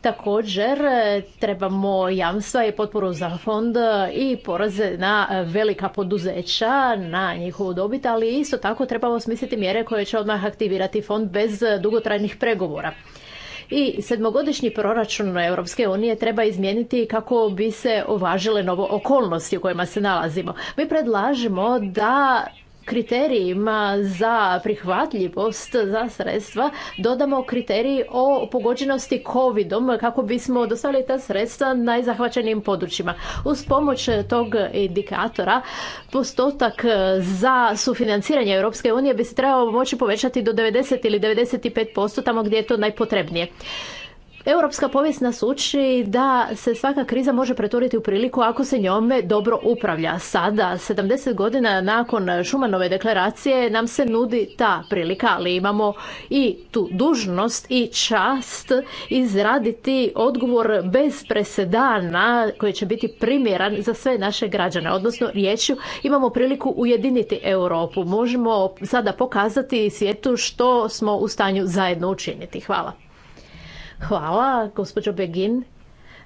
Također e, trebamo jamstva i potporu za fond i poreze na e, velika poduzeća, na njihovu dobit, ali isto tako trebamo smisliti mjere koje će odmah aktivirati fond bez dugotrajnih pregovora. I sedmogodišnji proračun Europske unije treba izmijeniti kako bi se uvažile novo okolnosti u kojima se nalazimo. Mi predlažemo da kriterijima za prihvatljivost za sredstva dodamo kriterij o pogođenosti covidom kako bismo dostavili ta sredstva najzahvaćenijim područjima. Uz pomoć tog indikatora postotak za sufinanciranje Europske unije bi se trebao moći povećati do 90 ili 95% tamo gdje je to najpotrebnije. Europska povijest nas uči da se svaka kriza može pretvoriti u priliku ako se njome dobro upravlja. Sada, 70 godina nakon Šumanove deklaracije, nam se nudi ta prilika, ali imamo i tu dužnost i čast izraditi odgovor bez presedana koji će biti primjeran za sve naše građane. Odnosno, riječju imamo priliku ujediniti Europu. Možemo sada pokazati svijetu što smo u stanju zajedno učiniti. Hvala. Hvala, gospođo Begin.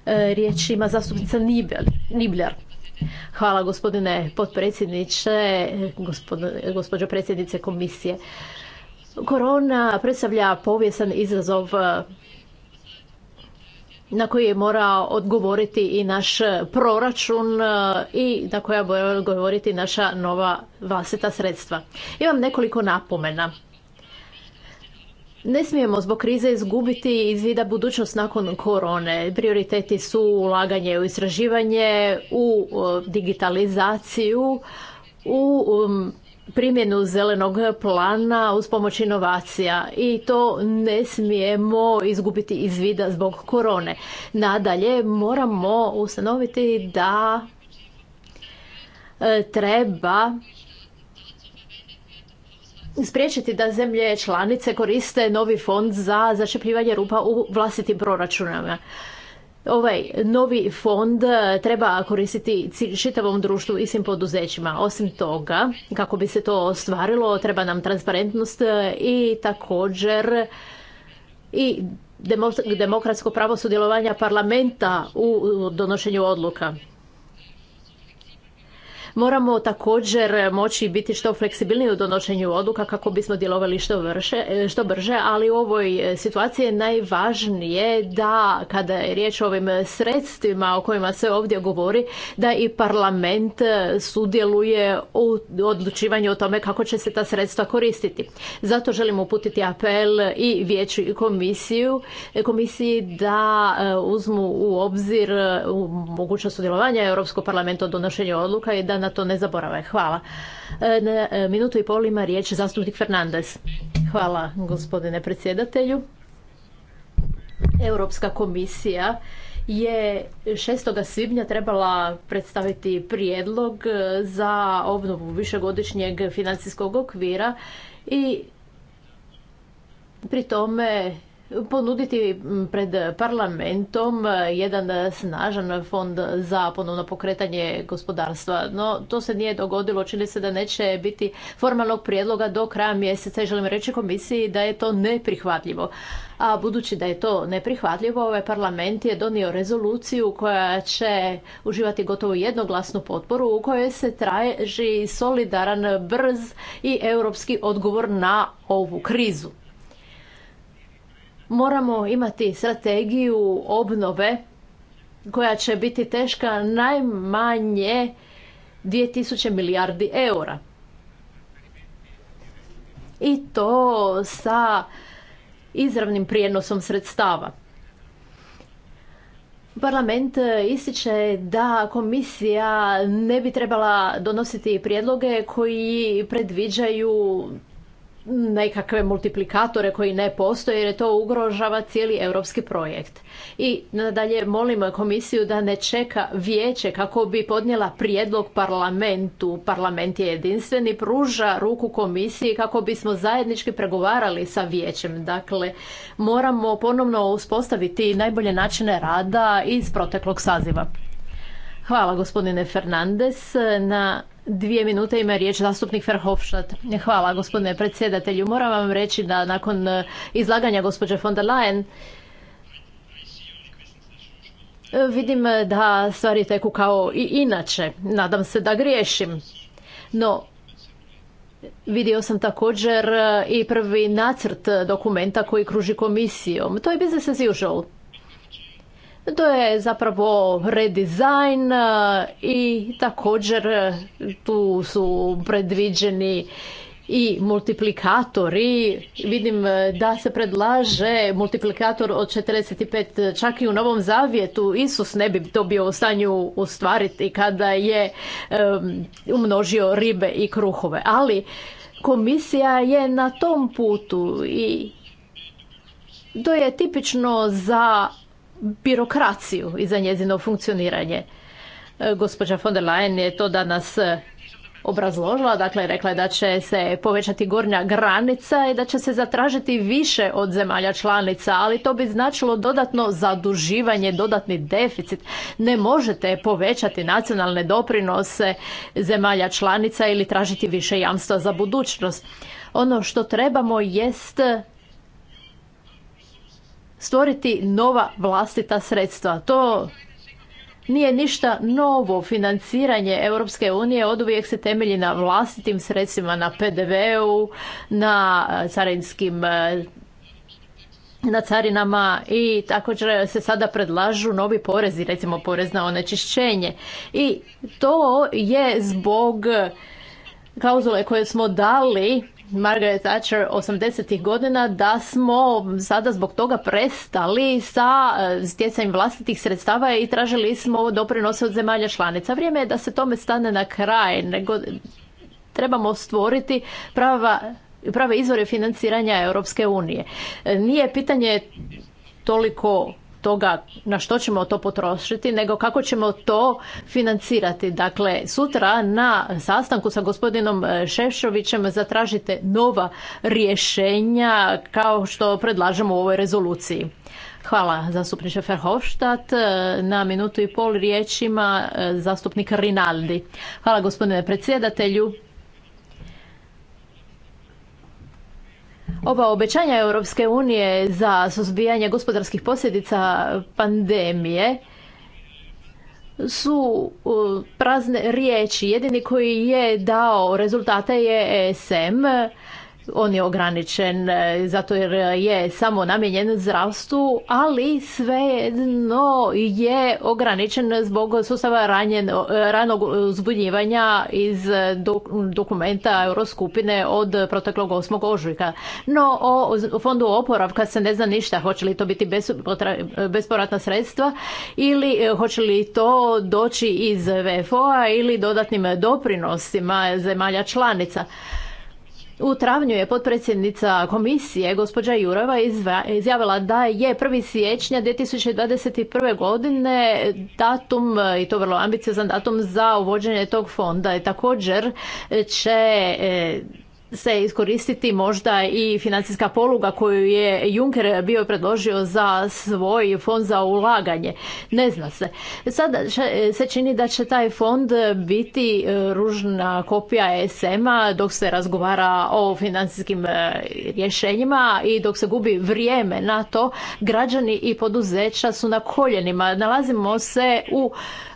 E, riječ ima zastupnica Nibljar. Hvala gospodine potpredsjedniče, gospođo predsjednice komisije. Korona predstavlja povijesan izazov e, na koji je morao odgovoriti i naš proračun e, i na koja morao odgovoriti naša nova vlastita sredstva. Imam nekoliko napomena. Ne smijemo zbog krize izgubiti iz vida budućnost nakon korone. Prioriteti su ulaganje u istraživanje, u digitalizaciju, u um, primjenu zelenog plana uz pomoć inovacija i to ne smijemo izgubiti iz vida zbog korone. Nadalje moramo ustanoviti da e, treba spriječiti da zemlje članice koriste novi fond za začepljivanje rupa u vlastitim proračunima. Ovaj novi fond treba koristiti čitavom društvu i svim poduzećima. Osim toga, kako bi se to ostvarilo, treba nam transparentnost e, i također i demokratsko pravo sudjelovanja parlamenta u donošenju odluka. Moramo također moći biti što fleksibilniji u donošenju odluka kako bismo djelovali što, e, brže, ali u ovoj e, situaciji je najvažnije da kada je riječ o ovim sredstvima o kojima se ovdje govori, da i parlament e, sudjeluje u odlučivanju o tome kako će se ta sredstva koristiti. Zato želimo uputiti apel i vijeću i komisiju, komisiji da uzmu u obzir mogućnost sudjelovanja Europskog parlamenta u donošenju odluka i da na to ne zaborave. Hvala. E, na e, minutu i pol ima riječ zastupnik Fernandez. Hvala gospodine predsjedatelju. Europska komisija je 6. svibnja trebala predstaviti prijedlog za obnovu višegodišnjeg financijskog okvira i pri tome ponuditi pred parlamentom e, jedan snažan fond za ponovno pokretanje gospodarstva. No, to se nije dogodilo. Čini se da neće biti formalnog prijedloga do kraja mjeseca i želim reći komisiji da je to neprihvatljivo. A budući da je to neprihvatljivo, ovaj parlament je donio rezoluciju koja će uživati gotovo jednoglasnu potporu u kojoj se traži solidaran, brz i europski odgovor na ovu krizu moramo imati strategiju obnove koja će biti teška najmanje 2000 milijardi eura. I to sa izravnim prijenosom sredstava. Parlament ističe da komisija ne bi trebala donositi prijedloge koji predviđaju nekakve multiplikatore koji ne postoje jer je to ugrožava cijeli europski projekt. I nadalje molimo komisiju da ne čeka vijeće kako bi podnijela prijedlog parlamentu. Parlament je jedinstveni, pruža ruku komisiji kako bismo zajednički pregovarali sa vijećem. Dakle, moramo ponovno uspostaviti najbolje načine rada iz proteklog saziva. Hvala gospodine Fernandez na Dvije minute ima riječ zastupnik Verhofstadt. Hvala gospodine predsjedatelju. Moram vam reći da nakon eh, izlaganja gospođe von der Leyen eh, vidim eh, da stvari teku kao i inače. Nadam se da griješim. No, Vidio sam također i prvi nacrt dokumenta koji kruži komisijom. To je business as usual. To je zapravo redizajn e, i također e, tu su predviđeni i multiplikatori. Vidim e, da se predlaže multiplikator od 45 čak i u Novom Zavjetu. Isus ne bi to bio u stanju ustvariti kada je umnožio ribe i kruhove. Ali komisija je na tom putu i to je tipično za birokraciju i za njezino funkcioniranje. E, gospođa von der Leyen je to danas e, obrazložila, dakle rekla je da će se povećati gornja granica i da će se zatražiti više od zemalja članica, ali to bi značilo dodatno zaduživanje, dodatni deficit. Ne možete povećati nacionalne doprinose zemalja članica ili tražiti više jamstva za budućnost. Ono što trebamo jest stvoriti nova vlastita sredstva. To nije ništa novo. Financiranje Europske unije oduvijek se temelji na vlastitim sredstvima, na PDV-u, na e, carinskim e, na carinama i također se sada predlažu novi porezi, recimo porez na onečišćenje. I to je zbog klauzule koje smo dali Margaret Thatcher 80 godina da smo sada zbog toga prestali sa e, stjecanjem vlastitih sredstava i tražili smo doprinose od zemalja članica. Vrijeme je da se tome stane na kraj, nego trebamo stvoriti prava prave izvore financiranja Europske unije. E, nije pitanje toliko toga na što ćemo to potrošiti, nego kako ćemo to financirati. Dakle, sutra na sastanku sa gospodinom e, Šešovićem zatražite nova rješenja kao što predlažemo u ovoj rezoluciji. Hvala zastupniče Ferhofstadt. E, na minutu i pol riječima e, zastupnik Rinaldi. Hvala gospodine predsjedatelju. Ova obećanja Europske unije za suzbijanje gospodarskih posljedica pandemije su prazne riječi. Jedini koji je dao rezultate je ESM, on je ograničen e, zato jer je samo namijenjen zdravstvu, ali svejedno je ograničen zbog sustava ranjen, e, ranog uzbunjivanja iz dokumenta Euroskupine od proteklog 8. ožujka. No, o fondu oporavka se ne zna ništa, hoće li to biti bespovratna sredstva ili e, hoće li to doći iz VFO-a ili dodatnim doprinosima zemalja članica. U travnju je potpredsjednica komisije gospođa Jurova izjavila da je 1. siječnja 2021. godine datum i to vrlo ambiciozan datum za uvođenje tog fonda i također će e, se iskoristiti možda i financijska poluga koju je Juncker bio predložio za svoj fond za ulaganje. Ne zna se. Sada se čini da će taj fond biti e, ružna kopija sm a dok se razgovara o financijskim e, rješenjima i dok se gubi vrijeme na to, građani i poduzeća su na koljenima. Nalazimo se u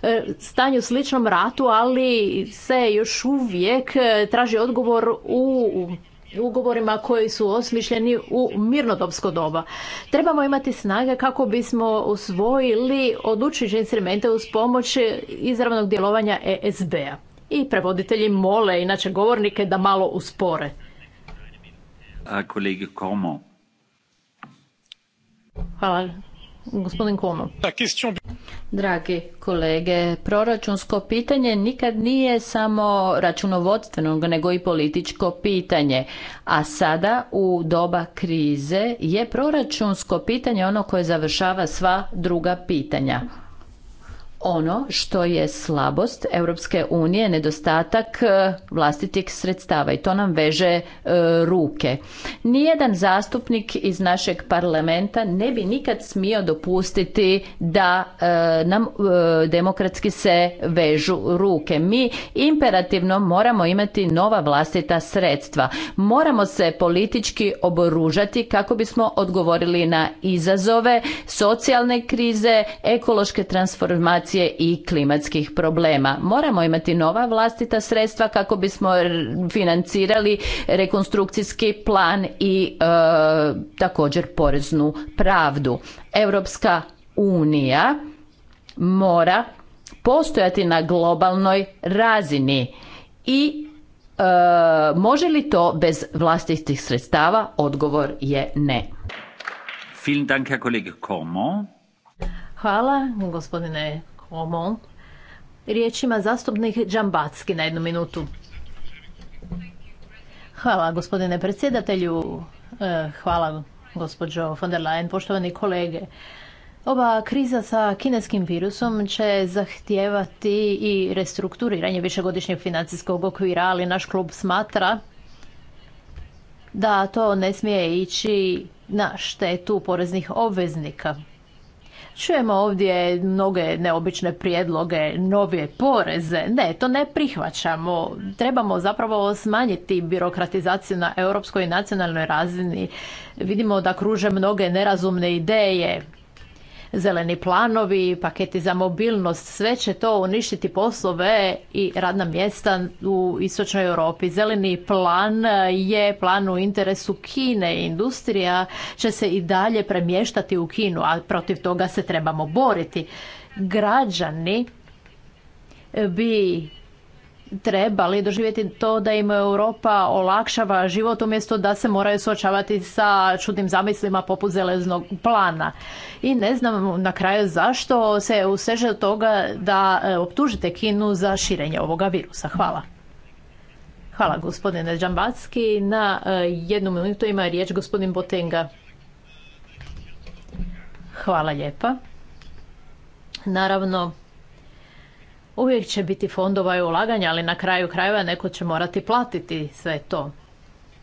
E, stanju sličnom ratu, ali se još uvijek e, traži odgovor u ugovorima koji su osmišljeni u mirnodopsko doba. Trebamo imati snage kako bismo usvojili odlučujuće instrumente uz pomoć izravnog djelovanja ESB-a. I prevoditelji mole inače govornike da malo uspore. A Komo. Hvala Gospodin Komo. Dragi kolege, proračunsko pitanje nikad nije samo računovodstveno, nego i političko pitanje. A sada u doba krize je proračunsko pitanje ono koje završava sva druga pitanja ono što je slabost Europske unije, nedostatak e, vlastitih sredstava i to nam veže e, ruke. Nijedan zastupnik iz našeg parlamenta ne bi nikad smio dopustiti da e, nam demokratski se vežu ruke. Mi imperativno moramo imati nova vlastita sredstva. Moramo se politički oboružati kako bismo odgovorili na izazove socijalne krize, ekološke transformacije i klimatskih problema. Moramo imati nova vlastita sredstva kako bismo financirali rekonstrukcijski plan i e, također poreznu pravdu. Europska unija mora postojati na globalnoj razini i e, može li to bez vlastitih sredstava? Odgovor je ne. Hvala, gospodine Omon. Riječ ima zastupnik Džambacki na jednu minutu. Hvala gospodine predsjedatelju, e, hvala gospođo von der Leyen, poštovani kolege. Ova kriza sa kineskim virusom će zahtijevati i restrukturiranje višegodišnjeg financijskog okvira, ali naš klub smatra da to ne smije ići na štetu poreznih obveznika. Čujemo ovdje mnoge neobične prijedloge, nove poreze. Ne, to ne prihvaćamo. Trebamo zapravo smanjiti birokratizaciju na europskoj i nacionalnoj razini. Vidimo da kruže mnoge nerazumne ideje zeleni planovi, paketi za mobilnost, sve će to uništiti poslove i radna mjesta u istočnoj Europi. Zeleni plan je plan u interesu Kine. Industrija će se i dalje premještati u Kinu, a protiv toga se trebamo boriti. Građani bi trebali doživjeti to da im Europa olakšava život umjesto da se moraju suočavati sa čudnim zamislima poput zeleznog plana. I ne znam na kraju zašto se useže od toga da e, optužite Kinu za širenje ovoga virusa. Hvala. Hvala gospodine Đambacki. Na e, jednu minutu ima riječ gospodin Botenga. Hvala lijepa. Naravno, Uvijek će biti fondova i ulaganja, ali na kraju krajeva neko će morati platiti sve to.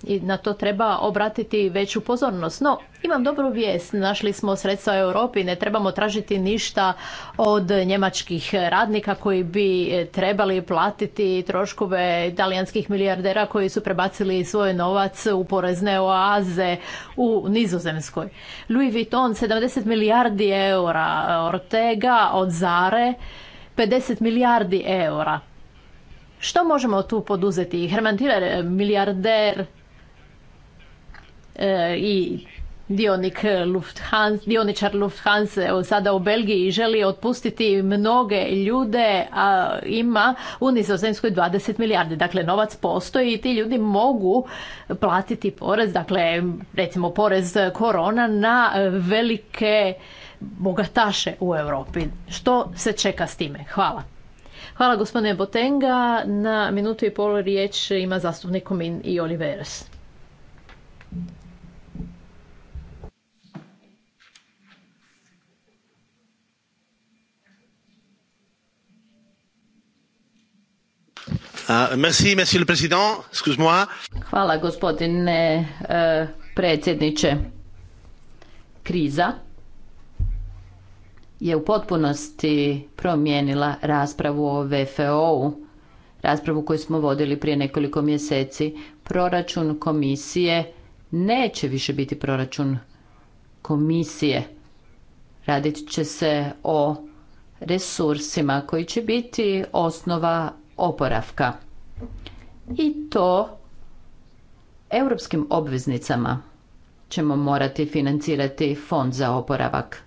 I na to treba obratiti veću pozornost. No, imam dobru vijest. Našli smo sredstva u Europi, ne trebamo tražiti ništa od njemačkih radnika koji bi e, trebali platiti troškove italijanskih milijardera koji su prebacili svoj novac u porezne oaze u Nizozemskoj. Louis Vuitton 70 milijardi eura, Ortega od Zare 50 milijardi eura. Što možemo tu poduzeti? Herman Tiller, eh, milijarder eh, i dionik Lufthansa, dioničar Lufthansa sada u Belgiji želi otpustiti mnoge ljude, a ima u Nizozemskoj 20 milijardi. Dakle, novac postoji i ti ljudi mogu platiti porez, dakle, recimo porez korona na velike bogataše u Europi. Što se čeka s time? Hvala. Hvala gospodine Botenga. Na minutu i pol riječ ima zastupnik Komin i Oliveres. Ah, merci, le président. moi Hvala gospodine eh, predsjedniče. Kriza je u potpunosti promijenila raspravu o VFO-u, raspravu koju smo vodili prije nekoliko mjeseci. Proračun komisije neće više biti proračun komisije. Radit će se o resursima koji će biti osnova oporavka. I to europskim obveznicama ćemo morati financirati fond za oporavak.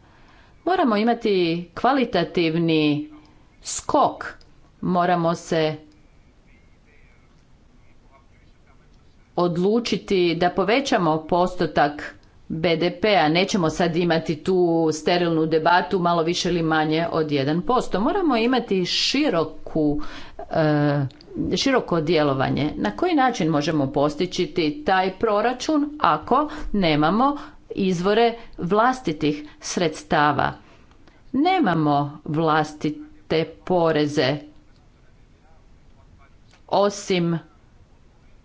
Moramo imati kvalitativni skok. Moramo se odlučiti da povećamo postotak BDP-a. Nećemo sad imati tu sterilnu debatu malo više ili manje od 1%. Moramo imati široku eh, široko djelovanje. Na koji način možemo postići taj proračun ako nemamo izvore vlastitih sredstava. Nemamo vlastite poreze osim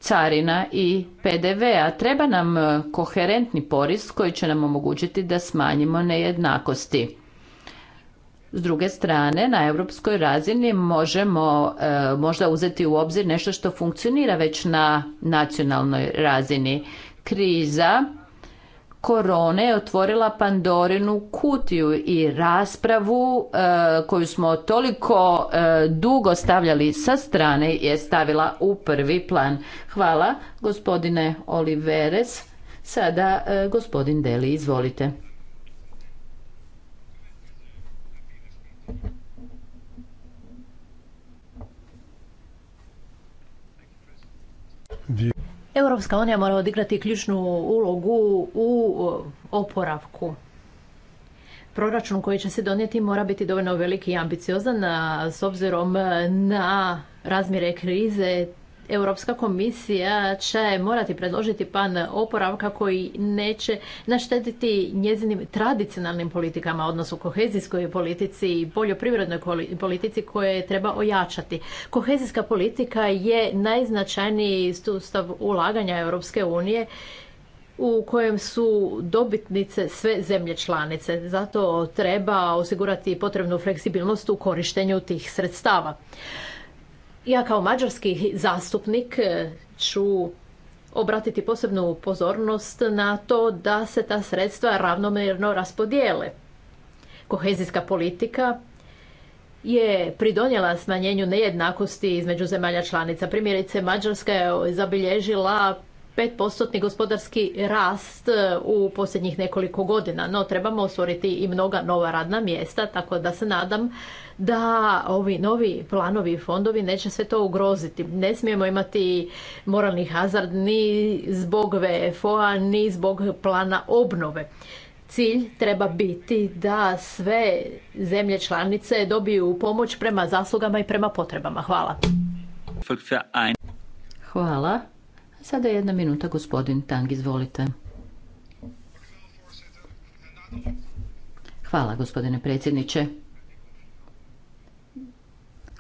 carina i PDV-a. Treba nam e, koherentni porez koji će nam omogućiti da smanjimo nejednakosti. S druge strane, na europskoj razini možemo e, možda uzeti u obzir nešto što funkcionira već na nacionalnoj razini. Kriza korone je otvorila Pandorinu kutiju i raspravu e, koju smo toliko e, dugo stavljali sa strane je stavila u prvi plan. Hvala gospodine Oliveres. Sada e, gospodin Deli, izvolite. Europska unija mora odigrati ključnu ulogu u oporavku. Proračun koji će se donijeti mora biti dovoljno veliki i ambiciozan s obzirom na razmjere krize Europska komisija će morati predložiti plan oporavka koji neće naštetiti njezinim tradicionalnim politikama, odnosno kohezijskoj politici i poljoprivrednoj politici koje treba ojačati. Kohezijska politika je najznačajniji sustav ulaganja Europske unije u kojem su dobitnice sve zemlje članice. Zato treba osigurati potrebnu fleksibilnost u korištenju tih sredstava. Ja kao mađarski zastupnik e, ću obratiti posebnu pozornost na to da se ta sredstva ravnomjerno raspodijele. Kohezijska politika je pridonjela smanjenju nejednakosti između zemalja članica. Primjerice, Mađarska je zabilježila 5% gospodarski rast e, u posljednjih nekoliko godina, no trebamo osvoriti i mnoga nova radna mjesta, tako da se nadam da ovi novi planovi i fondovi neće sve to ugroziti. Ne smijemo imati moralni hazard ni zbog VFO-a, ni zbog plana obnove. Cilj treba biti da sve zemlje članice dobiju pomoć prema zaslugama i prema potrebama. Hvala. Hvala. Sada jedna minuta, gospodin Tang, izvolite. Hvala, gospodine predsjedniče.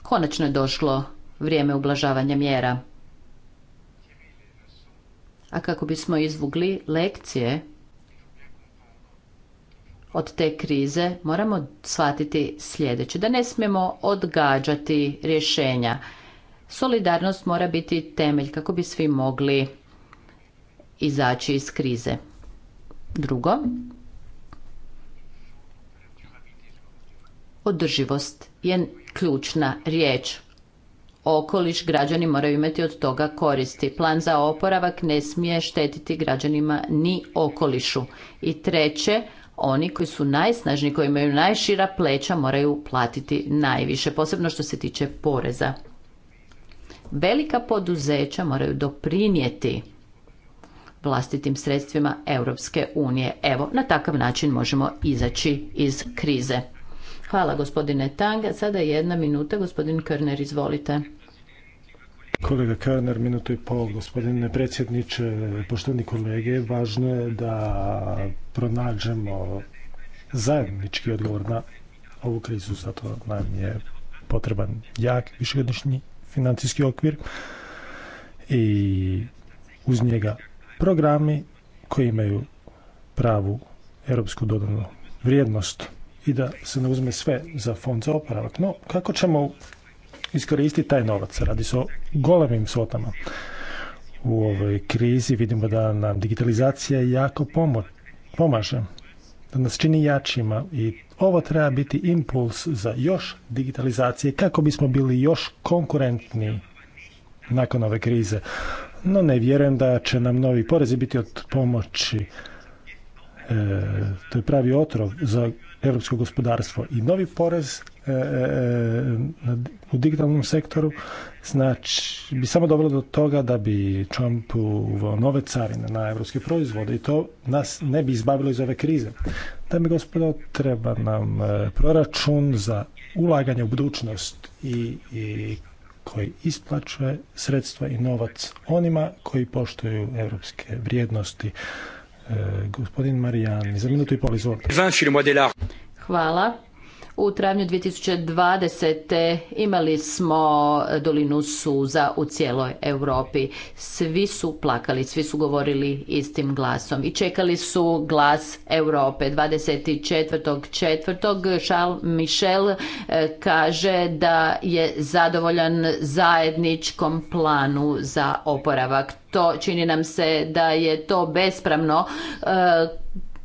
Konačno je došlo vrijeme ublažavanja mjera. A kako bismo izvugli lekcije od te krize, moramo shvatiti sljedeće. Da ne smijemo odgađati rješenja Solidarnost mora biti temelj kako bi svi mogli izaći iz krize. Drugo, održivost je ključna riječ. Okoliš građani moraju imati od toga koristi. Plan za oporavak ne smije štetiti građanima ni okolišu. I treće, oni koji su najsnažniji, koji imaju najšira pleća moraju platiti najviše, posebno što se tiče poreza. Velika poduzeća moraju doprinijeti vlastitim sredstvima Europske unije. Evo, na takav način možemo izaći iz krize. Hvala gospodine Tang. Sada je jedna minuta, gospodin Körner, izvolite. Kolega Körner, minuto i pol, gospodine predsjedniče, poštovni kolege, važno je da pronađemo zajednički odgovor na ovu krizu, zato nam je potreban jak višegodišnji financijski okvir i uz njega programi koji imaju pravu europsku dodanu vrijednost i da se ne uzme sve za fond za oporavak. No, kako ćemo iskoristiti taj novac? Radi se o golemim svotama. U ovoj krizi vidimo da nam digitalizacija jako pomaže, da nas čini jačima i ovo treba biti impuls za još digitalizacije kako bismo bili još konkurentni nakon ove krize. No ne vjerujem da će nam novi porezi biti od pomoći. E, to je pravi otrov za europsko gospodarstvo i novi porez e, e, u digitalnom sektoru znači bi samo dobro do toga da bi Trump nove carine na europske proizvode i to nas ne bi izbavilo iz ove krize. Dame i gospodo, treba nam e, proračun za ulaganje u budućnost i, koji isplaćuje sredstva i novac onima koji poštuju europske vrijednosti. E, gospodin Marijan, za minutu i pol izvolite. Znači, Hvala. U travnju 2020. imali smo dolinu suza u cijeloj Europi. Svi su plakali, svi su govorili istim glasom i čekali su glas Europe. 24.4. Charles Michel eh, kaže da je zadovoljan zajedničkom planu za oporavak. To čini nam se da je to bespravno eh,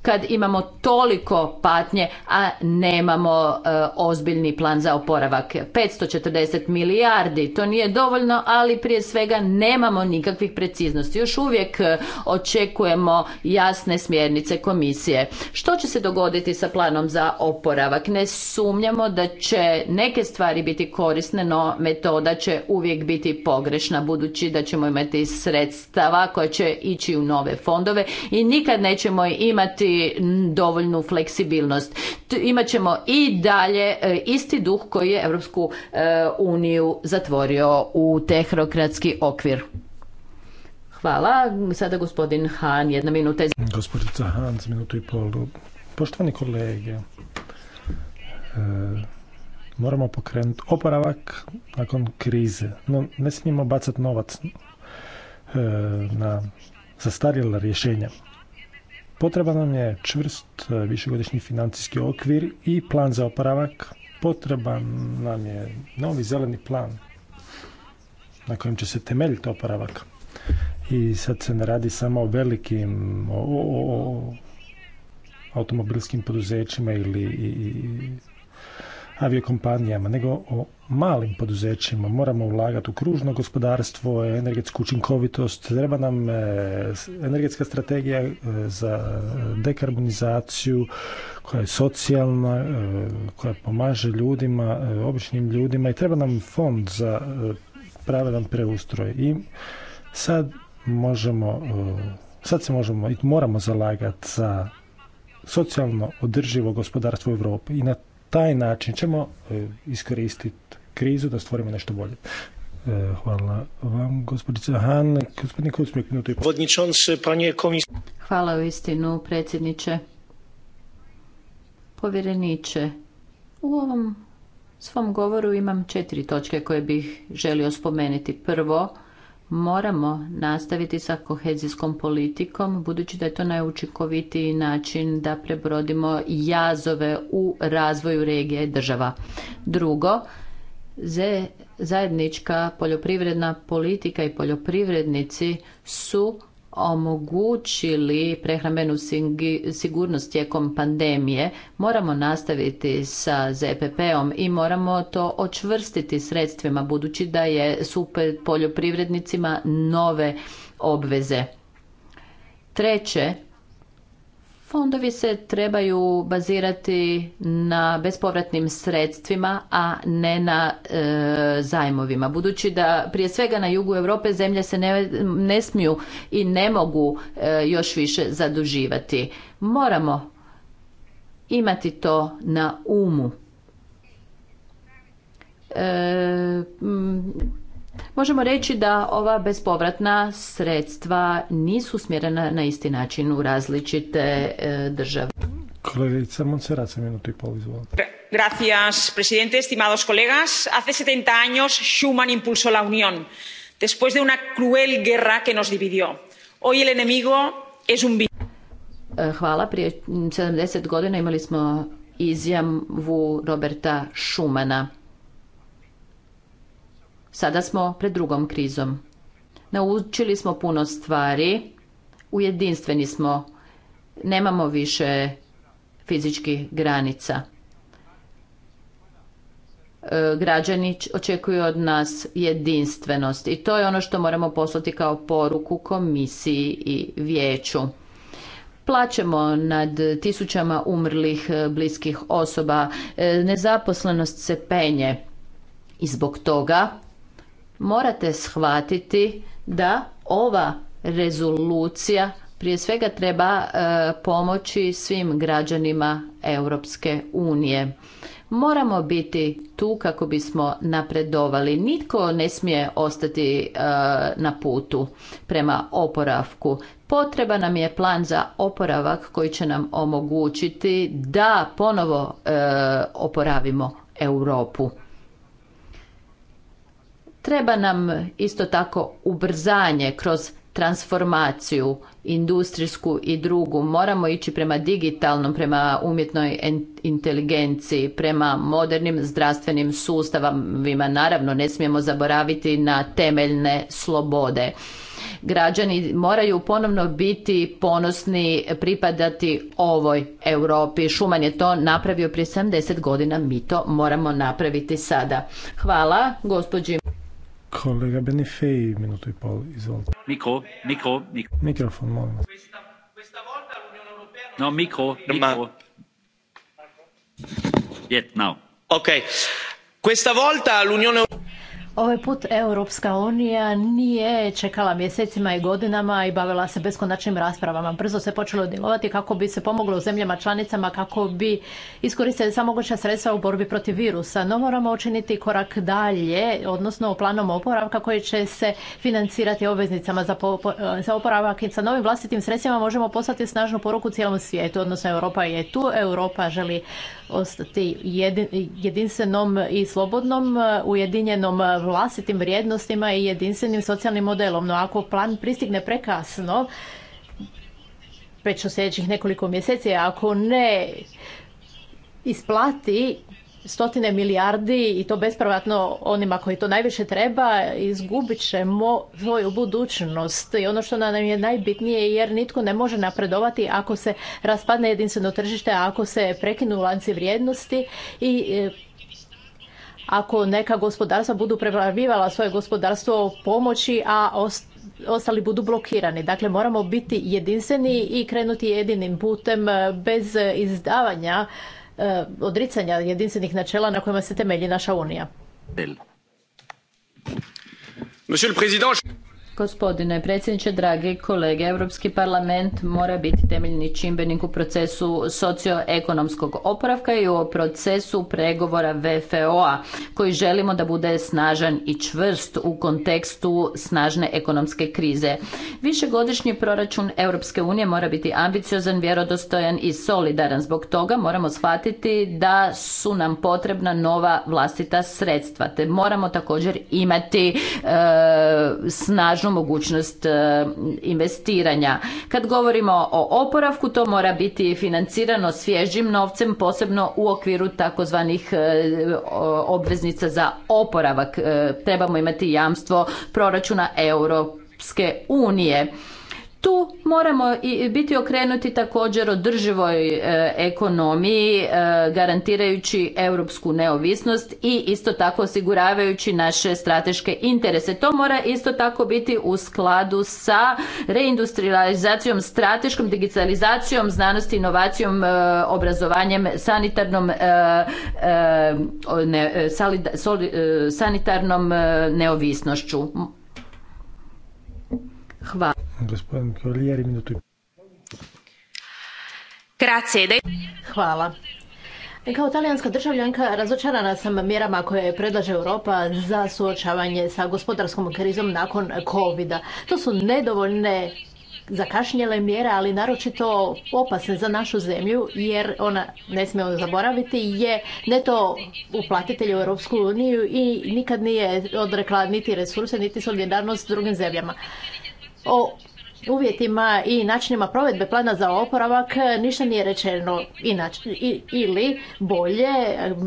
kad imamo toliko patnje, a nemamo e, ozbiljni plan za oporavak. 540 milijardi, to nije dovoljno, ali prije svega nemamo nikakvih preciznosti. Još uvijek e, očekujemo jasne smjernice komisije. Što će se dogoditi sa planom za oporavak? Ne sumnjamo da će neke stvari biti korisne, no metoda će uvijek biti pogrešna, budući da ćemo imati sredstava koja će ići u nove fondove i nikad nećemo imati dovoljnu fleksibilnost. Imaćemo i dalje e, isti duh koji je Europsku e, uniju zatvorio u tehnokratski okvir. Hvala. Sada gospodin Han, jedna minuta. Gospodica Han, minutu i pol. Poštovani kolege, e, moramo pokrenuti oporavak nakon krize. No, ne smijemo bacati novac na zastarjela rješenja. Potreban nam je čvrst e, višegodišnji financijski okvir i plan za oporavak. Potreban nam je novi zeleni plan na kojem će se temeljiti oporavak. I sad se ne radi samo o velikim o, automobilskim poduzećima ili i, aviokompanijama, nego o malim poduzećima, moramo ulagati u kružno gospodarstvo, energetsku učinkovitost, treba nam e, energetska strategija e, za dekarbonizaciju koja je socijalna, e, koja pomaže ljudima, običnim ljudima i treba nam fond za pravedan preustroj. I sad možemo, sad se možemo i moramo zalagati za socijalno održivo gospodarstvo u Europi i na taj način ćemo e, iskoristiti krizu da stvorimo nešto bolje. E, hvala vam, gospodice Han. Gospodin Kucmik, minuto i panje Hvala u istinu, predsjedniče. Povjereniče, u ovom svom govoru imam četiri točke koje bih želio spomenuti. Prvo, moramo nastaviti sa kohezijskom politikom budući da je to najučinkovitiji način da prebrodimo jazove u razvoju regije i država. Drugo, zajednička poljoprivredna politika i poljoprivrednici su omogućili prehrambenu sigurnost tijekom pandemije, moramo nastaviti sa ZPP-om i moramo to očvrstiti sredstvima budući da je super poljoprivrednicima nove obveze. Treće, Fondovi se trebaju bazirati na bespovratnim sredstvima, a ne na e, zajmovima. Budući da prije svega na jugu Europe zemlje se ne, smiju i ne mogu e, još više zaduživati. Moramo imati to na umu. E, Možemo reći da ova bespovratna sredstva nisu smjerena na isti način u različite e, države. Kolegica Montserrat, se i pol, izvolite. Gracias, presidente. Estimados colegas, hace 70 años Schuman impulsó la Unión, después de una cruel guerra que nos dividió. Hoy el enemigo es un virus. E, hvala, prije 70 godina imali smo izjavu Roberta Schumana Sada smo pred drugom krizom. Naučili smo puno stvari, ujedinstveni smo, nemamo više fizičkih granica. E, građani očekuju od nas jedinstvenost i to je ono što moramo poslati kao poruku komisiji i vijeću. Plaćemo nad tisućama umrlih e, bliskih osoba, e, nezaposlenost se penje i zbog toga morate shvatiti da ova rezolucija prije svega treba e, pomoći svim građanima Europske unije. Moramo biti tu kako bismo napredovali. Nitko ne smije ostati e, na putu prema oporavku. Potreba nam je plan za oporavak koji će nam omogućiti da ponovo e, oporavimo Europu. Treba nam isto tako ubrzanje kroz transformaciju industrijsku i drugu. Moramo ići prema digitalnom, prema umjetnoj inteligenciji, prema modernim zdravstvenim sustavima. Naravno, ne smijemo zaboraviti na temeljne slobode. Građani moraju ponovno biti ponosni, pripadati ovoj Europi. Šuman je to napravio prije 70 godina, mi to moramo napraviti sada. Hvala, gospođi. Kolega Benifej, minutu i pol, izvolite. Mikro, mikro, mikro. Mikrofon, molim. No, mikro, mikro. Yet now. Ok. Questa volta l'Unione Europea Ovaj put Europska unija nije čekala mjesecima i godinama i bavila se beskonačnim raspravama. Brzo se počelo djelovati kako bi se pomoglo zemljama članicama, kako bi iskoristili sva moguća sredstva u borbi protiv virusa. No moramo učiniti korak dalje, odnosno planom oporavka koji će se financirati obveznicama za, za oporavak i sa novim vlastitim sredstvima možemo poslati snažnu poruku cijelom svijetu, odnosno Europa je tu, Europa želi ostati jedin, jedinstvenom i slobodnom, ujedinjenom vlastitim vrijednostima i jedinstvenim socijalnim modelom. No ako plan pristigne prekasno, već u sljedećih nekoliko mjeseci, ako ne isplati stotine milijardi i to bespravatno onima koji to najviše treba, izgubit ćemo svoju budućnost. I ono što nam je najbitnije jer nitko ne može napredovati ako se raspadne jedinstveno tržište, ako se prekinu lanci vrijednosti i e, ako neka gospodarstva budu prebavivala svoje gospodarstvo pomoći, a ostali budu blokirani. Dakle, moramo biti jedinstveni i krenuti jedinim putem e, bez izdavanja, e, odricanja jedinstvenih načela na kojima se temelji naša Unija. Gospodine predsjedniče, dragi kolege, Europski parlament mora biti temeljni čimbenik u procesu socioekonomskog oporavka i u procesu pregovora VFO-a koji želimo da bude snažan i čvrst u kontekstu snažne ekonomske krize. Višegodišnji proračun Europske unije mora biti ambiciozan, vjerodostojan i solidaran. Zbog toga moramo shvatiti da su nam potrebna nova vlastita sredstva, te moramo također imati e, snaž mogućnost e, investiranja. Kad govorimo o oporavku, to mora biti financirano svježim novcem, posebno u okviru takozvanih e, obveznica za oporavak. E, trebamo imati jamstvo proračuna Europske unije tu moramo i biti okrenuti također održivoj e, ekonomiji e, garantirajući europsku neovisnost i isto tako osiguravajući naše strateške interese. To mora isto tako biti u skladu sa reindustrializacijom, strateškom digitalizacijom, znanosti, inovacijom, e, obrazovanjem, sanitarnom sanitarnom neovisnošću. Hvala. Gospodin Hvala. Kao talijanska državljanka razočarana sam mjerama koje predlaže Europa za suočavanje sa gospodarskom krizom nakon covid -a. To su nedovoljne zakašnjele mjere, ali naročito opasne za našu zemlju, jer ona, ne smijemo zaboraviti, je neto uplatitelj u Europsku uniju i nikad nije odrekla niti resurse, niti solidarnost s drugim zemljama o uvjetima i načinima provedbe plana za oporavak e, ništa nije rečeno i, ili bolje,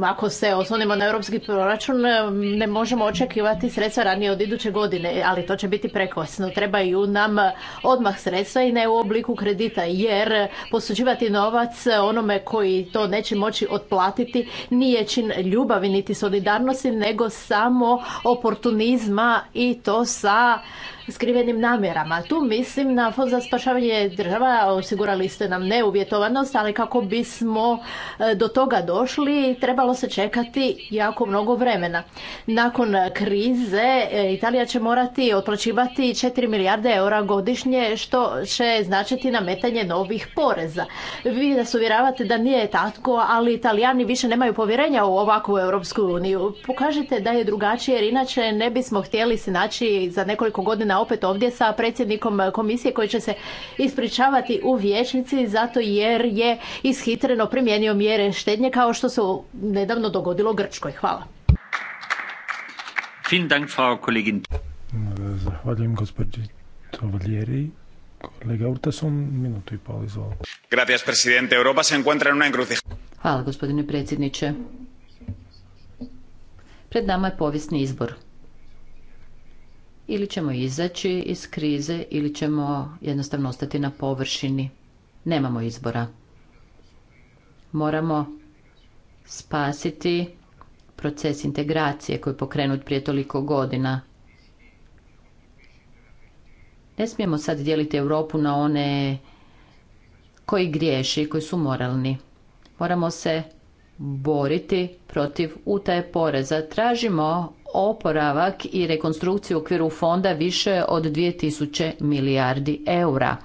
ako se oslonimo na europski proračun, e, ne možemo očekivati sredstva ranije od iduće godine, ali to će biti prekosno. Trebaju nam odmah sredstva i ne u obliku kredita, jer posuđivati novac onome koji to neće moći otplatiti nije čin ljubavi niti solidarnosti, nego samo oportunizma i to sa skrivenim namjerama. Tu mislim na Fond za spašavanje država, osigurali ste nam neuvjetovanost, ali kako bismo e, do toga došli, trebalo se čekati jako mnogo vremena. Nakon krize e, Italija će morati otplaćivati 4 milijarde eura godišnje, što će značiti nametanje novih poreza. Vi nas uvjeravate da nije tako, ali Italijani više nemaju povjerenja u ovakvu Europsku uniju. Pokažite da je drugačije jer inače ne bismo htjeli se naći za nekoliko godina opet ovdje sa predsjednikom komisije koji će se ispričavati u vječnici zato jer je ishitreno primijenio mjere štednje kao što se nedavno dogodilo Grčkoj. Hvala. Zahvaljujem gospođi Hvala, gospodine predsjedniče. Pred nama je povijesni izbor ili ćemo izaći iz krize ili ćemo jednostavno ostati na površini. Nemamo izbora. Moramo spasiti proces integracije koji je pokrenut prije toliko godina. Ne smijemo sad dijeliti Europu na one koji griješi, koji su moralni. Moramo se boriti protiv utaje poreza. Tražimo oporavak i rekonstrukciju u okviru fonda više od 2000 milijardi eura.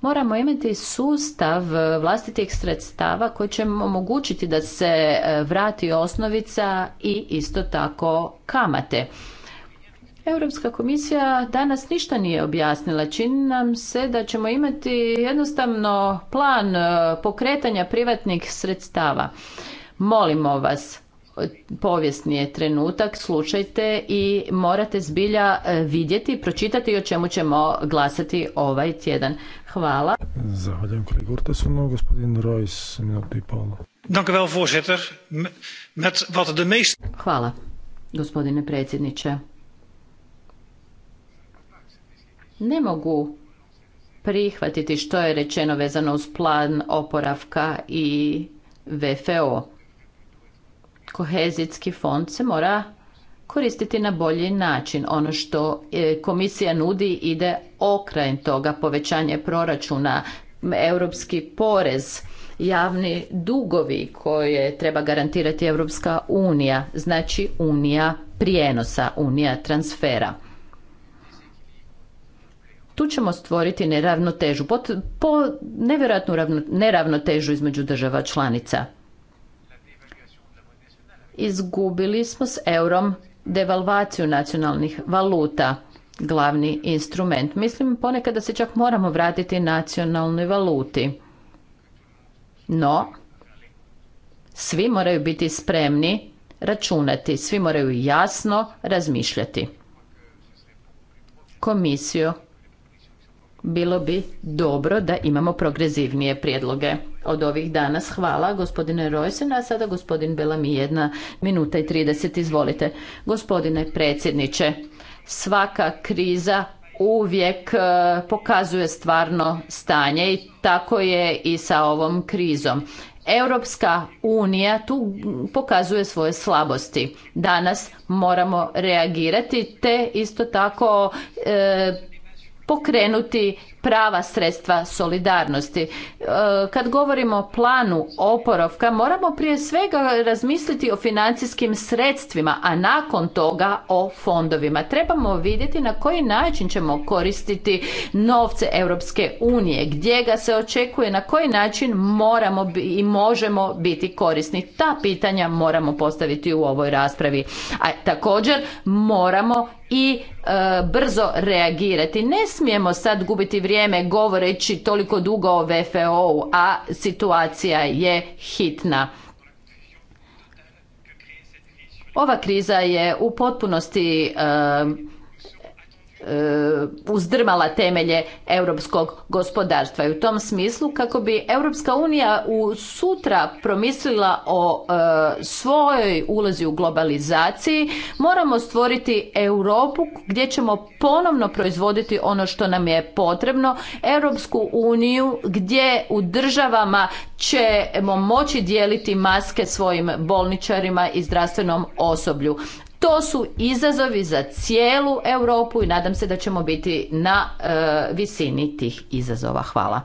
Moramo imati sustav vlastitih sredstava koji će omogućiti da se e, vrati osnovica i isto tako kamate. Europska komisija danas ništa nije objasnila. Čini nam se da ćemo imati jednostavno plan e, pokretanja privatnih sredstava. Molimo vas, povijesni je trenutak, slušajte i morate zbilja e, vidjeti, pročitati o čemu ćemo glasati ovaj tjedan. Hvala. Zahvaljujem voorzitter. Met wat de Hvala, gospodine predsjedniče. Ne mogu prihvatiti što je rečeno vezano uz plan oporavka i VFO kohezijski fond se mora koristiti na bolji način. Ono što e, komisija nudi ide okraj toga povećanje proračuna, europski porez, javni dugovi koje treba garantirati Europska unija, znači unija prijenosa, unija transfera. Tu ćemo stvoriti neravnotežu, po nevjerojatnu neravnotežu između država članica izgubili smo s eurom devalvaciju nacionalnih valuta glavni instrument. Mislim ponekad da se čak moramo vratiti nacionalnoj valuti. No, svi moraju biti spremni računati, svi moraju jasno razmišljati. Komisijo, bilo bi dobro da imamo progresivnije prijedloge od ovih danas. Hvala gospodine Rojsen, a sada gospodin Belami jedna minuta i 30, izvolite. Gospodine predsjedniče, svaka kriza uvijek e, pokazuje stvarno stanje i tako je i sa ovom krizom. Europska unija tu pokazuje svoje slabosti. Danas moramo reagirati te isto tako e, pokrenuti prava sredstva solidarnosti. E, kad govorimo o planu oporavka, moramo prije svega razmisliti o financijskim sredstvima, a nakon toga o fondovima. Trebamo vidjeti na koji način ćemo koristiti novce Europske unije, gdje ga se očekuje, na koji način moramo i možemo biti korisni. Ta pitanja moramo postaviti u ovoj raspravi. A također moramo i e, brzo reagirati. Ne smijemo sad gubiti vrijeme govoreći toliko dugo o VFO-u, a situacija je hitna. Ova kriza je u potpunosti e, E, uzdrmala temelje europskog gospodarstva i u tom smislu kako bi Europska unija u sutra promislila o e, svojoj ulozi u globalizaciji moramo stvoriti Europu gdje ćemo ponovno proizvoditi ono što nam je potrebno Europsku uniju gdje u državama ćemo moći dijeliti maske svojim bolničarima i zdravstvenom osoblju to su izazovi za cijelu Europu i nadam se da ćemo biti na e, visini tih izazova. Hvala.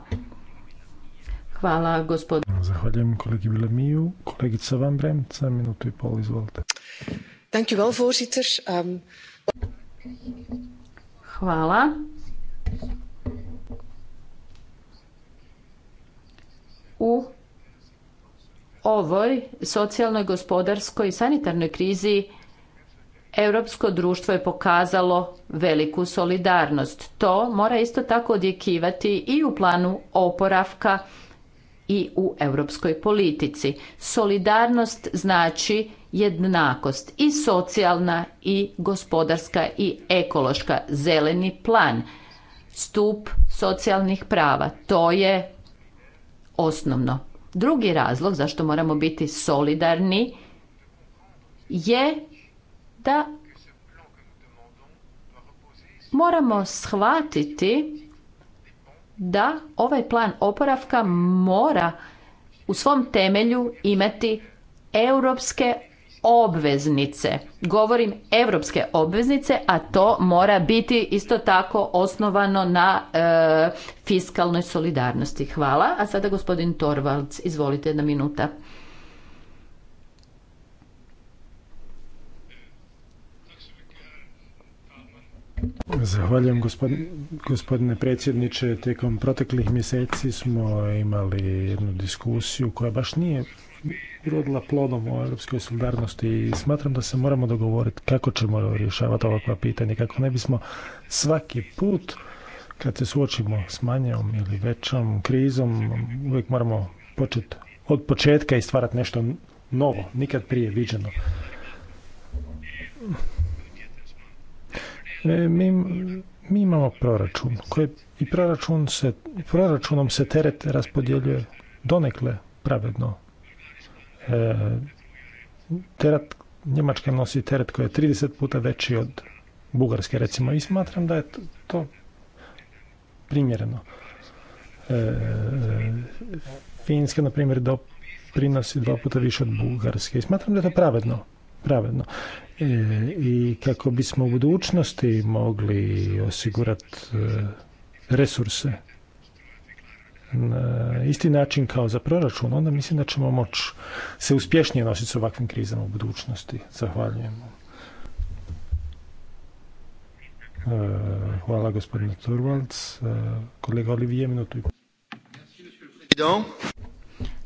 Hvala gospodine. Zahvaljujem kolegi Bilemiju. Kolegica Van Bremca, minutu i pol, izvolite. Dank u wel, voorzitter. Um... Hvala. U ovoj socijalnoj, gospodarskoj i sanitarnoj krizi Europsko društvo je pokazalo veliku solidarnost. To mora isto tako odjekivati i u planu oporavka i u europskoj politici. Solidarnost znači jednakost i socijalna i gospodarska i ekološka zeleni plan stup socijalnih prava to je osnovno. Drugi razlog zašto moramo biti solidarni je da moramo shvatiti da ovaj plan oporavka mora u svom temelju imati europske obveznice. Govorim europske obveznice, a to mora biti isto tako osnovano na e, fiskalnoj solidarnosti. Hvala. A sada gospodin Torvalds, izvolite jedna minuta. Zahvaljujem gospodine predsjedniče. Tijekom proteklih mjeseci smo imali jednu diskusiju koja baš nije rodila plodom o europskoj solidarnosti i smatram da se moramo dogovoriti kako ćemo rješavati ovakva pitanja, kako ne bismo svaki put kad se suočimo s manjom ili većom krizom, uvijek moramo početi od početka i stvarati nešto novo, nikad prije viđeno. E, mi, imamo proračun koji i proračun se, proračunom se teret raspodjeljuje donekle pravedno. E, teret Njemačka nosi teret koji je 30 puta veći od Bugarske recimo i smatram da je to primjereno. E, Finska, na primjer, prinosi dva puta više od Bugarske i smatram da je to pravedno. pravedno. E, i kako bismo u budućnosti mogli osigurati e, resurse na isti način kao za proračun, onda mislim da ćemo moći se uspješnije nositi s ovakvim krizama u budućnosti. Zahvaljujemo. E, hvala gospodine Turvalc. Kolega Olivije, minutu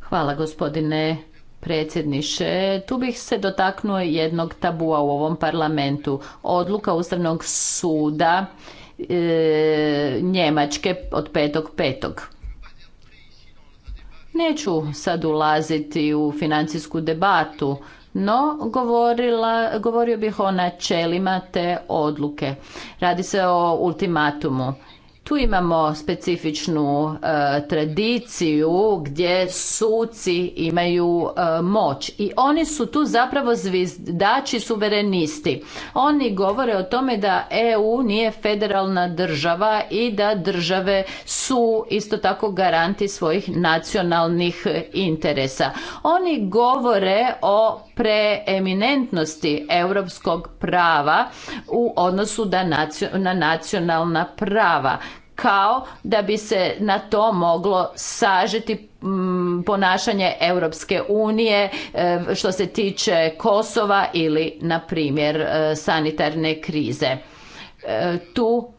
Hvala gospodine predsjedniče. Tu bih se dotaknuo jednog tabua u ovom parlamentu. Odluka Ustavnog suda e, Njemačke od petog. Neću sad ulaziti u financijsku debatu, no govorila, govorio bih o načelima te odluke. Radi se o ultimatumu tu imamo specifičnu e, tradiciju gdje suci imaju e, moć i oni su tu zapravo zvizdači suverenisti. Oni govore o tome da EU nije federalna država i da države su isto tako garanti svojih nacionalnih interesa. Oni govore o preeminentnosti europskog prava u odnosu da na nacionalna prava kao da bi se na to moglo sažeti mm, ponašanje Europske unije e, što se tiče Kosova ili na primjer e, sanitarne krize. E, tu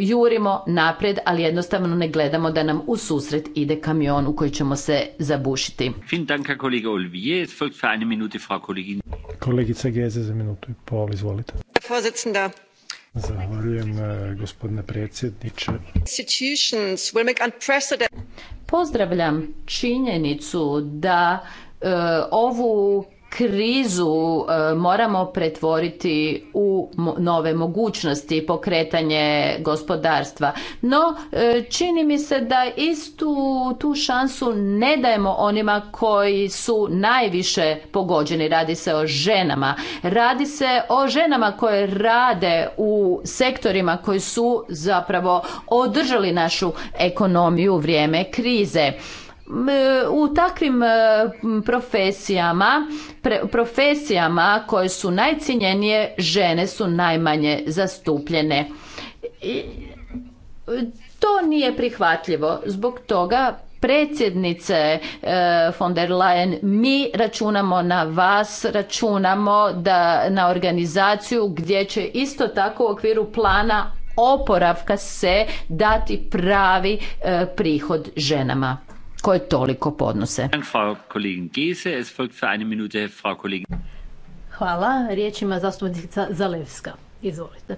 jurimo naprijed, ali jednostavno ne gledamo da nam u susret ide kamion u koji ćemo se zabušiti. Kolegica Geze za minutu i pol, izvolite. Zahvaljujem e, gospodine predsjedniče. Pozdravljam činjenicu da e, ovu krizu e, moramo pretvoriti u nove mogućnosti pokretanje gospodarstva. No, e, čini mi se da istu tu šansu ne dajemo onima koji su najviše pogođeni. Radi se o ženama. Radi se o ženama koje rade u sektorima koji su zapravo održali našu ekonomiju u vrijeme krize. E, u takvim e, profesijama, profesijama koje su najcinjenije, žene su najmanje zastupljene. I, to nije prihvatljivo. Zbog toga predsjednice e, von der Leyen, mi računamo na vas, računamo da na organizaciju gdje će isto tako u okviru plana oporavka se dati pravi prihod ženama koje toliko podnose. Hvala. Riječ zastupnica Zalevska. Izvolite.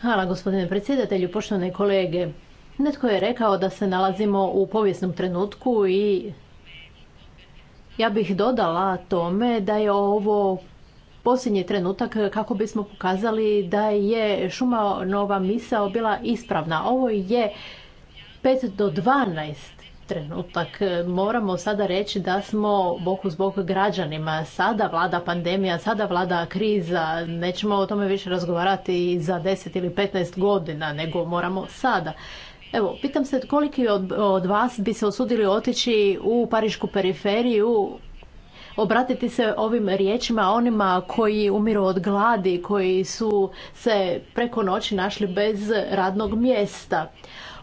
Hvala gospodine predsjedatelju, poštovane kolege. Netko je rekao da se nalazimo u povijesnom trenutku i ja bih dodala tome da je ovo posljednji trenutak kako bismo pokazali da je šuma nova misao bila ispravna. Ovo je 5 do 12 trenutak. Moramo sada reći da smo bok uz bok građanima. Sada vlada pandemija, sada vlada kriza. Nećemo o tome više razgovarati za 10 ili 15 godina, nego moramo sada. Evo, pitam se koliki od, od vas bi se osudili otići u parišku periferiju obratiti se ovim riječima onima koji umiru od gladi, koji su se preko noći našli bez radnog mjesta.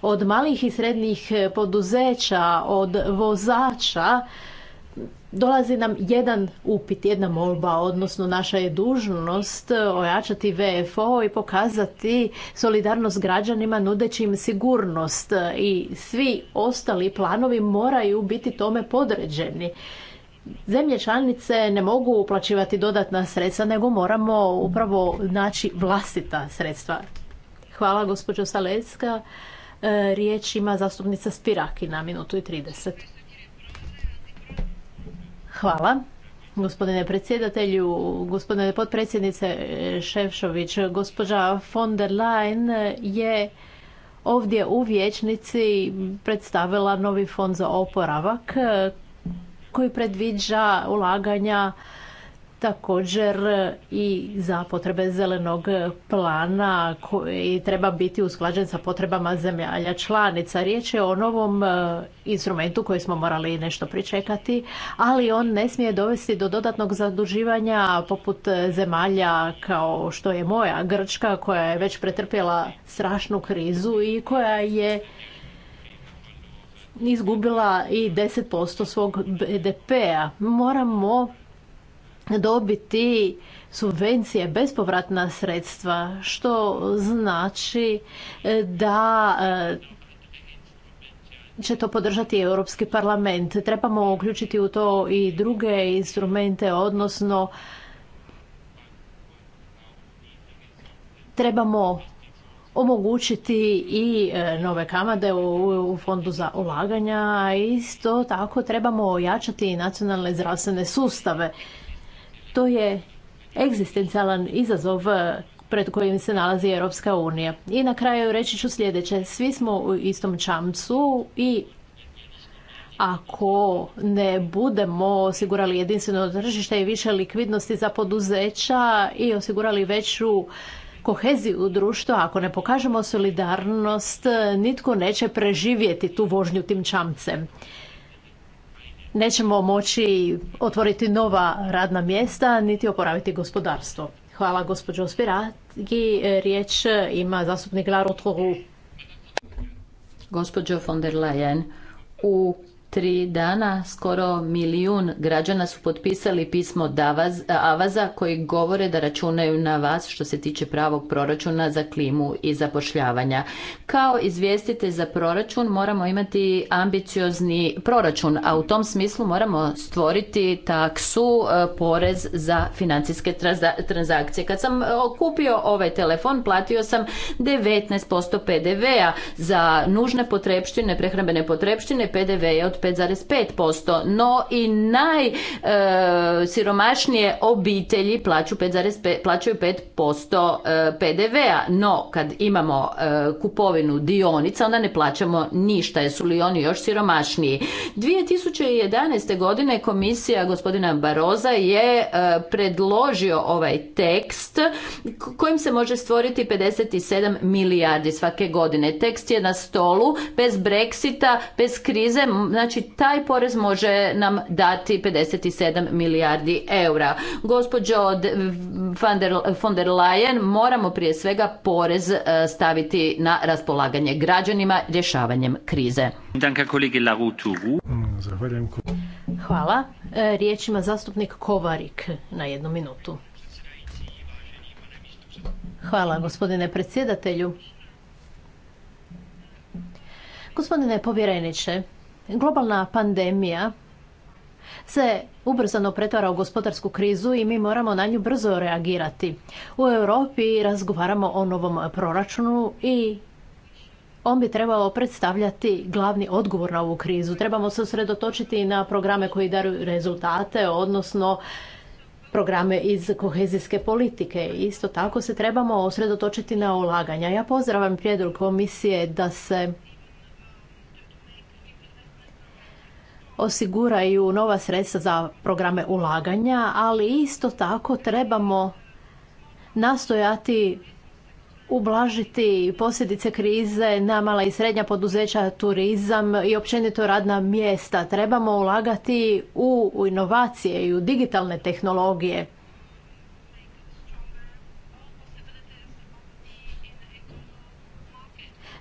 Od malih i srednjih poduzeća, od vozača, dolazi nam jedan upit, jedna molba, odnosno naša je dužnost ojačati VFO i pokazati solidarnost građanima nudeći im sigurnost i svi ostali planovi moraju biti tome podređeni zemlje članice ne mogu uplaćivati dodatna sredstva, nego moramo upravo naći vlastita sredstva. Hvala gospođo Salecka. E, riječ ima zastupnica Spiraki na minutu i 30. Hvala. Gospodine predsjedatelju, gospodine potpredsjednice Ševšović, gospođa von der Leyen je ovdje u vječnici predstavila novi fond za oporavak koji predviđa ulaganja također i za potrebe zelenog plana koji treba biti usklađen sa potrebama zemalja članica. Riječ je o novom e, instrumentu koji smo morali nešto pričekati, ali on ne smije dovesti do dodatnog zaduživanja poput zemalja kao što je moja Grčka koja je već pretrpjela strašnu krizu i koja je izgubila i 10% svog BDP-a. Moramo dobiti subvencije, bespovratna sredstva, što znači e, da e, će to podržati Europski parlament. Trebamo uključiti u to i druge instrumente, odnosno trebamo omogućiti i e, nove kamade u fondu za ulaganja. Isto tako trebamo ojačati i nacionalne zdravstvene sustave. To je egzistencijalan izazov e, pred kojim se nalazi Europska unija. I na kraju reći ću sljedeće. Svi smo u istom čamcu i ako ne budemo osigurali jedinstveno tržište i više likvidnosti za poduzeća i osigurali veću koheziju društva, ako ne pokažemo solidarnost, nitko neće preživjeti tu vožnju tim čamcem. Nećemo moći otvoriti nova radna mjesta, niti oporaviti gospodarstvo. Hvala gospođo Spiragi. Riječ ima zastupnik Laro Gospođo von der Leyen, u tri dana skoro milijun građana su potpisali pismo Avaza koji govore da računaju na vas što se tiče pravog proračuna za klimu i zapošljavanja. Kao izvjestitelj za proračun moramo imati ambiciozni proračun, a u tom smislu moramo stvoriti taksu e, porez za financijske transakcije. Kad sam e, kupio ovaj telefon platio sam 19% PDV-a za nužne potrepštine, prehrambene potrepštine, PDV je od 5,5%, no i najsiromašnije e, obitelji plaću plaćaju 5% PDV-a, e, no kad imamo e, kupovinu dionica onda ne plaćamo ništa, jesu li oni još siromašniji. 2011. godine komisija gospodina Baroza je predložio ovaj tekst kojim se može stvoriti 57 milijardi svake godine. Tekst je na stolu, bez Brexita, bez krize, znači Znači taj porez može nam dati 57 milijardi eura. Gospođo von der Leyen, moramo prije svega porez e, staviti na raspolaganje građanima rješavanjem krize. Mm, Hvala. E, riječ ima zastupnik Kovarik na jednu minutu. Hvala gospodine predsjedatelju. Gospodine povjereniče, Globalna pandemija se ubrzano pretvara u gospodarsku krizu i mi moramo na nju brzo reagirati. U Europi razgovaramo o novom proračunu i on bi trebao predstavljati glavni odgovor na ovu krizu. Trebamo se usredotočiti na programe koji daju rezultate, odnosno programe iz kohezijske politike. Isto tako se trebamo osredotočiti na ulaganja. Ja pozdravam prijedlog komisije da se osiguraju nova sredstva za programe ulaganja, ali isto tako trebamo nastojati ublažiti posljedice krize na mala i srednja poduzeća, turizam i općenito radna mjesta. Trebamo ulagati u inovacije i u digitalne tehnologije.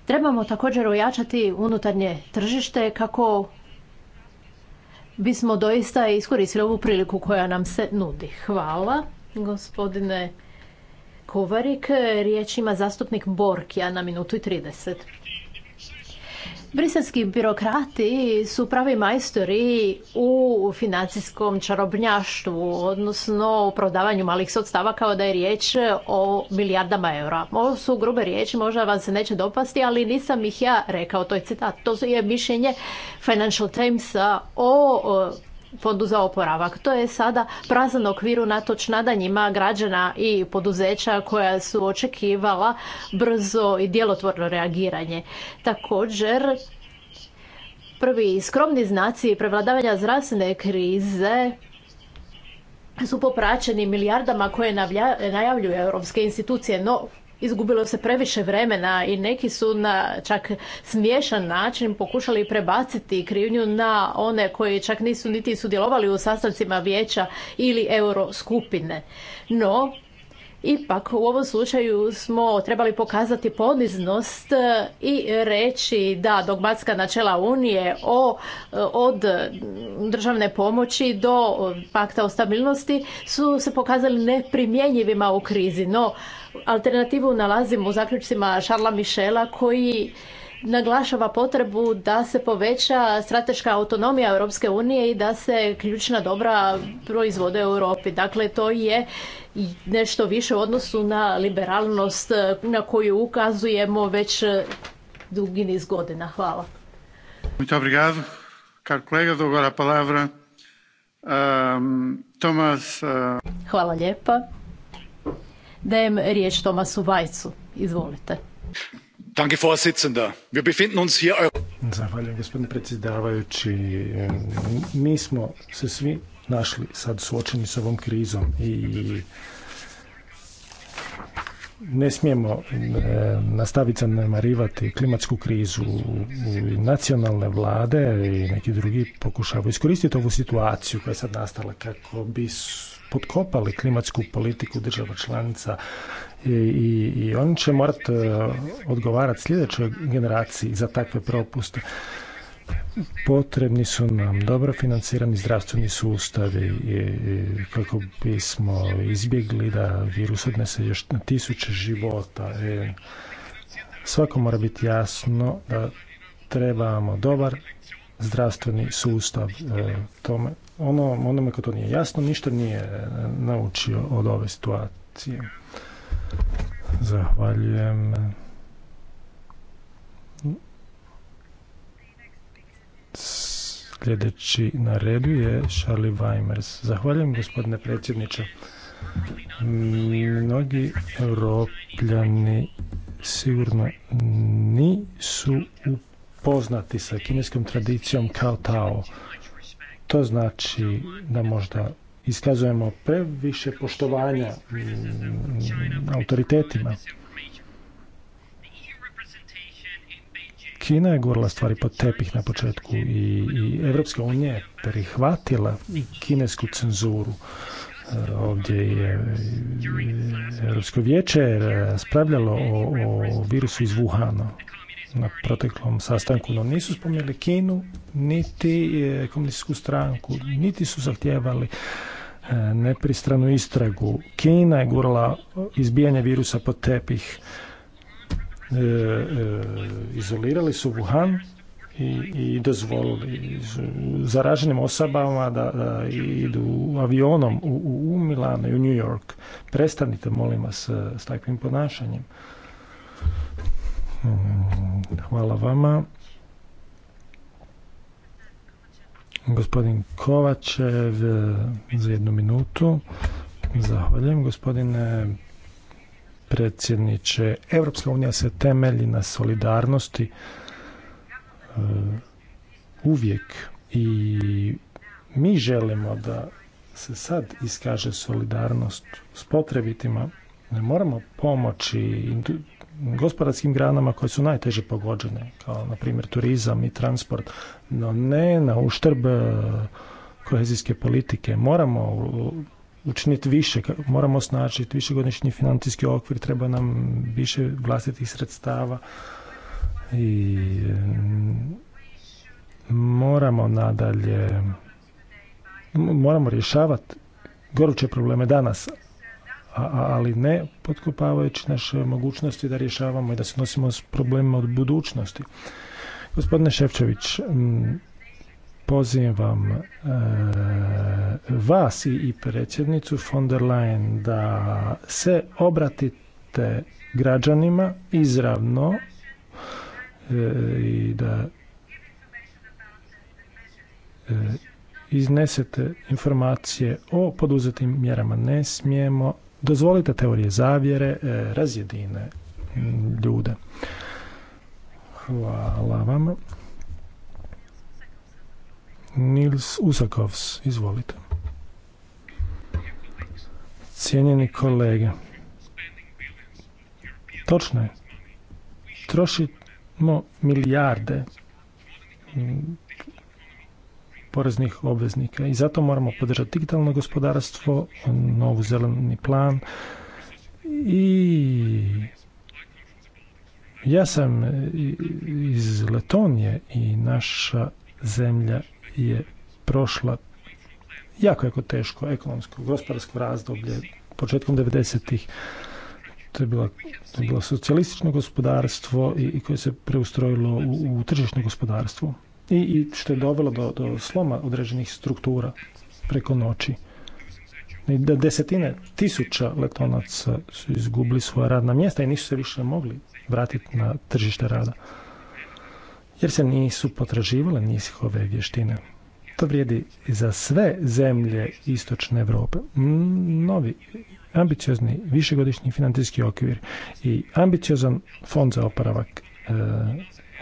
Trebamo također ojačati unutarnje tržište kako bismo doista iskoristili ovu priliku koja nam se nudi. Hvala, gospodine Kovarik. Riječ ima zastupnik Borkija na minutu i 30. Briselski birokrati su pravi majstori u financijskom čarobnjaštvu, odnosno u prodavanju malih sodstava kao da je riječ o milijardama eura. Ovo su grube riječi, možda vam se neće dopasti, ali nisam ih ja rekao, to je citat. To je mišljenje Financial Timesa o fondu za oporavak. To je sada prazan okvir natoč nadanjima građana i poduzeća koja su očekivala brzo i djelotvorno reagiranje. Također, prvi skromni znaci prevladavanja zdravstvene krize su popraćeni milijardama koje najavljuju europske institucije, no izgubilo se previše vremena i neki su na čak smiješan način pokušali prebaciti krivnju na one koji čak nisu niti sudjelovali u sastavcima vijeća ili euro skupine. No, Ipak u ovom slučaju smo trebali pokazati poniznost e, i reći da dogmatska načela Unije o, e, od državne pomoći do pakta o stabilnosti su se pokazali neprimjenjivima u krizi. No, alternativu nalazimo u zaključcima Šarla Mišela koji naglašava potrebu da se poveća strateška autonomija Europske unije i da se ključna dobra proizvode u Europi. Dakle, to je nešto više u odnosu na liberalnost na koju ukazujemo već dugi niz godina. Hvala. Muito obrigado, caro agora a palavra um, Hvala lijepa. Dajem riječ Tomasu Vajcu. Izvolite. Zahvaljujem gospodine predsjedavajući. E, mi smo se svi našli sad suočeni s ovom krizom i ne smijemo e, nastaviti zanemarivati klimatsku krizu. Nacionalne vlade i neki drugi pokušavaju iskoristiti ovu situaciju koja je sad nastala kako bi potkopali klimatsku politiku država članica i, i oni će morati e, odgovarati sljedećoj generaciji za takve propuste. Potrebni su nam dobro financirani zdravstveni sustavi i kako bismo izbjegli da virus odnese još na tisuće života. E, svako mora biti jasno da trebamo dobar zdravstveni sustav e, tome. Ono, onome ko to nije jasno, ništa nije naučio od ove situacije. Zahvaljujem. Sljedeći na redu je Charlie Weimers. Zahvaljujem gospodine predsjedniče. Mnogi europljani sigurno nisu upoznati sa kineskom tradicijom kao tao. To znači da možda iskazujemo previše poštovanja autoritetima. Kina je gurla stvari pod tepih na početku i, i Evropska unija je prihvatila kinesku cenzuru. Ovdje je Europsko vijeće spravljalo o, o virusu iz Wuhana na proteklom sastanku, no nisu spomenuli Kinu, niti e, komunističku stranku, niti su zahtijevali e, nepristranu istragu. Kina je gurala izbijanje virusa pod tepih. E, izolirali su Wuhan i, i dozvolili zaraženim osobama da, idu avionom u, u Milano i u New York. Prestanite, molim vas, s takvim ponašanjem. Mm, hvala vama. Gospodin Kovačev eh, za jednu minutu. Zahvaljujem gospodine predsjedniče. Evropska unija se temelji na solidarnosti eh, uvijek i mi želimo da se sad iskaže solidarnost s potrebitima. Ne moramo pomoći gospodarskim granama koje su najteže pogođene, kao na primjer turizam i transport, no ne na uštrb e, kohezijske politike. Moramo učiniti više, moramo osnažiti višegodišnji financijski okvir, treba nam više vlastitih sredstava i e, moramo nadalje moramo rješavati goruće probleme danas, ali ne potkopavajući naše mogućnosti da rješavamo i da se nosimo s problemima od budućnosti. Gospodine Ševčević, pozivam e, vas i, i predsjednicu von der Leyen da se obratite građanima izravno e, i da e, iznesete informacije o poduzetim mjerama. Ne smijemo Dozvolite teorije zavjere, e, razjedine ljude. Hvala vam. Nils Usakovs, izvolite. Cijenjeni kolege, točno je, trošimo milijarde poreznih obveznika i zato moramo podržati digitalno gospodarstvo, novu zeleni plan i ja sam iz Letonije i naša zemlja je prošla jako, jako teško ekonomsko, gospodarsko razdoblje početkom 90-ih. To je, bila, to je bilo socijalistično gospodarstvo i, koje se preustrojilo u, u tržišno gospodarstvo i što je dovelo do, sloma određenih struktura preko noći. desetine tisuća letonaca su izgubili svoja radna mjesta i nisu se više mogli vratiti na tržište rada. Jer se nisu potraživale njihove vještine. To vrijedi za sve zemlje istočne Europe. Novi ambiciozni višegodišnji financijski okvir i ambiciozan fond za oporavak e,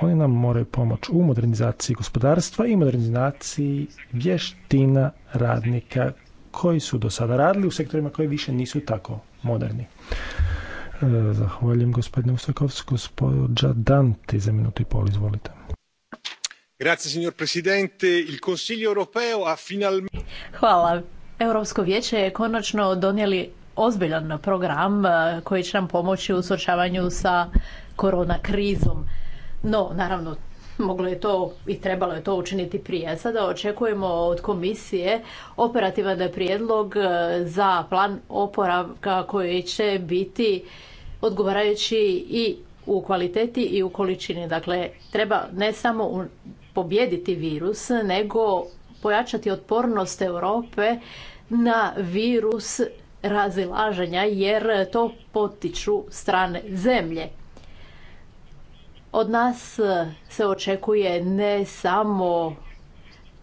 oni nam moraju pomoć u modernizaciji gospodarstva i modernizaciji vještina radnika koji su do sada radili u sektorima koji više nisu tako moderni. E, zahvaljujem gospodine Ustakovs, gospođa dante za minutu i pol, izvolite. Grazie, signor Presidente. Il Consiglio europeo ha finalmente... Hvala. Europsko vijeće je konačno donijeli ozbiljan program e, koji će nam pomoći u suočavanju sa korona krizom. No, naravno, moglo je to i trebalo je to učiniti prije. Sada očekujemo od komisije operativan prijedlog e, za plan oporavka koji će biti odgovarajući i u kvaliteti i u količini. Dakle, treba ne samo pobijediti virus, nego pojačati otpornost Europe na virus razilaženja jer to potiču strane zemlje. Od nas e, se očekuje ne samo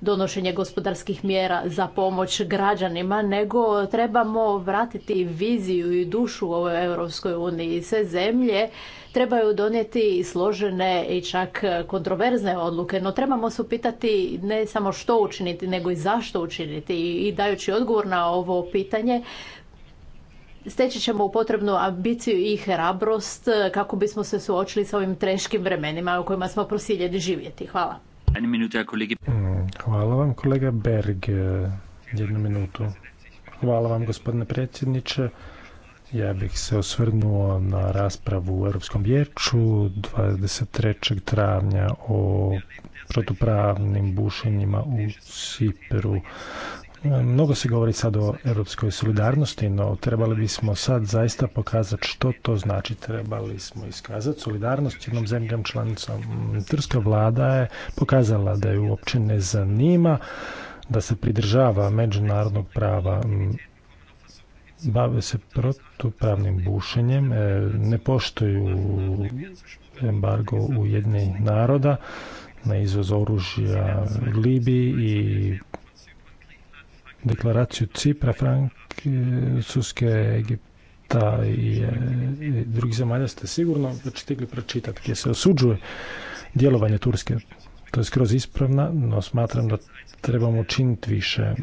donošenje gospodarskih mjera za pomoć građanima, nego trebamo vratiti viziju i dušu ovoj Europskoj uniji. Sve zemlje trebaju donijeti složene i čak kontroverzne odluke, no trebamo se upitati ne samo što učiniti, nego i zašto učiniti. I dajući odgovor na ovo pitanje, steći ćemo potrebnu ambiciju i hrabrost kako bismo se suočili s ovim teškim vremenima u kojima smo prosiljeni živjeti. Hvala. Mm, hvala vam kolega Berg. Eh, jednu minutu. Hvala vam gospodine predsjedniče. Ja bih se osvrnuo na raspravu u Europskom vijeću 23. travnja o protupravnim bušenjima u Siperu. Mnogo se govori sad o europskoj solidarnosti, no trebali bismo sad zaista pokazati što to znači. Trebali smo iskazati solidarnost jednom zemljom članicom. Trska vlada je pokazala da ju uopće ne zanima, da se pridržava međunarodnog prava bave se protupravnim bušenjem, e, ne poštuju embargo jednih naroda na izvoz oružja Libiji i deklaraciju Cipra, Francuske, e, Egipta i, e, i drugih zemalja ste sigurno već stigli pročitati gdje se osuđuje djelovanje Turske. To je skroz ispravna, no smatram da trebamo učiniti više.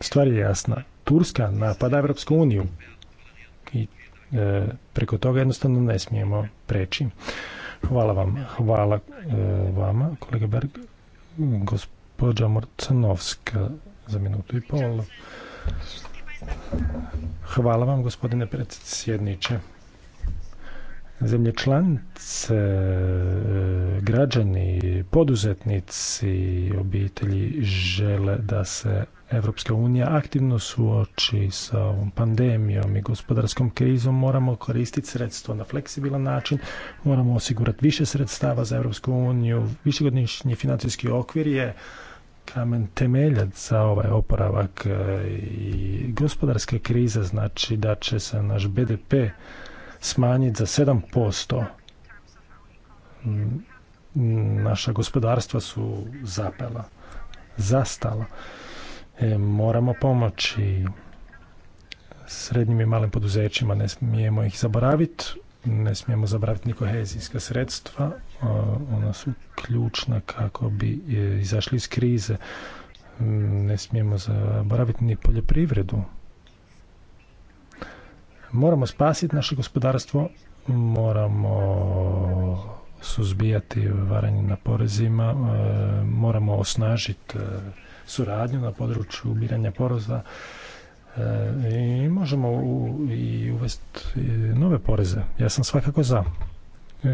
Stvar je jasna. Turska napada Evropsku uniju i e, preko toga jednostavno ne smijemo preći. Hvala vam. Hvala vama, kolega Berg. Gospođa Morcanovska za minutu i pol. Hvala vam, gospodine predsjedniče. Zemlje članice, e, građani, poduzetnici, obitelji žele da se Evropska unija aktivno suoči sa ovom pandemijom i gospodarskom krizom, moramo koristiti sredstvo na fleksibilan način, moramo osigurati više sredstava za Evropsku uniju, Višegodnišnji financijski okvir je kamen temeljac za ovaj oporavak e, i gospodarske krize znači da će se naš BDP smanjiti za 7%. Mm, naša gospodarstva su zapela, zastala. E, moramo pomoći srednjim i malim poduzećima, ne smijemo ih zaboraviti, ne smijemo zaboraviti ni kohezijska sredstva, ona su ključna kako bi e, izašli iz krize. Ne smijemo zaboraviti ni poljoprivredu. Moramo spasiti naše gospodarstvo, moramo suzbijati varanje na porezima, e, moramo osnažiti e, suradnju na području ubiranja poreza i možemo i uvesti nove poreze. Ja sam svakako za.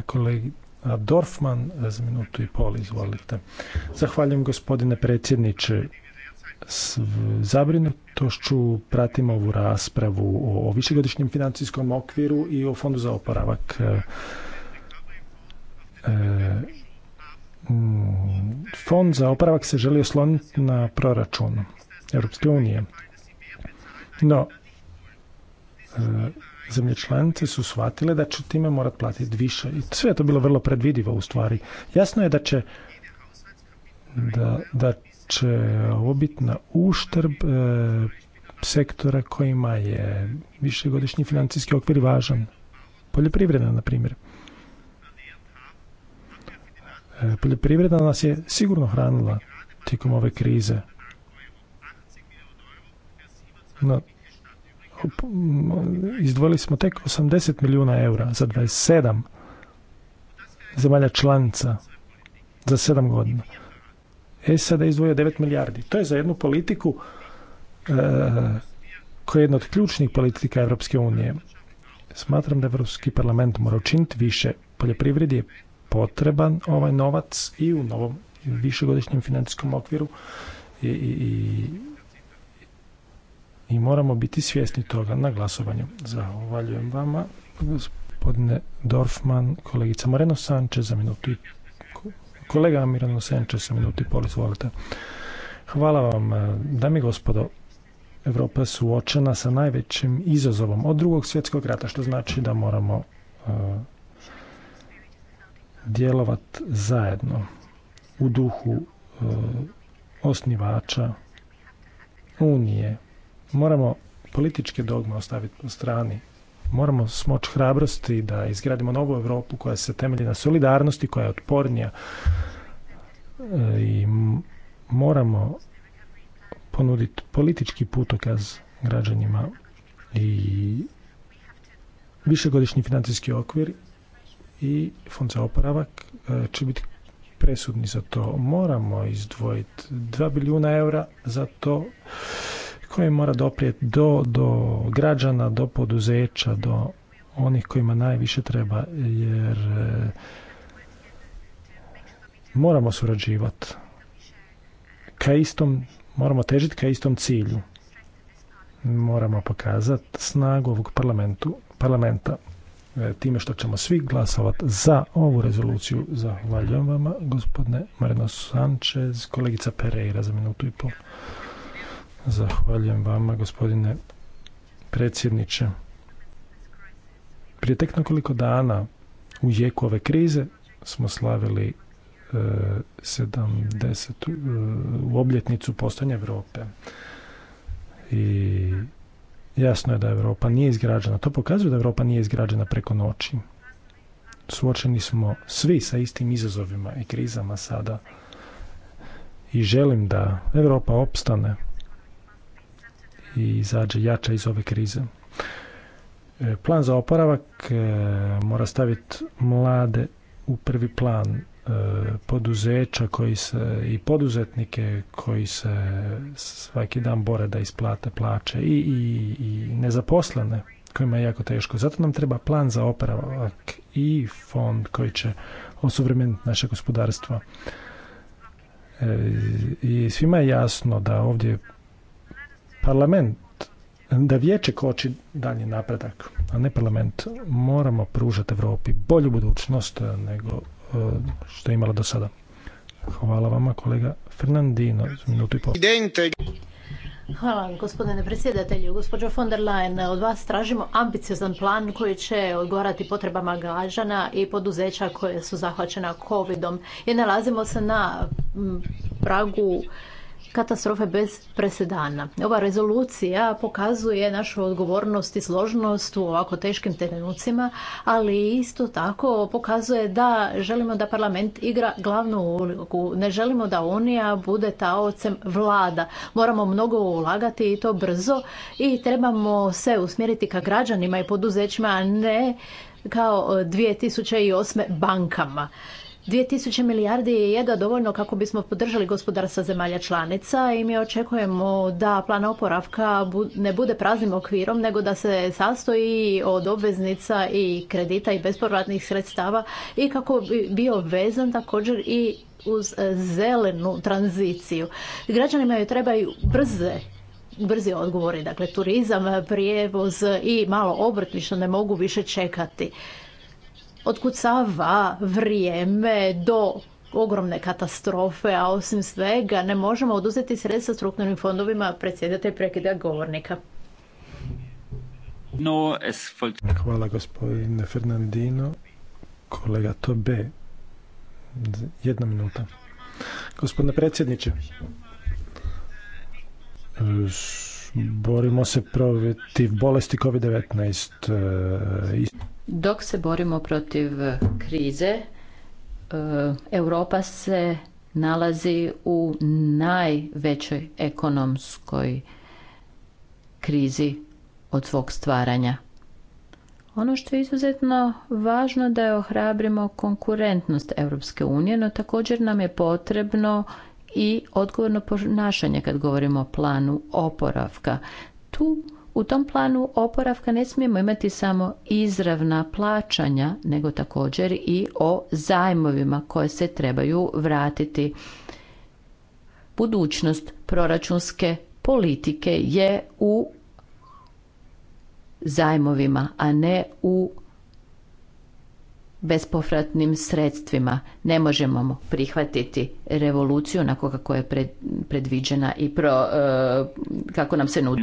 Kolegi, Dorfman za minutu i pol, izvolite. Zahvaljujem gospodine predsjedniče. S zabrinutošću pratim ovu raspravu o višegodišnjem financijskom okviru i o fondu za oporavak. E, e, fond za oporavak se želi osloniti na proračun Europske unije. No, e, zemlje članice su shvatile da će time morati platiti više. I sve je to bilo vrlo predvidivo u stvari. Jasno je da će da, da će ovo biti na uštrb e, sektora kojima je višegodišnji financijski okvir važan. Poljoprivreda, na primjer. E, poljoprivreda nas je sigurno hranila tijekom ove krize. No, Mm, izdvojili smo tek 80 milijuna eura za 27 zemalja članica za 7 godina. E sada izdvojio 9 milijardi. To je za jednu politiku e, koja je jedna od ključnih politika Europske unije. Smatram da Europski parlament mora učiniti više. Poljoprivredi je potreban ovaj novac i u novom višegodišnjem financijskom okviru i i moramo biti svjesni toga na glasovanju. Zahvaljujem vama, gospodine Dorfman, kolegica Moreno Sanče za minutu kolega Mirano Senče za minuti pol, izvolite. Hvala vam, eh, dami i gospodo. Evropa je suočena sa najvećim izazovom od drugog svjetskog rata, što znači da moramo eh, djelovat zajedno u duhu eh, osnivača Unije, Moramo političke dogme ostaviti po strani. Moramo smoć hrabrosti da izgradimo novu Europu koja se temelji na solidarnosti, koja je otpornija. E, I moramo ponuditi politički putokaz građanima i višegodišnji financijski okvir i fond za oporavak e, će biti presudni za to. Moramo izdvojiti 2 bilijuna eura za to koji mora doprijeti do, do građana, do poduzeća, do onih kojima najviše treba, jer e, moramo surađivati ka istom, moramo težiti ka istom cilju. Moramo pokazati snagu ovog parlamentu, parlamenta e, time što ćemo svi glasovati za ovu rezoluciju. Zahvaljujem vama, gospodine Marino Sanchez, kolegica Pereira za minutu i pol. Zahvaljujem vama, gospodine predsjedniče. Prije tek nekoliko dana u jeku ove krize smo slavili 70. E, e, u obljetnicu postanja Europe. I jasno je da Europa nije izgrađena. To pokazuje da Europa nije izgrađena preko noći. Suočeni smo svi sa istim izazovima i krizama sada. I želim da Europa opstane i izađe jača iz ove krize. E, plan za oporavak e, mora staviti mlade u prvi plan e, poduzeća koji se, i poduzetnike koji se svaki dan bore da isplate plaće i, i, i nezaposlene kojima je jako teško. Zato nam treba plan za oporavak i fond koji će osuvremeniti naše gospodarstvo. I svima je jasno da ovdje parlament, da vijeće koči dalji napredak, a ne parlament. Moramo pružati Europi bolju budućnost eh, nego eh, što je imala do sada. Hvala vama kolega Fernandino, minutu i Hvala gospodine predsjedatelju. Gospođo von der Leyen, od vas tražimo ambiciozan plan koji će odgovarati potrebama građana i poduzeća koje su zahvaćena covidom. I nalazimo se na pragu katastrofe bez presedana. Ova rezolucija pokazuje našu odgovornost i složnost u ovako teškim trenucima, ali isto tako pokazuje da želimo da parlament igra glavnu ulogu. Ne želimo da Unija bude taocem vlada. Moramo mnogo ulagati i to brzo i trebamo se usmjeriti ka građanima i poduzećima, a ne kao 2008. bankama. 2000 milijardi je jedva dovoljno kako bismo podržali gospodarstva zemalja članica i mi očekujemo da plan oporavka ne bude praznim okvirom, nego da se sastoji od obveznica i kredita i bespovratnih sredstava i kako bi bio vezan također i uz zelenu tranziciju. Građanima joj trebaju brze brzi odgovori, dakle turizam, prijevoz i malo obrtništvo ne mogu više čekati otkucava vrijeme do ogromne katastrofe, a osim svega ne možemo oduzeti sredstva strukturnim fondovima predsjedatelj prekida govornika. No, es... Hvala gospodine Fernandino. Kolega Tobe, jedna minuta. Gospodine predsjedniče, borimo se protiv bolesti COVID-19. E, Dok se borimo protiv krize, e, Europa se nalazi u najvećoj ekonomskoj krizi od svog stvaranja. Ono što je izuzetno važno da je ohrabrimo konkurentnost Europske unije, no također nam je potrebno i odgovorno ponašanje kad govorimo o planu oporavka. Tu u tom planu oporavka ne smijemo imati samo izravna plaćanja, nego također i o zajmovima koje se trebaju vratiti. Budućnost proračunske politike je u zajmovima, a ne u bespovratnim sredstvima. Ne možemo prihvatiti revoluciju onako kako je predviđena i e, kako nam se nudi.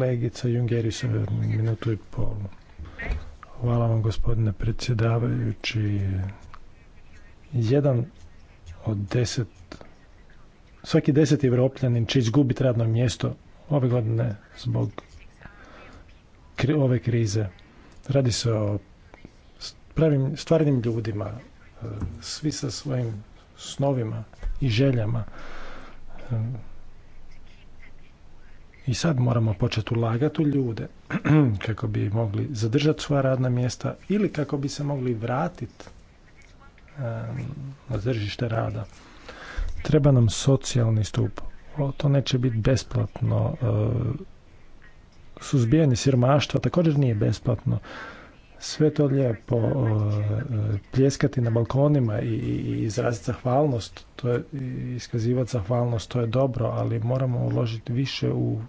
Kolegica sa minutu i pol. Hvala vam gospodine predsjedavajući. Jedan od deset, svaki deset evropljanin će izgubiti radno mjesto ove godine zbog ove krize Radi se o pravim, stvarnim ljudima, e, svi sa svojim snovima i željama. E, I sad moramo početi ulagati u ljude kako bi mogli zadržati svoja radna mjesta ili kako bi se mogli vratiti e, na tržište rada. Treba nam socijalni stup. to neće biti besplatno suzbijanje siromaštva također nije besplatno. Sve to lijepo e, pljeskati na balkonima i, izraziti zahvalnost, to je, iskazivati zahvalnost, to je dobro, ali moramo uložiti više u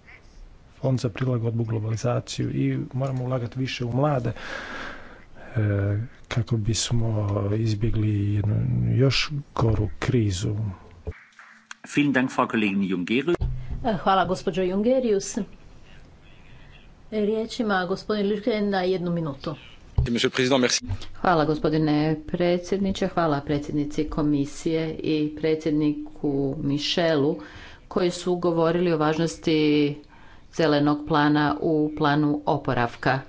fond za prilagodbu globalizaciju i moramo ulagati više u mlade e, kako bismo izbjegli jednu još goru krizu. Hvala gospođo Jungerius riječima gospodin Ljušken na jednu minutu. Hvala gospodine predsjedniče, hvala predsjednici komisije i predsjedniku Mišelu koji su govorili o važnosti zelenog plana u planu oporavka.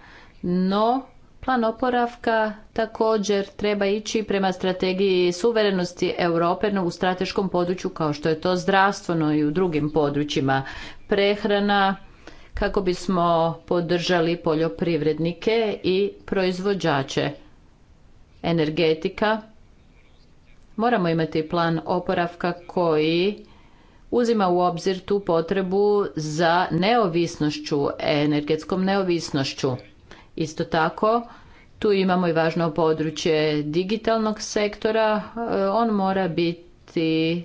No, plan oporavka također treba ići prema strategiji suverenosti Europe u strateškom području kao što je to zdravstveno i u drugim područjima. Prehrana, kako bismo podržali poljoprivrednike i proizvođače. Energetika. Moramo imati plan oporavka koji uzima u obzir tu potrebu za neovisnošću, energetskom neovisnošću. Isto tako, tu imamo i važno područje digitalnog sektora. E, on mora biti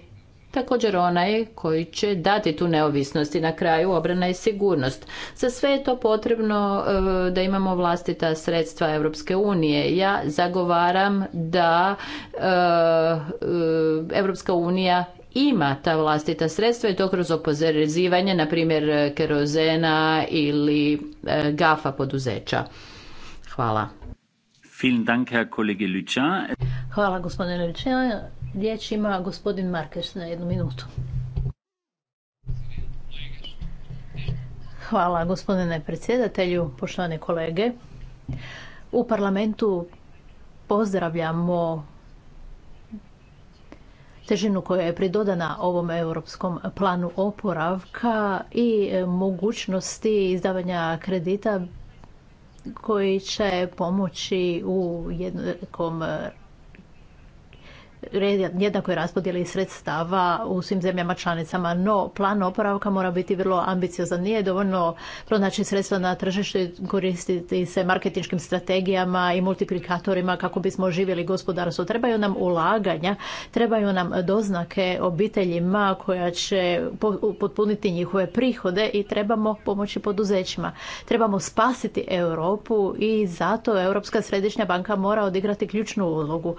također onaj koji će dati tu neovisnost i na kraju obrana i sigurnost. Za sve je to potrebno e, da imamo vlastita sredstva Europske unije. Ja zagovaram da Europska e, unija ima ta vlastita sredstva i to kroz opozorizivanje, na primjer kerozena ili e, gafa poduzeća. Hvala. Hvala gospodine Riječ ima gospodin Markeš na jednu minutu. Hvala gospodine predsjedatelju, poštovane kolege. U parlamentu pozdravljamo težinu koja je pridodana ovom europskom planu oporavka i mogućnosti izdavanja kredita koji će pomoći u jednom jednakoj raspodjeli sredstava u svim zemljama članicama. No, plan oporavka mora biti vrlo ambiciozan. Nije dovoljno pronaći sredstva na tržištu i koristiti se marketinškim strategijama i multiplikatorima kako bismo oživjeli gospodarstvo. Trebaju nam ulaganja, trebaju nam doznake obiteljima koja će potpuniti njihove prihode i trebamo pomoći poduzećima. Trebamo spasiti Europu i zato Europska središnja banka mora odigrati ključnu ulogu.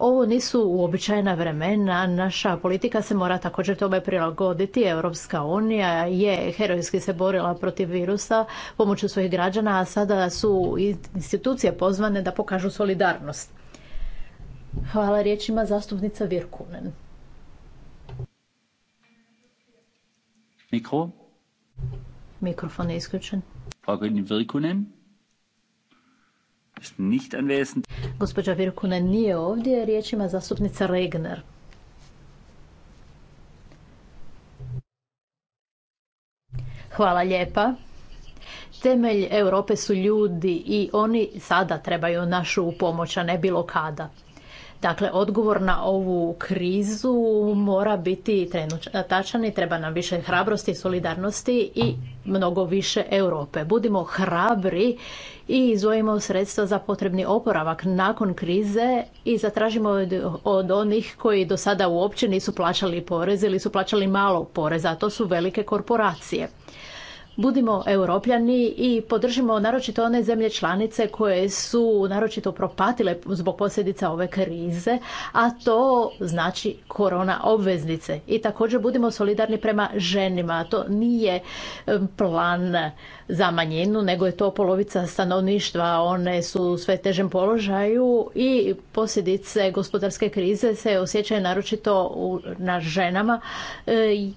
Ovo nisu uobičajena vremena, naša politika se mora također tome prilagoditi. Europska unija je herojski se borila protiv virusa pomoću svojih građana, a sada su institucije pozvane da pokažu solidarnost. Hvala riječima zastupnica Virkunen. Mikrofon je isključen. Gospođa nije ovdje, riječ ima zastupnica Regner. Hvala lijepa. Temelj Europe su ljudi i oni sada trebaju našu pomoć, a ne bilo kada. Dakle, odgovor na ovu krizu mora biti trenutačan i treba nam više hrabrosti, solidarnosti i mnogo više Europe. Budimo hrabri i izvojimo sredstva za potrebni oporavak nakon krize i zatražimo od onih koji do sada uopće nisu plaćali porez ili su plaćali malo poreza, a to su velike korporacije budimo europljani i podržimo naročito one zemlje članice koje su naročito propatile zbog posljedica ove krize, a to znači korona obveznice. I također budimo solidarni prema ženima. To nije plan za manjinu, nego je to polovica stanovništva. One su u sve težem položaju i posljedice gospodarske krize se osjećaju naročito na ženama e,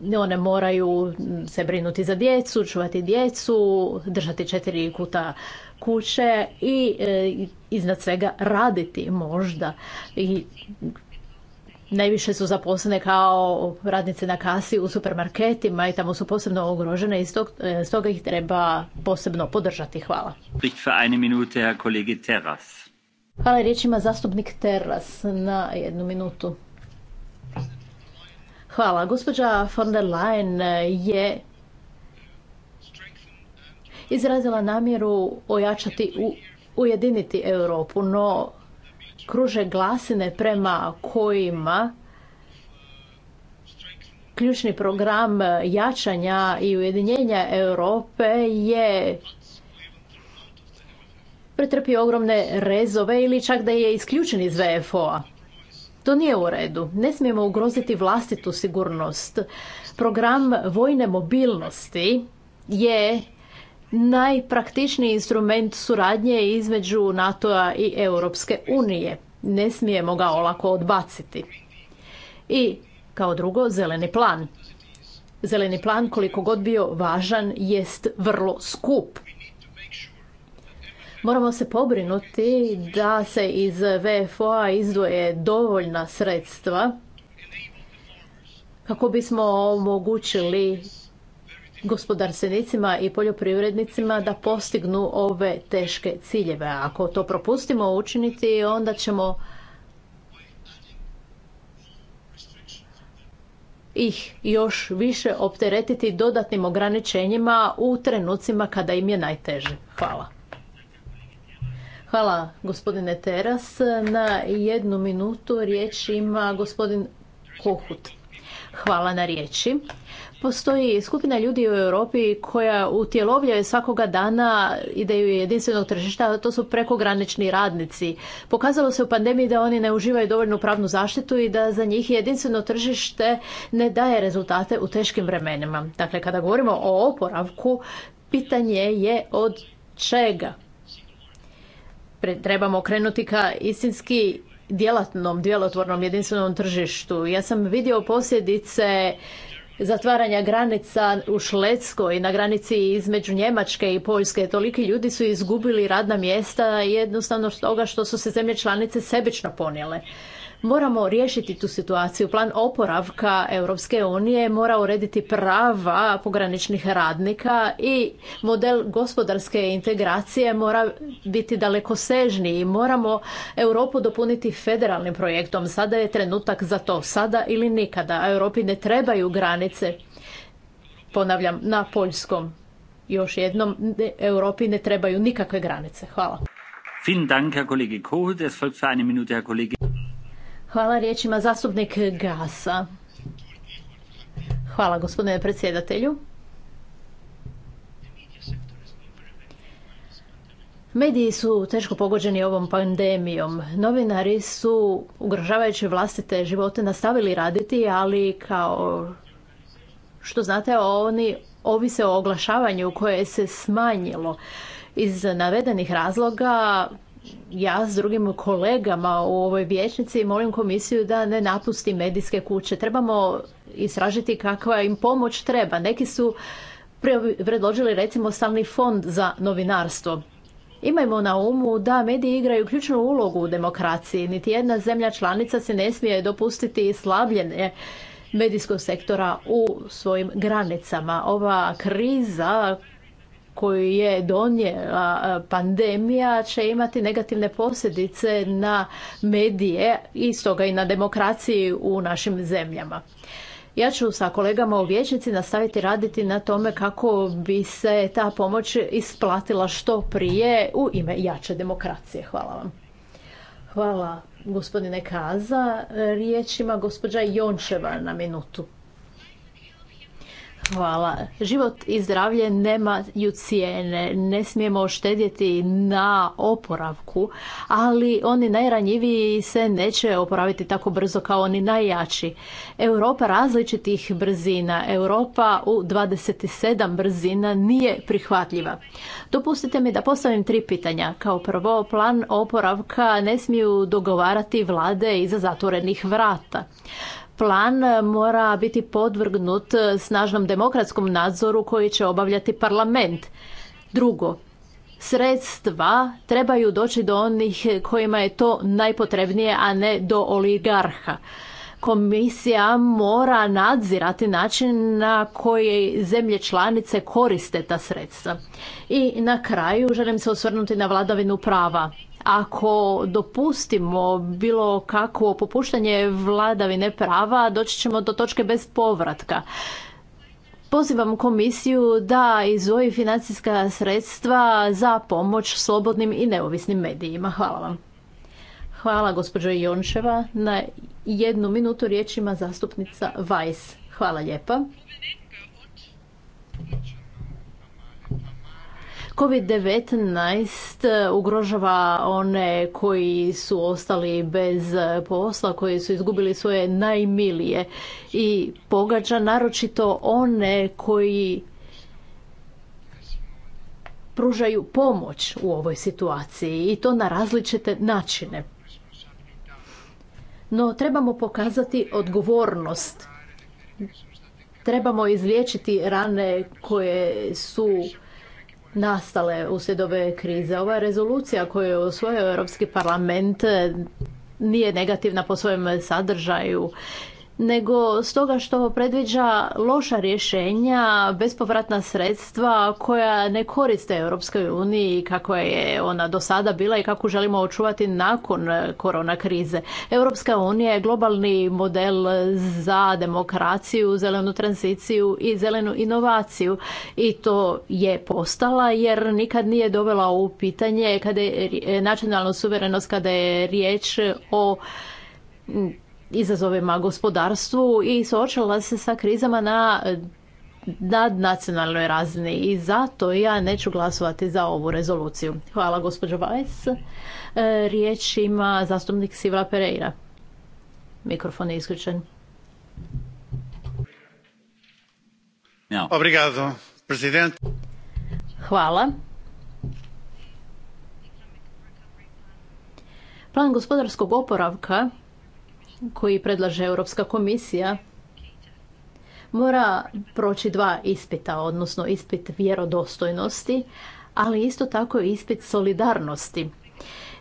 one moraju se brinuti za djecu, čuvati djecu, držati četiri kuta kuće i e, iznad svega raditi možda. I najviše su zaposlene kao radnice na kasi u supermarketima i tamo su posebno ugrožene i e, stoga ih treba posebno podržati. Hvala. Hvala riječima zastupnik Terras na jednu minutu. Hvala. Gospođa von der Leyen je izrazila namjeru ojačati, ujediniti Europu, no kruže glasine prema kojima ključni program jačanja i ujedinjenja Europe je pretrpio ogromne rezove ili čak da je isključen iz VFO-a. To nije u redu. Ne smijemo ugroziti vlastitu sigurnost. Program vojne mobilnosti je najpraktičniji instrument suradnje između NATO-a i Europske unije. Ne smijemo ga olako odbaciti. I kao drugo, zeleni plan. Zeleni plan, koliko god bio važan, jest vrlo skup. Moramo se pobrinuti da se iz VFO-a izdvoje dovoljna sredstva kako bismo omogućili gospodarstvenicima i poljoprivrednicima da postignu ove teške ciljeve. Ako to propustimo učiniti, onda ćemo ih još više opteretiti dodatnim ograničenjima u trenucima kada im je najteže. Hvala. Hvala gospodine Teras. Na jednu minutu riječ ima gospodin Kohut. Hvala na riječi. Postoji skupina ljudi u Europi koja utjelovljaju svakoga dana ideju jedinstvenog tržišta, a to su prekogranični radnici. Pokazalo se u pandemiji da oni ne uživaju dovoljnu pravnu zaštitu i da za njih jedinstveno tržište ne daje rezultate u teškim vremenima. Dakle, kada govorimo o oporavku, pitanje je od čega? trebamo krenuti ka istinski djelatnom, djelotvornom jedinstvenom tržištu. Ja sam vidio posljedice zatvaranja granica u Švedskoj na granici između Njemačke i Poljske. Toliki ljudi su izgubili radna mjesta jednostavno stoga što su se zemlje članice sebično ponijele. Moramo riješiti tu situaciju. Plan oporavka Europske unije mora urediti prava pograničnih radnika i model gospodarske integracije mora biti dalekosežniji. Moramo Europu dopuniti federalnim projektom. Sada je trenutak za to, sada ili nikada. A Europi ne trebaju granice. Ponavljam, na poljskom. Još jednom, Europi ne trebaju nikakve granice. Hvala. Hvala riječima zastupnik Gasa. Hvala gospodine predsjedatelju. Mediji su teško pogođeni ovom pandemijom. Novinari su, ugrožavajući vlastite živote, nastavili raditi, ali kao što znate, oni ovise o oglašavanju koje se smanjilo. Iz navedenih razloga ja s drugim kolegama u ovoj vijećnici molim komisiju da ne napusti medijske kuće. Trebamo istražiti kakva im pomoć treba. Neki su predložili recimo stalni fond za novinarstvo. Imajmo na umu da mediji igraju ključnu ulogu u demokraciji. Niti jedna zemlja članica se ne smije dopustiti slabljenje medijskog sektora u svojim granicama. Ova kriza koju je donijela e, pandemija će imati negativne posljedice na medije i stoga i na demokraciji u našim zemljama. Ja ću sa kolegama u vijećnici nastaviti raditi na tome kako bi se ta pomoć isplatila što prije u ime jače demokracije. Hvala vam. Hvala gospodine Kaza. Riječ ima gospođa Jončeva na minutu. Hvala. Život i zdravlje nemaju cijene. Ne smijemo štedjeti na oporavku, ali oni najranjiviji se neće oporaviti tako brzo kao oni najjači. Europa različitih brzina, Europa u 27 brzina nije prihvatljiva. Dopustite mi da postavim tri pitanja. Kao prvo, plan oporavka ne smiju dogovarati vlade iza zatvorenih vrata plan mora biti podvrgnut snažnom demokratskom nadzoru koji će obavljati parlament. Drugo, sredstva trebaju doći do onih kojima je to najpotrebnije, a ne do oligarha. Komisija mora nadzirati način na koji zemlje članice koriste ta sredstva. I na kraju želim se osvrnuti na vladavinu prava. Ako dopustimo bilo kakvo popuštanje vladavine prava, doći ćemo do točke bez povratka. Pozivam komisiju da izvoji financijska sredstva za pomoć slobodnim i neovisnim medijima. Hvala vam. Hvala gospođo Jončeva. Na jednu minutu riječ ima zastupnica Vajs. Hvala lijepa. COVID-19 e, ugrožava one koji su ostali bez e, posla, koji su izgubili svoje najmilije i pogađa naročito one koji pružaju pomoć u ovoj situaciji i to na različite načine. No trebamo pokazati odgovornost. Trebamo izliječiti rane koje su nastale uslijed ove krize. Ova rezolucija koju je usvojio Europski parlament eh, nije negativna po svojem sadržaju nego stoga što predviđa loša rješenja, bespovratna sredstva koja ne koriste Europskoj uniji kako je ona do sada bila i kako želimo očuvati nakon korona krize. Europska unija je globalni model za demokraciju, zelenu tranziciju i zelenu inovaciju i to je postala jer nikad nije dovela u pitanje kada je nacionalnu suverenost kada je riječ o izazovima gospodarstvu i suočila se sa krizama na nadnacionalnoj razini i zato ja neću glasovati za ovu rezoluciju. Hvala gospođo Vajs. E, riječ ima zastupnik Sivla Pereira. Mikrofon je isključen. Hvala. Plan gospodarskog oporavka koji predlaže Europska komisija mora proći dva ispita, odnosno ispit vjerodostojnosti, ali isto tako i ispit solidarnosti.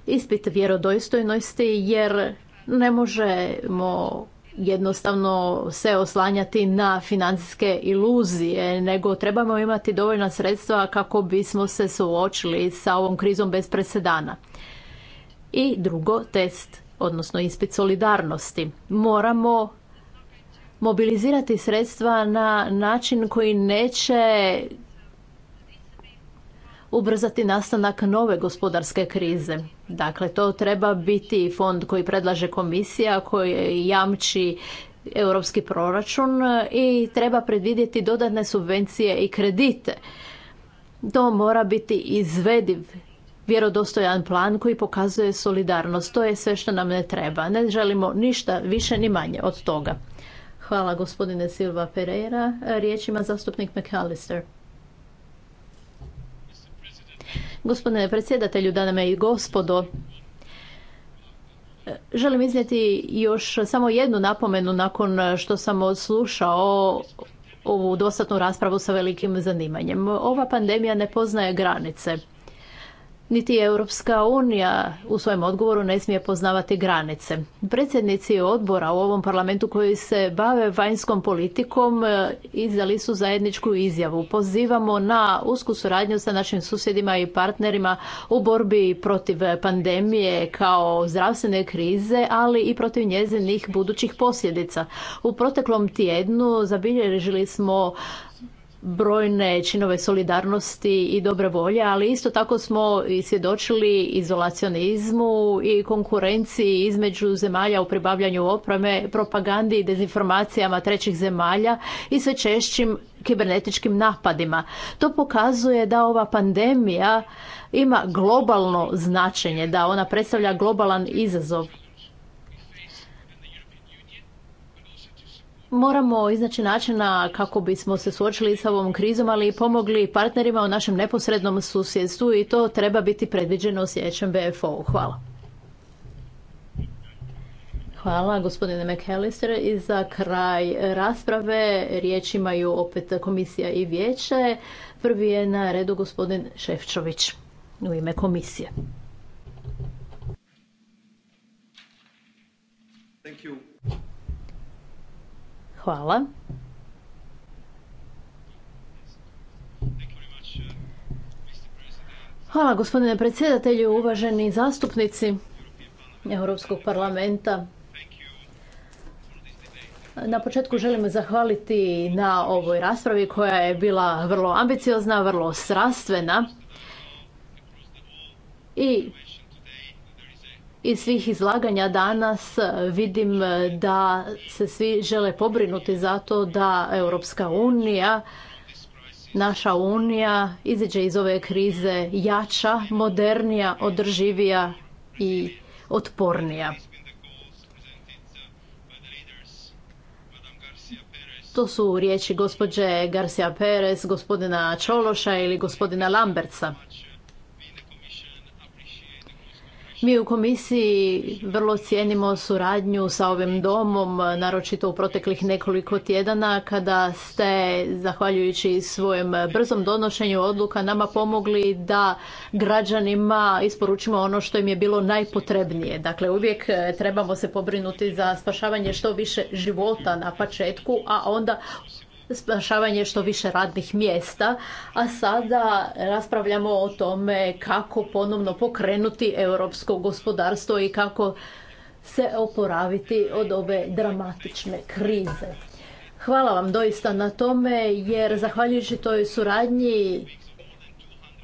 Ispit vjerodostojnosti jer ne možemo jednostavno se oslanjati na financijske iluzije, nego trebamo imati dovoljna sredstva kako bismo se suočili sa ovom krizom bez presedana. I drugo, test odnosno ispit solidarnosti. Moramo mobilizirati sredstva na način koji neće ubrzati nastanak nove gospodarske krize. Dakle, to treba biti fond koji predlaže komisija, koji jamči europski proračun i treba predvidjeti dodatne subvencije i kredite. To mora biti izvediv vjerodostojan plan koji pokazuje solidarnost. To je sve što nam ne treba. Ne želimo ništa više ni manje od toga. Hvala gospodine Silva Pereira. Riječ ima zastupnik McAllister. Gospodine predsjedatelju, dame i gospodo, želim iznijeti još samo jednu napomenu nakon što sam odslušao ovu dostatnu raspravu sa velikim zanimanjem. Ova pandemija ne poznaje granice niti Europska unija u svojem odgovoru ne smije poznavati granice. Predsjednici odbora u ovom parlamentu koji se bave vanjskom politikom e, izdali su zajedničku izjavu. Pozivamo na usku suradnju sa našim susjedima i partnerima u borbi protiv pandemije kao zdravstvene krize, ali i protiv njezinih budućih posljedica. U proteklom tjednu zabilježili smo brojne činove solidarnosti i dobre volje, ali isto tako smo i svjedočili izolacionizmu i konkurenciji između zemalja u pribavljanju opreme, propagandi i dezinformacijama trećih zemalja i sve češćim kibernetičkim napadima. To pokazuje da ova pandemija ima globalno značenje, da ona predstavlja globalan izazov moramo iznaći načina kako bismo se suočili sa ovom krizom, ali i pomogli partnerima u našem neposrednom susjedstvu i to treba biti predviđeno u BFO-u. Hvala. Hvala gospodine McAllister i za kraj rasprave riječ imaju opet komisija i vijeće. Prvi je na redu gospodin Šefčović u ime komisije. Hvala. Hvala gospodine predsjedatelju, uvaženi zastupnici Europskog parlamenta. Na početku želim zahvaliti na ovoj raspravi koja je bila vrlo ambiciozna, vrlo strastvena i iz svih izlaganja danas e, vidim e, da se svi žele pobrinuti za to da Europska unija, naša unija iziđe iz ove krize jača, modernija, održivija i otpornija. To su riječi gospođe Garcia Perez, gospodina Čološa ili gospodina Lambertsa. Mi u komisiji vrlo cijenimo suradnju sa ovim domom, naročito u proteklih nekoliko tjedana kada ste, zahvaljujući svojem brzom donošenju odluka, nama pomogli da građanima isporučimo ono što im je bilo najpotrebnije. Dakle, uvijek e, trebamo se pobrinuti za spašavanje što više života na početku, a onda spašavanje što više radnih mjesta, a sada raspravljamo o tome kako ponovno pokrenuti europsko gospodarstvo i kako se oporaviti od ove dramatične krize. Hvala vam doista na tome jer zahvaljujući toj suradnji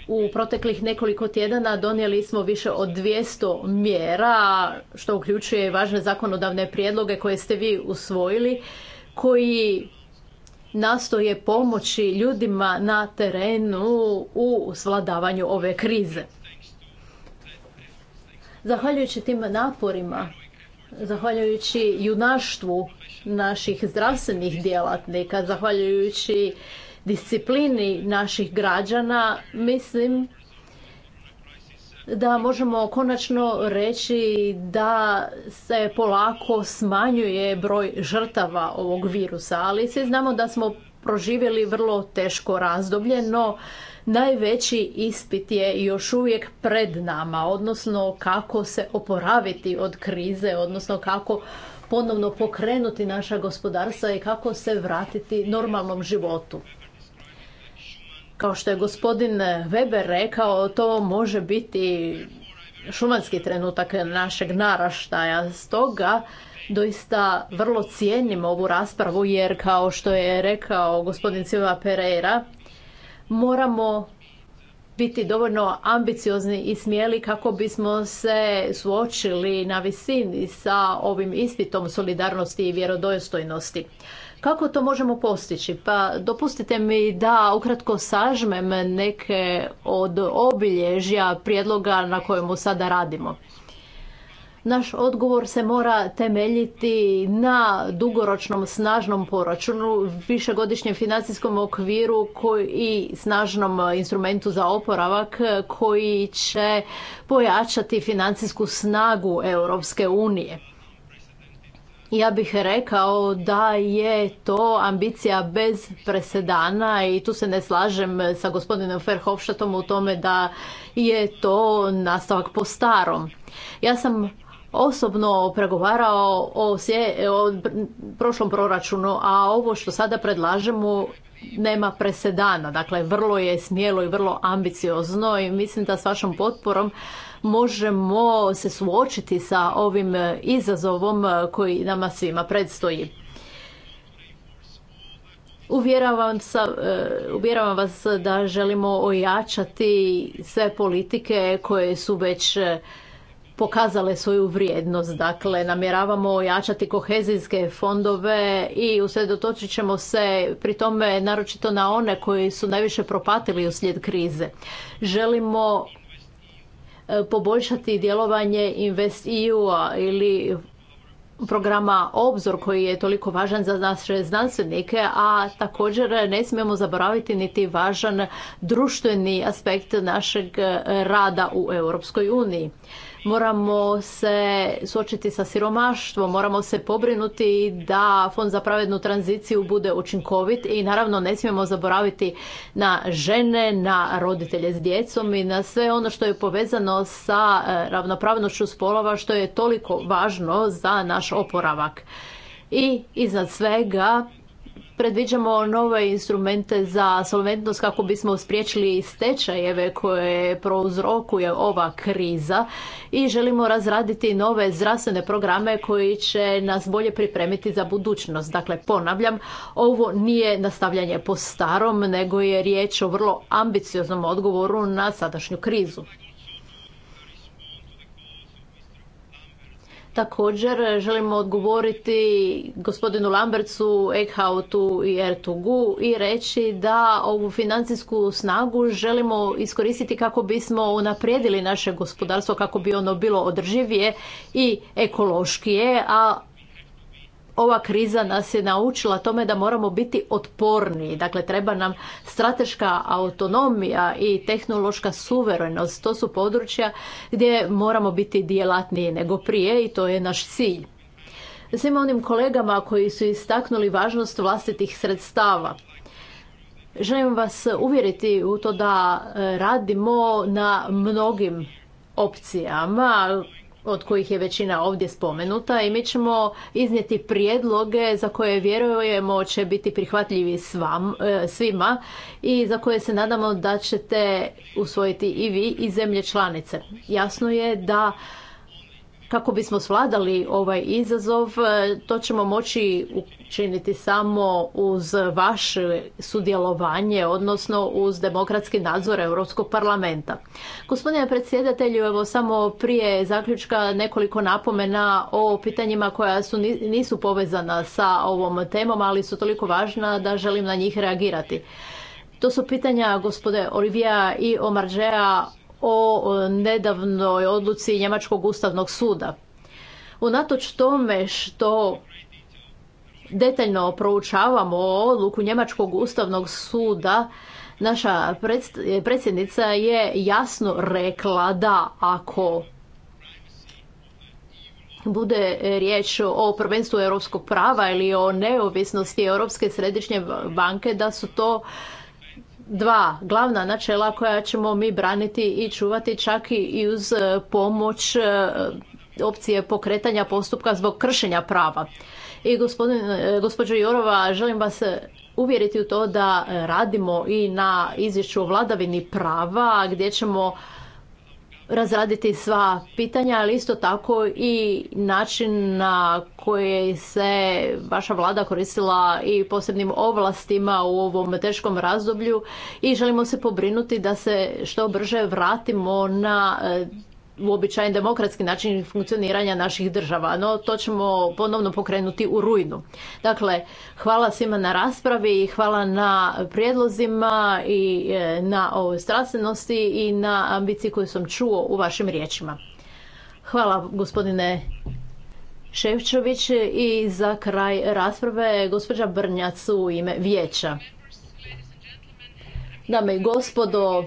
u proteklih nekoliko tjedana donijeli smo više od 200 mjera, što uključuje važne zakonodavne prijedloge koje ste vi usvojili, koji nastoje pomoći ljudima na terenu u svladavanju ove krize. Zahvaljujući tim naporima, zahvaljujući junaštvu naših zdravstvenih djelatnika, zahvaljujući disciplini naših građana, mislim da možemo konačno reći da se polako smanjuje broj žrtava ovog virusa, ali svi znamo da smo proživjeli vrlo teško razdoblje, no najveći ispit je još uvijek pred nama, odnosno kako se oporaviti od krize, odnosno kako ponovno pokrenuti naša gospodarstva i kako se vratiti normalnom životu. Kao što je gospodin Weber rekao, to može biti šumanski trenutak našeg naraštaja. Stoga doista vrlo cijenim ovu raspravu jer kao što je rekao gospodin Silva Pereira, moramo biti dovoljno ambiciozni i smjeli kako bismo se suočili na visini sa ovim ispitom solidarnosti i vjerodostojnosti. Kako to možemo postići? Pa dopustite mi da ukratko sažmem neke od obilježja prijedloga na kojemu sada radimo. Naš odgovor se mora temeljiti na dugoročnom snažnom poračunu, višegodišnjem financijskom okviru i snažnom instrumentu za oporavak koji će pojačati financijsku snagu Europske unije. Ja bih rekao da je to ambicija bez presedana i tu se ne slažem sa gospodinom Ferhofštatom u tome da je to nastavak po starom. Ja sam osobno pregovarao o, sje, o prošlom proračunu, a ovo što sada predlažemo nema presedana. Dakle, vrlo je smjelo i vrlo ambiciozno i mislim da s vašom potporom možemo se suočiti sa ovim e, izazovom e, koji nama svima predstoji. E, uvjeravam, vas da želimo ojačati sve politike koje su već pokazale svoju vrijednost. Dakle, namjeravamo ojačati kohezijske fondove i usredotočit ćemo se pri tome naročito na one koji su najviše propatili uslijed krize. Želimo E, poboljšati djelovanje investeu ili programa Obzor koji je toliko važan za naše znanstvenike, a također ne smijemo zaboraviti niti važan društveni aspekt našeg e, rada u Europskoj uniji moramo se suočiti sa siromaštvom, moramo se pobrinuti da Fond za pravednu tranziciju bude učinkovit i naravno ne smijemo zaboraviti na žene, na roditelje s djecom i na sve ono što je povezano sa e, ravnopravnošću spolova što je toliko važno za naš oporavak. I iznad svega predviđamo nove instrumente za solventnost kako bismo spriječili stečajeve koje prouzrokuje ova kriza i želimo razraditi nove zdravstvene programe koji će nas bolje pripremiti za budućnost. Dakle, ponavljam, ovo nije nastavljanje po starom, nego je riječ o vrlo ambicioznom odgovoru na sadašnju krizu. Također e, želimo odgovoriti gospodinu Lambercu, Eckhoutu i Ertugu i reći da ovu financijsku snagu želimo iskoristiti kako bismo unaprijedili naše gospodarstvo, kako bi ono bilo održivije i ekološkije, a ova kriza nas je naučila tome da moramo biti otporniji. Dakle, treba nam strateška autonomija i tehnološka suverenost. To su područja gdje moramo biti djelatniji nego prije i to je naš cilj. Svima onim kolegama koji su istaknuli važnost vlastitih sredstava. Želim vas uvjeriti u to da e, radimo na mnogim opcijama od kojih je većina ovdje spomenuta i mi ćemo iznijeti prijedloge za koje vjerujemo će biti prihvatljivi svam, e, svima i za koje se nadamo da ćete usvojiti i vi i zemlje članice. Jasno je da kako bismo svladali ovaj izazov, e, to ćemo moći učiniti samo uz vaše sudjelovanje, odnosno uz demokratski nadzor Europskog parlamenta. Gospodine predsjedatelju, evo samo prije zaključka nekoliko napomena o pitanjima koja su, nisu povezana sa ovom temom, ali su toliko važna da želim na njih reagirati. To su pitanja gospode Olivija i Omaržeja o nedavnoj odluci Njemačkog ustavnog suda. Unatoč tome što detaljno proučavamo odluku Njemačkog ustavnog suda, naša predsjednica je jasno rekla da ako bude riječ o prvenstvu europskog prava ili o neovisnosti Europske središnje banke, da su to dva glavna načela koja ćemo mi braniti i čuvati čak i uz e, pomoć e, opcije pokretanja postupka zbog kršenja prava. I gospodin, e, gospođo Jorova, želim vas uvjeriti u to da radimo i na izvješću o vladavini prava gdje ćemo razraditi sva pitanja, ali isto tako i način na koji se vaša vlada koristila i posebnim ovlastima u ovom teškom razdoblju i želimo se pobrinuti da se što brže vratimo na uobičajen demokratski način funkcioniranja naših država. No, to ćemo ponovno pokrenuti u rujnu. Dakle, hvala svima na raspravi, i hvala na prijedlozima i e, na ovoj strastvenosti i na ambiciji koju sam čuo u vašim riječima. Hvala gospodine Ševčović i za kraj rasprave gospođa Brnjac u ime vijeća. Dame i gospodo,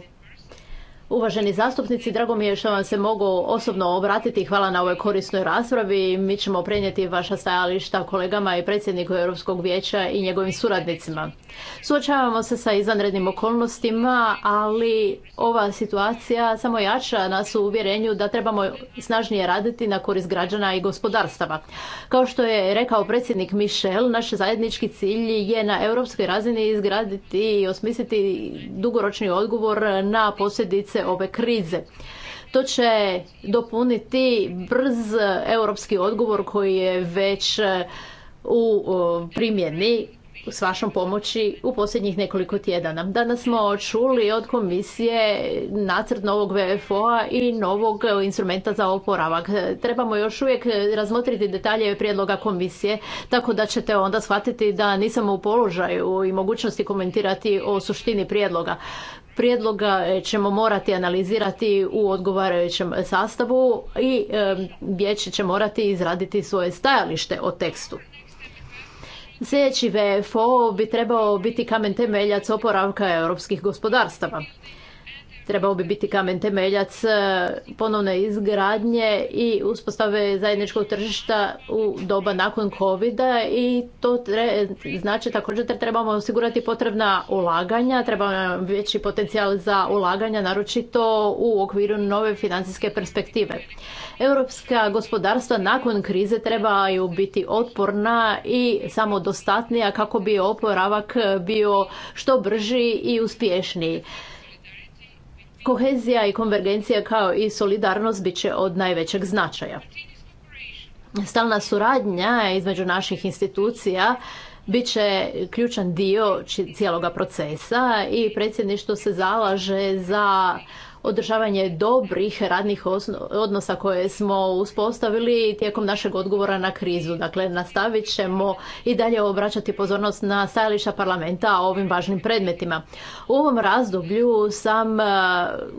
Uvaženi zastupnici, drago mi je što vam se mogu osobno obratiti. Hvala na ovoj korisnoj raspravi. Mi ćemo prenijeti vaša stajališta kolegama i predsjedniku Europskog vijeća i njegovim suradnicima. Suočavamo se sa izvanrednim okolnostima, ali ova situacija samo jača nas u uvjerenju da trebamo snažnije raditi na korist građana i gospodarstava. Kao što je rekao predsjednik Michel, naš zajednički cilj je na europskoj razini izgraditi i osmisliti dugoročni odgovor na posljedice ove krize. To će dopuniti brz europski odgovor koji je već e, u primjeni s vašom pomoći u posljednjih nekoliko tjedana. Danas smo čuli od komisije nacrt novog VFO-a i novog instrumenta za oporavak. Trebamo još uvijek razmotriti detalje prijedloga komisije, tako da ćete onda shvatiti da nisam u položaju i mogućnosti komentirati o suštini prijedloga prijedloga e, ćemo morati analizirati u odgovarajućem sastavu i e, vijeće će morati izraditi svoje stajalište o tekstu. Sljedeći VFO bi trebao biti kamen temeljac oporavka europskih gospodarstava trebao bi biti kamen temeljac e, ponovne izgradnje i uspostave zajedničkog tržišta u doba nakon covid i to znači također da trebamo osigurati potrebna ulaganja, treba nam veći potencijal za ulaganja, naročito u okviru nove financijske perspektive. Europska gospodarstva nakon krize trebaju biti otporna i samodostatnija kako bi oporavak bio što brži i uspješniji. Kohezija i konvergencija kao i solidarnost bit će od najvećeg značaja. Stalna suradnja između naših institucija bit će ključan dio cijeloga procesa i predsjedništvo se zalaže za održavanje dobrih radnih odnosa koje smo uspostavili tijekom našeg odgovora na krizu. Dakle, nastavit ćemo i dalje obraćati pozornost na stajališta parlamenta o ovim važnim predmetima. U ovom razdoblju sam e,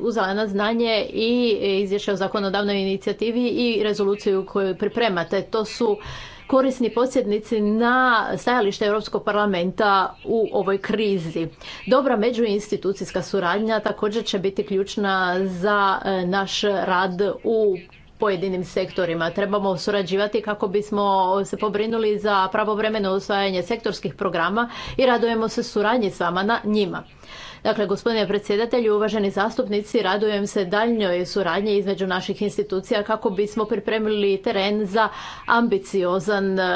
uzela na znanje i izvješće o zakonodavnoj inicijativi i rezoluciju koju pripremate. To su korisni posjednici na stajalište Europskog parlamenta u ovoj krizi. Dobra međuinstitucijska suradnja također će biti ključna za e, naš rad u pojedinim sektorima. Trebamo surađivati kako bismo se pobrinuli za pravovremeno usvajanje sektorskih programa i radujemo se suradnji s vama na njima. Dakle, gospodine predsjedatelju, uvaženi zastupnici, radujem se daljnjoj suradnji između naših institucija kako bismo pripremili teren za ambiciozan e,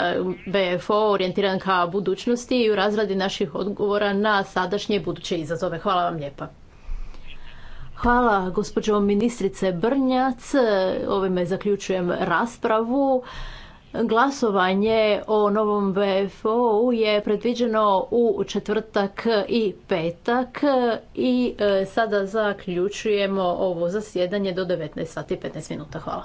BFO orijentiran ka budućnosti i u razradi naših odgovora na sadašnje i buduće izazove. Hvala vam lijepa. Hvala gospođo ministrice Brnjac. Ovime zaključujem raspravu. Glasovanje o novom vfo je predviđeno u četvrtak i petak i e, sada zaključujemo ovo zasjedanje do 19 sati 15 minuta. Hvala.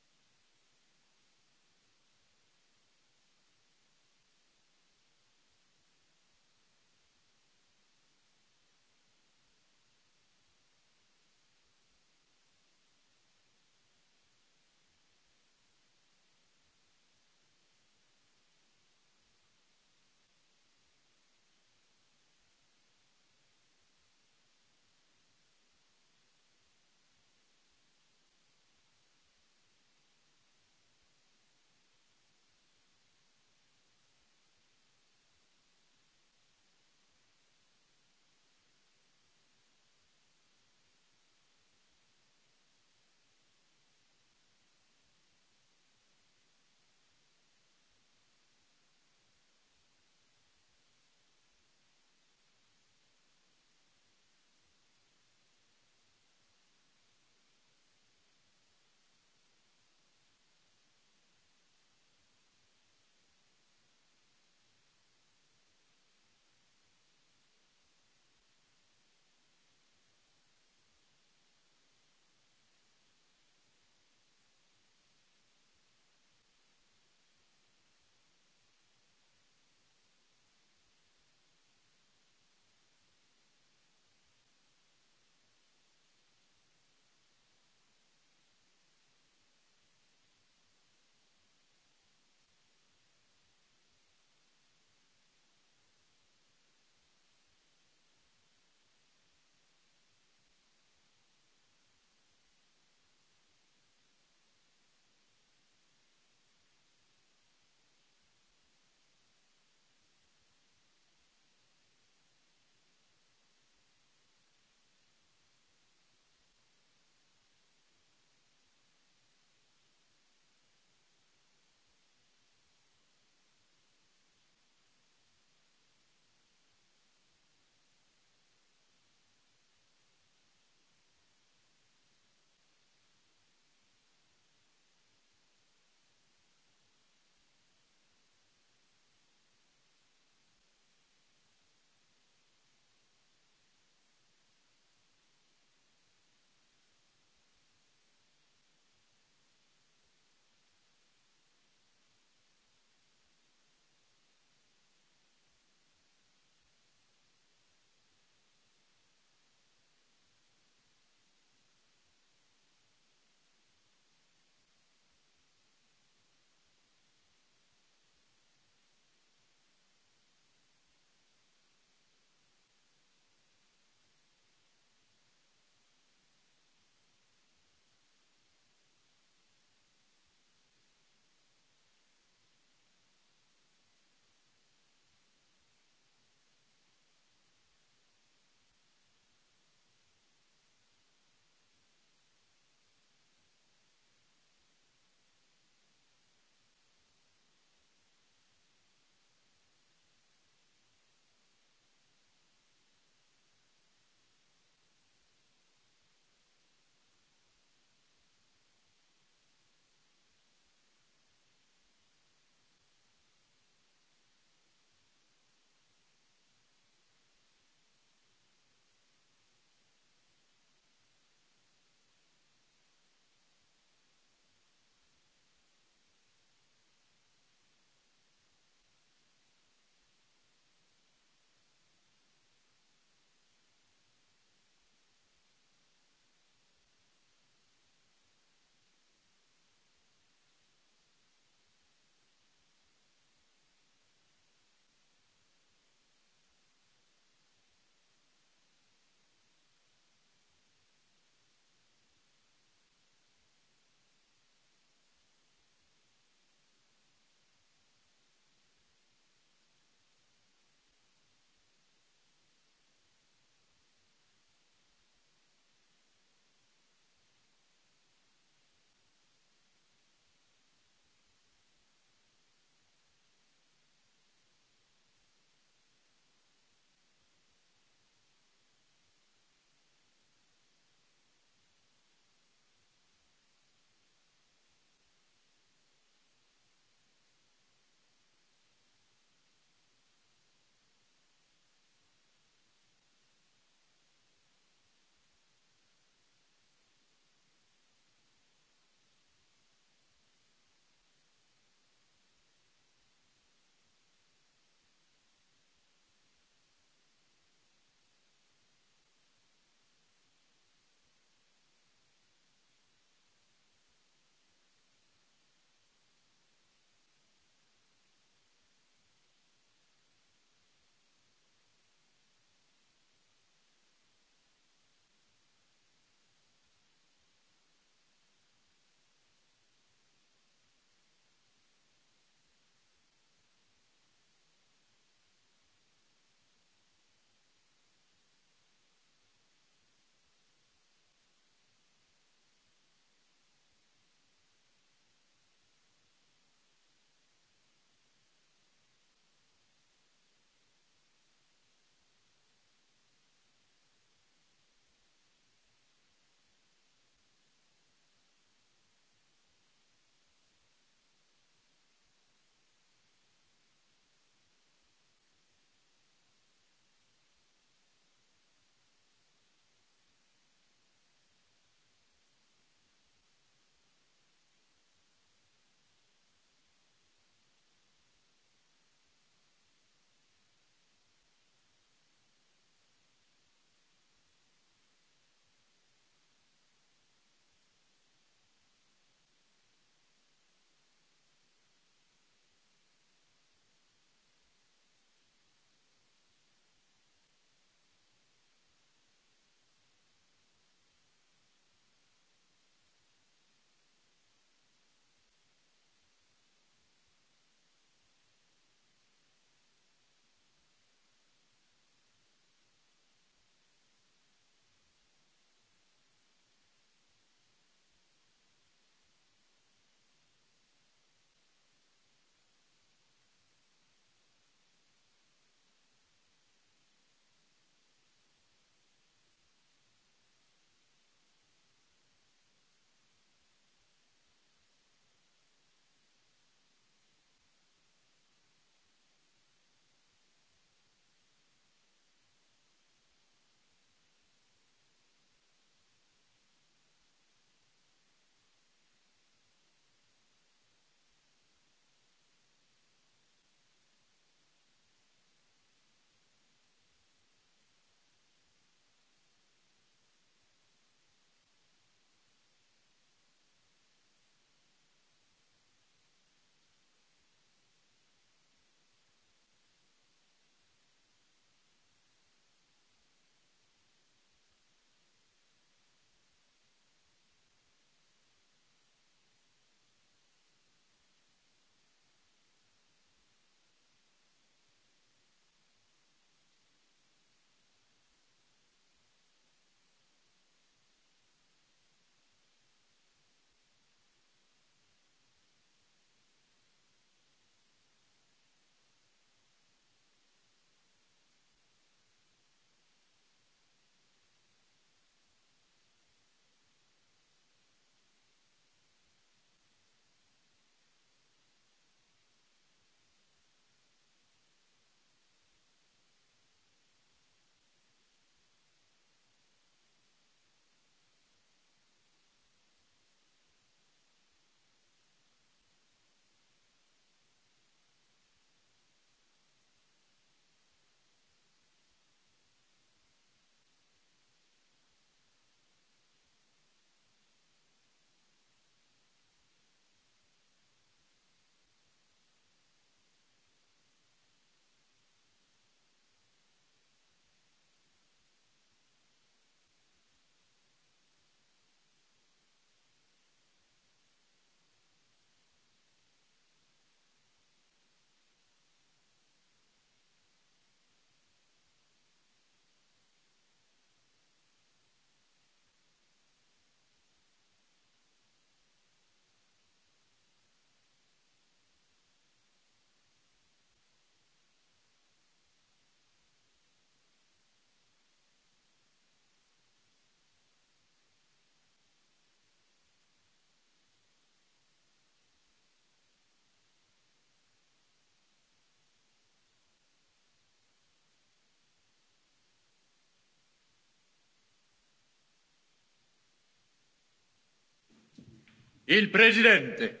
il presidente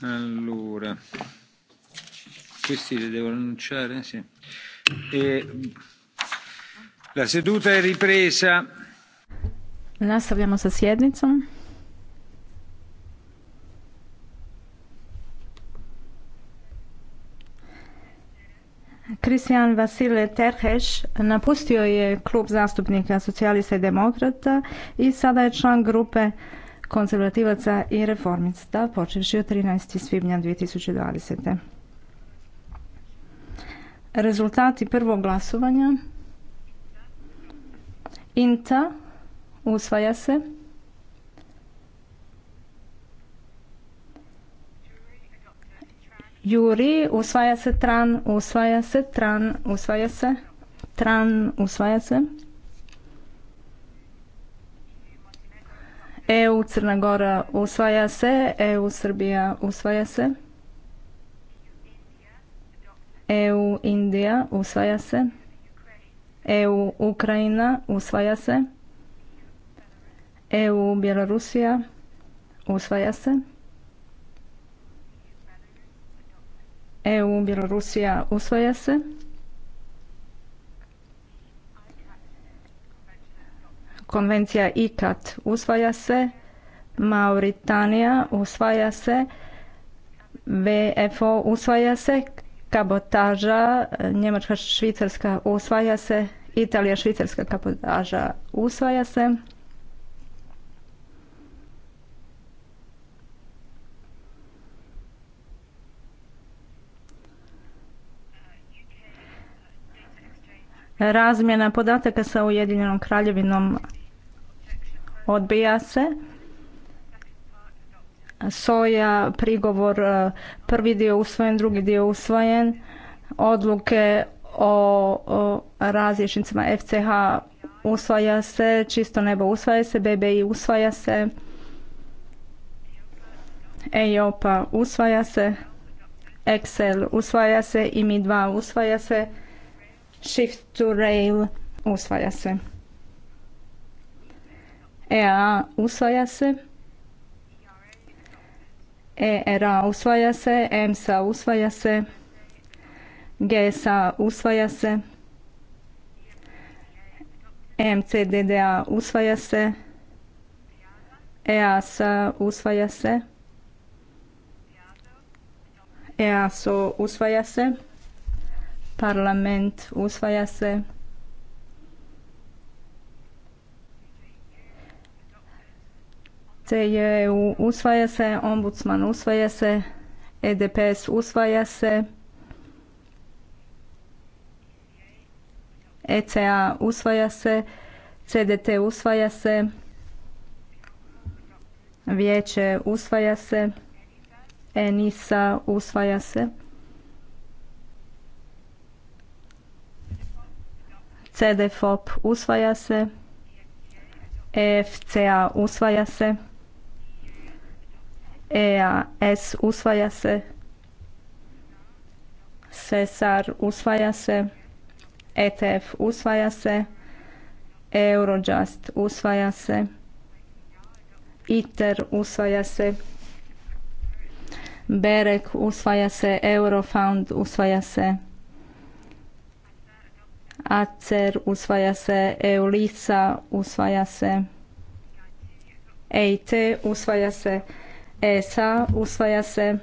allora questi li devo annunciare sì. E, la seduta è ripresa nastavljamo sa sjednicom Sebastian Vasile Terheš napustio je klub zastupnika socijalista i demokrata i sada je član grupe konzervativaca i reformista počevši od 13. svibnja 2020. Rezultati prvog glasovanja INTA usvaja se Juri, usvaja se tran, usvaja se tran, usvaja se tran, usvaja se. EU Crna Gora usvaja se, EU Srbija usvaja se. EU Indija usvaja se. EU Ukrajina usvaja se. EU Bjelorusija usvaja se. EU Bjelorusija usvaja se. Konvencija ICAT usvaja se. Mauritanija usvaja se. VFO usvaja se. Kabotaža Njemačka Švicarska usvaja se. Italija Švicarska kabotaža usvaja se. Razmjena podataka sa Ujedinjenom kraljevinom odbija se. Soja, prigovor, e, prvi dio usvojen, drugi dio usvojen. Odluke o, o FCH usvaja se, čisto nebo usvaja se, BBI usvaja se, EIOPA usvaja se, Excel usvaja se i Mi2 usvaja se. Shift to Rail usvaja se. EA usvaja se. ERA usvaja se. EMSA usvaja se. GSA usvaja se. E MCDDA usvaja se. EASA usvaja se. EASO usvaja se parlament usvaja se. cjeu usvaja se, ombudsman usvaja se, EDPS usvaja se, ECA usvaja se, CDT usvaja se, Vijeće usvaja se, ENISA usvaja se. CDFOP usvaja se, EFCA usvaja se, EAS usvaja se, SESAR usvaja se, ETF usvaja se, e Eurojust usvaja se, ITER usvaja se, BEREK usvaja se, e Eurofound usvaja se, ACER, usvaja se EULISA, usvaja se EIT, usvaja se ESA, usvaja se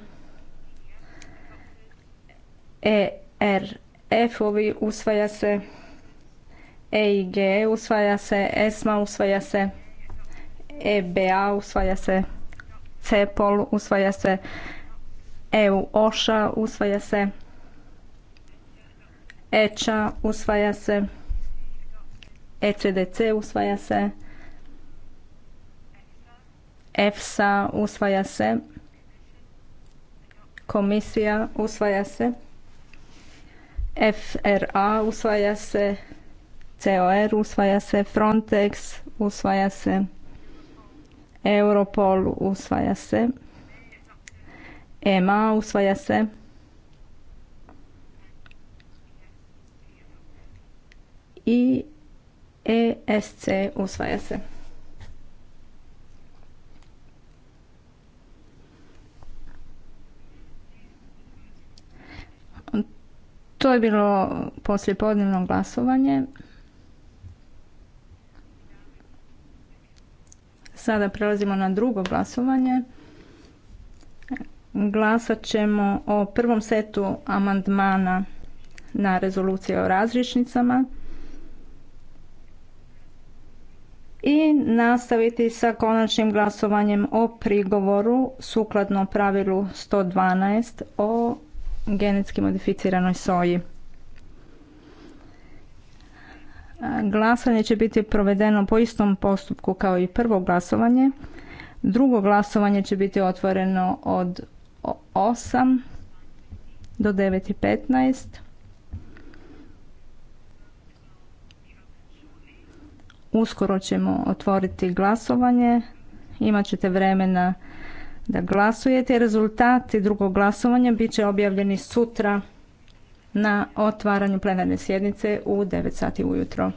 ERF-ovi, usvaja se EIG, usvaja se ESMA, usvaja se EBA, usvaja se CEPOL, usvaja se EU OŠA, usvaja se EČA usvaja se, ECDC usvaja se, EFSA usvaja se, komisija usvaja se, FRA usvaja se, COR usvaja se, Frontex usvaja se, Europol usvaja se, EMA usvaja se, i ESC usvaja se. To je bilo poslijepodnevno glasovanje. Sada prelazimo na drugo glasovanje. Glasat ćemo o prvom setu amandmana na rezolucije o razrišnicama. i nastaviti sa konačnim glasovanjem o prigovoru sukladno pravilu 112 o genetski modificiranoj soji. Glasanje će biti provedeno po istom postupku kao i prvo glasovanje. Drugo glasovanje će biti otvoreno od 8 do 9.15 Uskoro ćemo otvoriti glasovanje. Imat ćete vremena da glasujete. Rezultati drugog glasovanja bit će objavljeni sutra na otvaranju plenarne sjednice u 9 sati ujutro.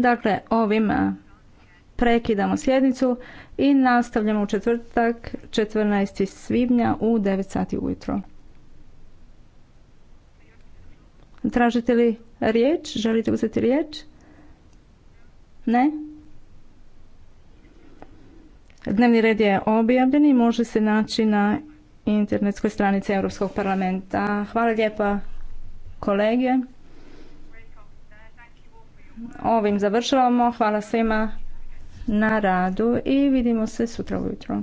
Dakle, ovim e, prekidamo sjednicu i nastavljamo u četvrtak 14. svibnja u 9 sati ujutro. Tražite li riječ? Želite uzeti riječ? Ne? Dnevni red je objavljen i može se naći na internetskoj stranici Europskog parlamenta. Hvala lijepa kolege ovim završavamo. Hvala svima na radu i vidimo se sutra ujutro.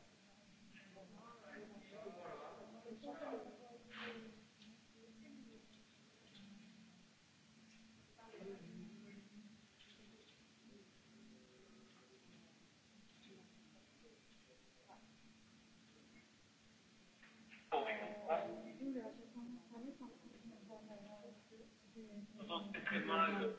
Pardon,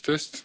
test.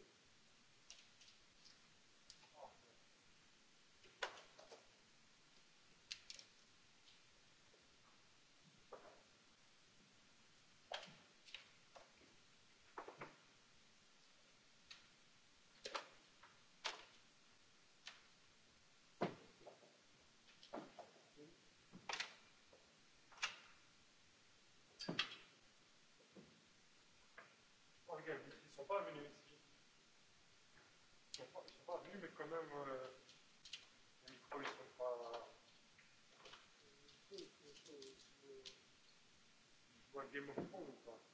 regarde, Ils sont pas venus ici. Ils sont pas, sont pas venus, mais quand même, euh, les micros, ils sont pas. Ils jouent à Game of Thrones ou pas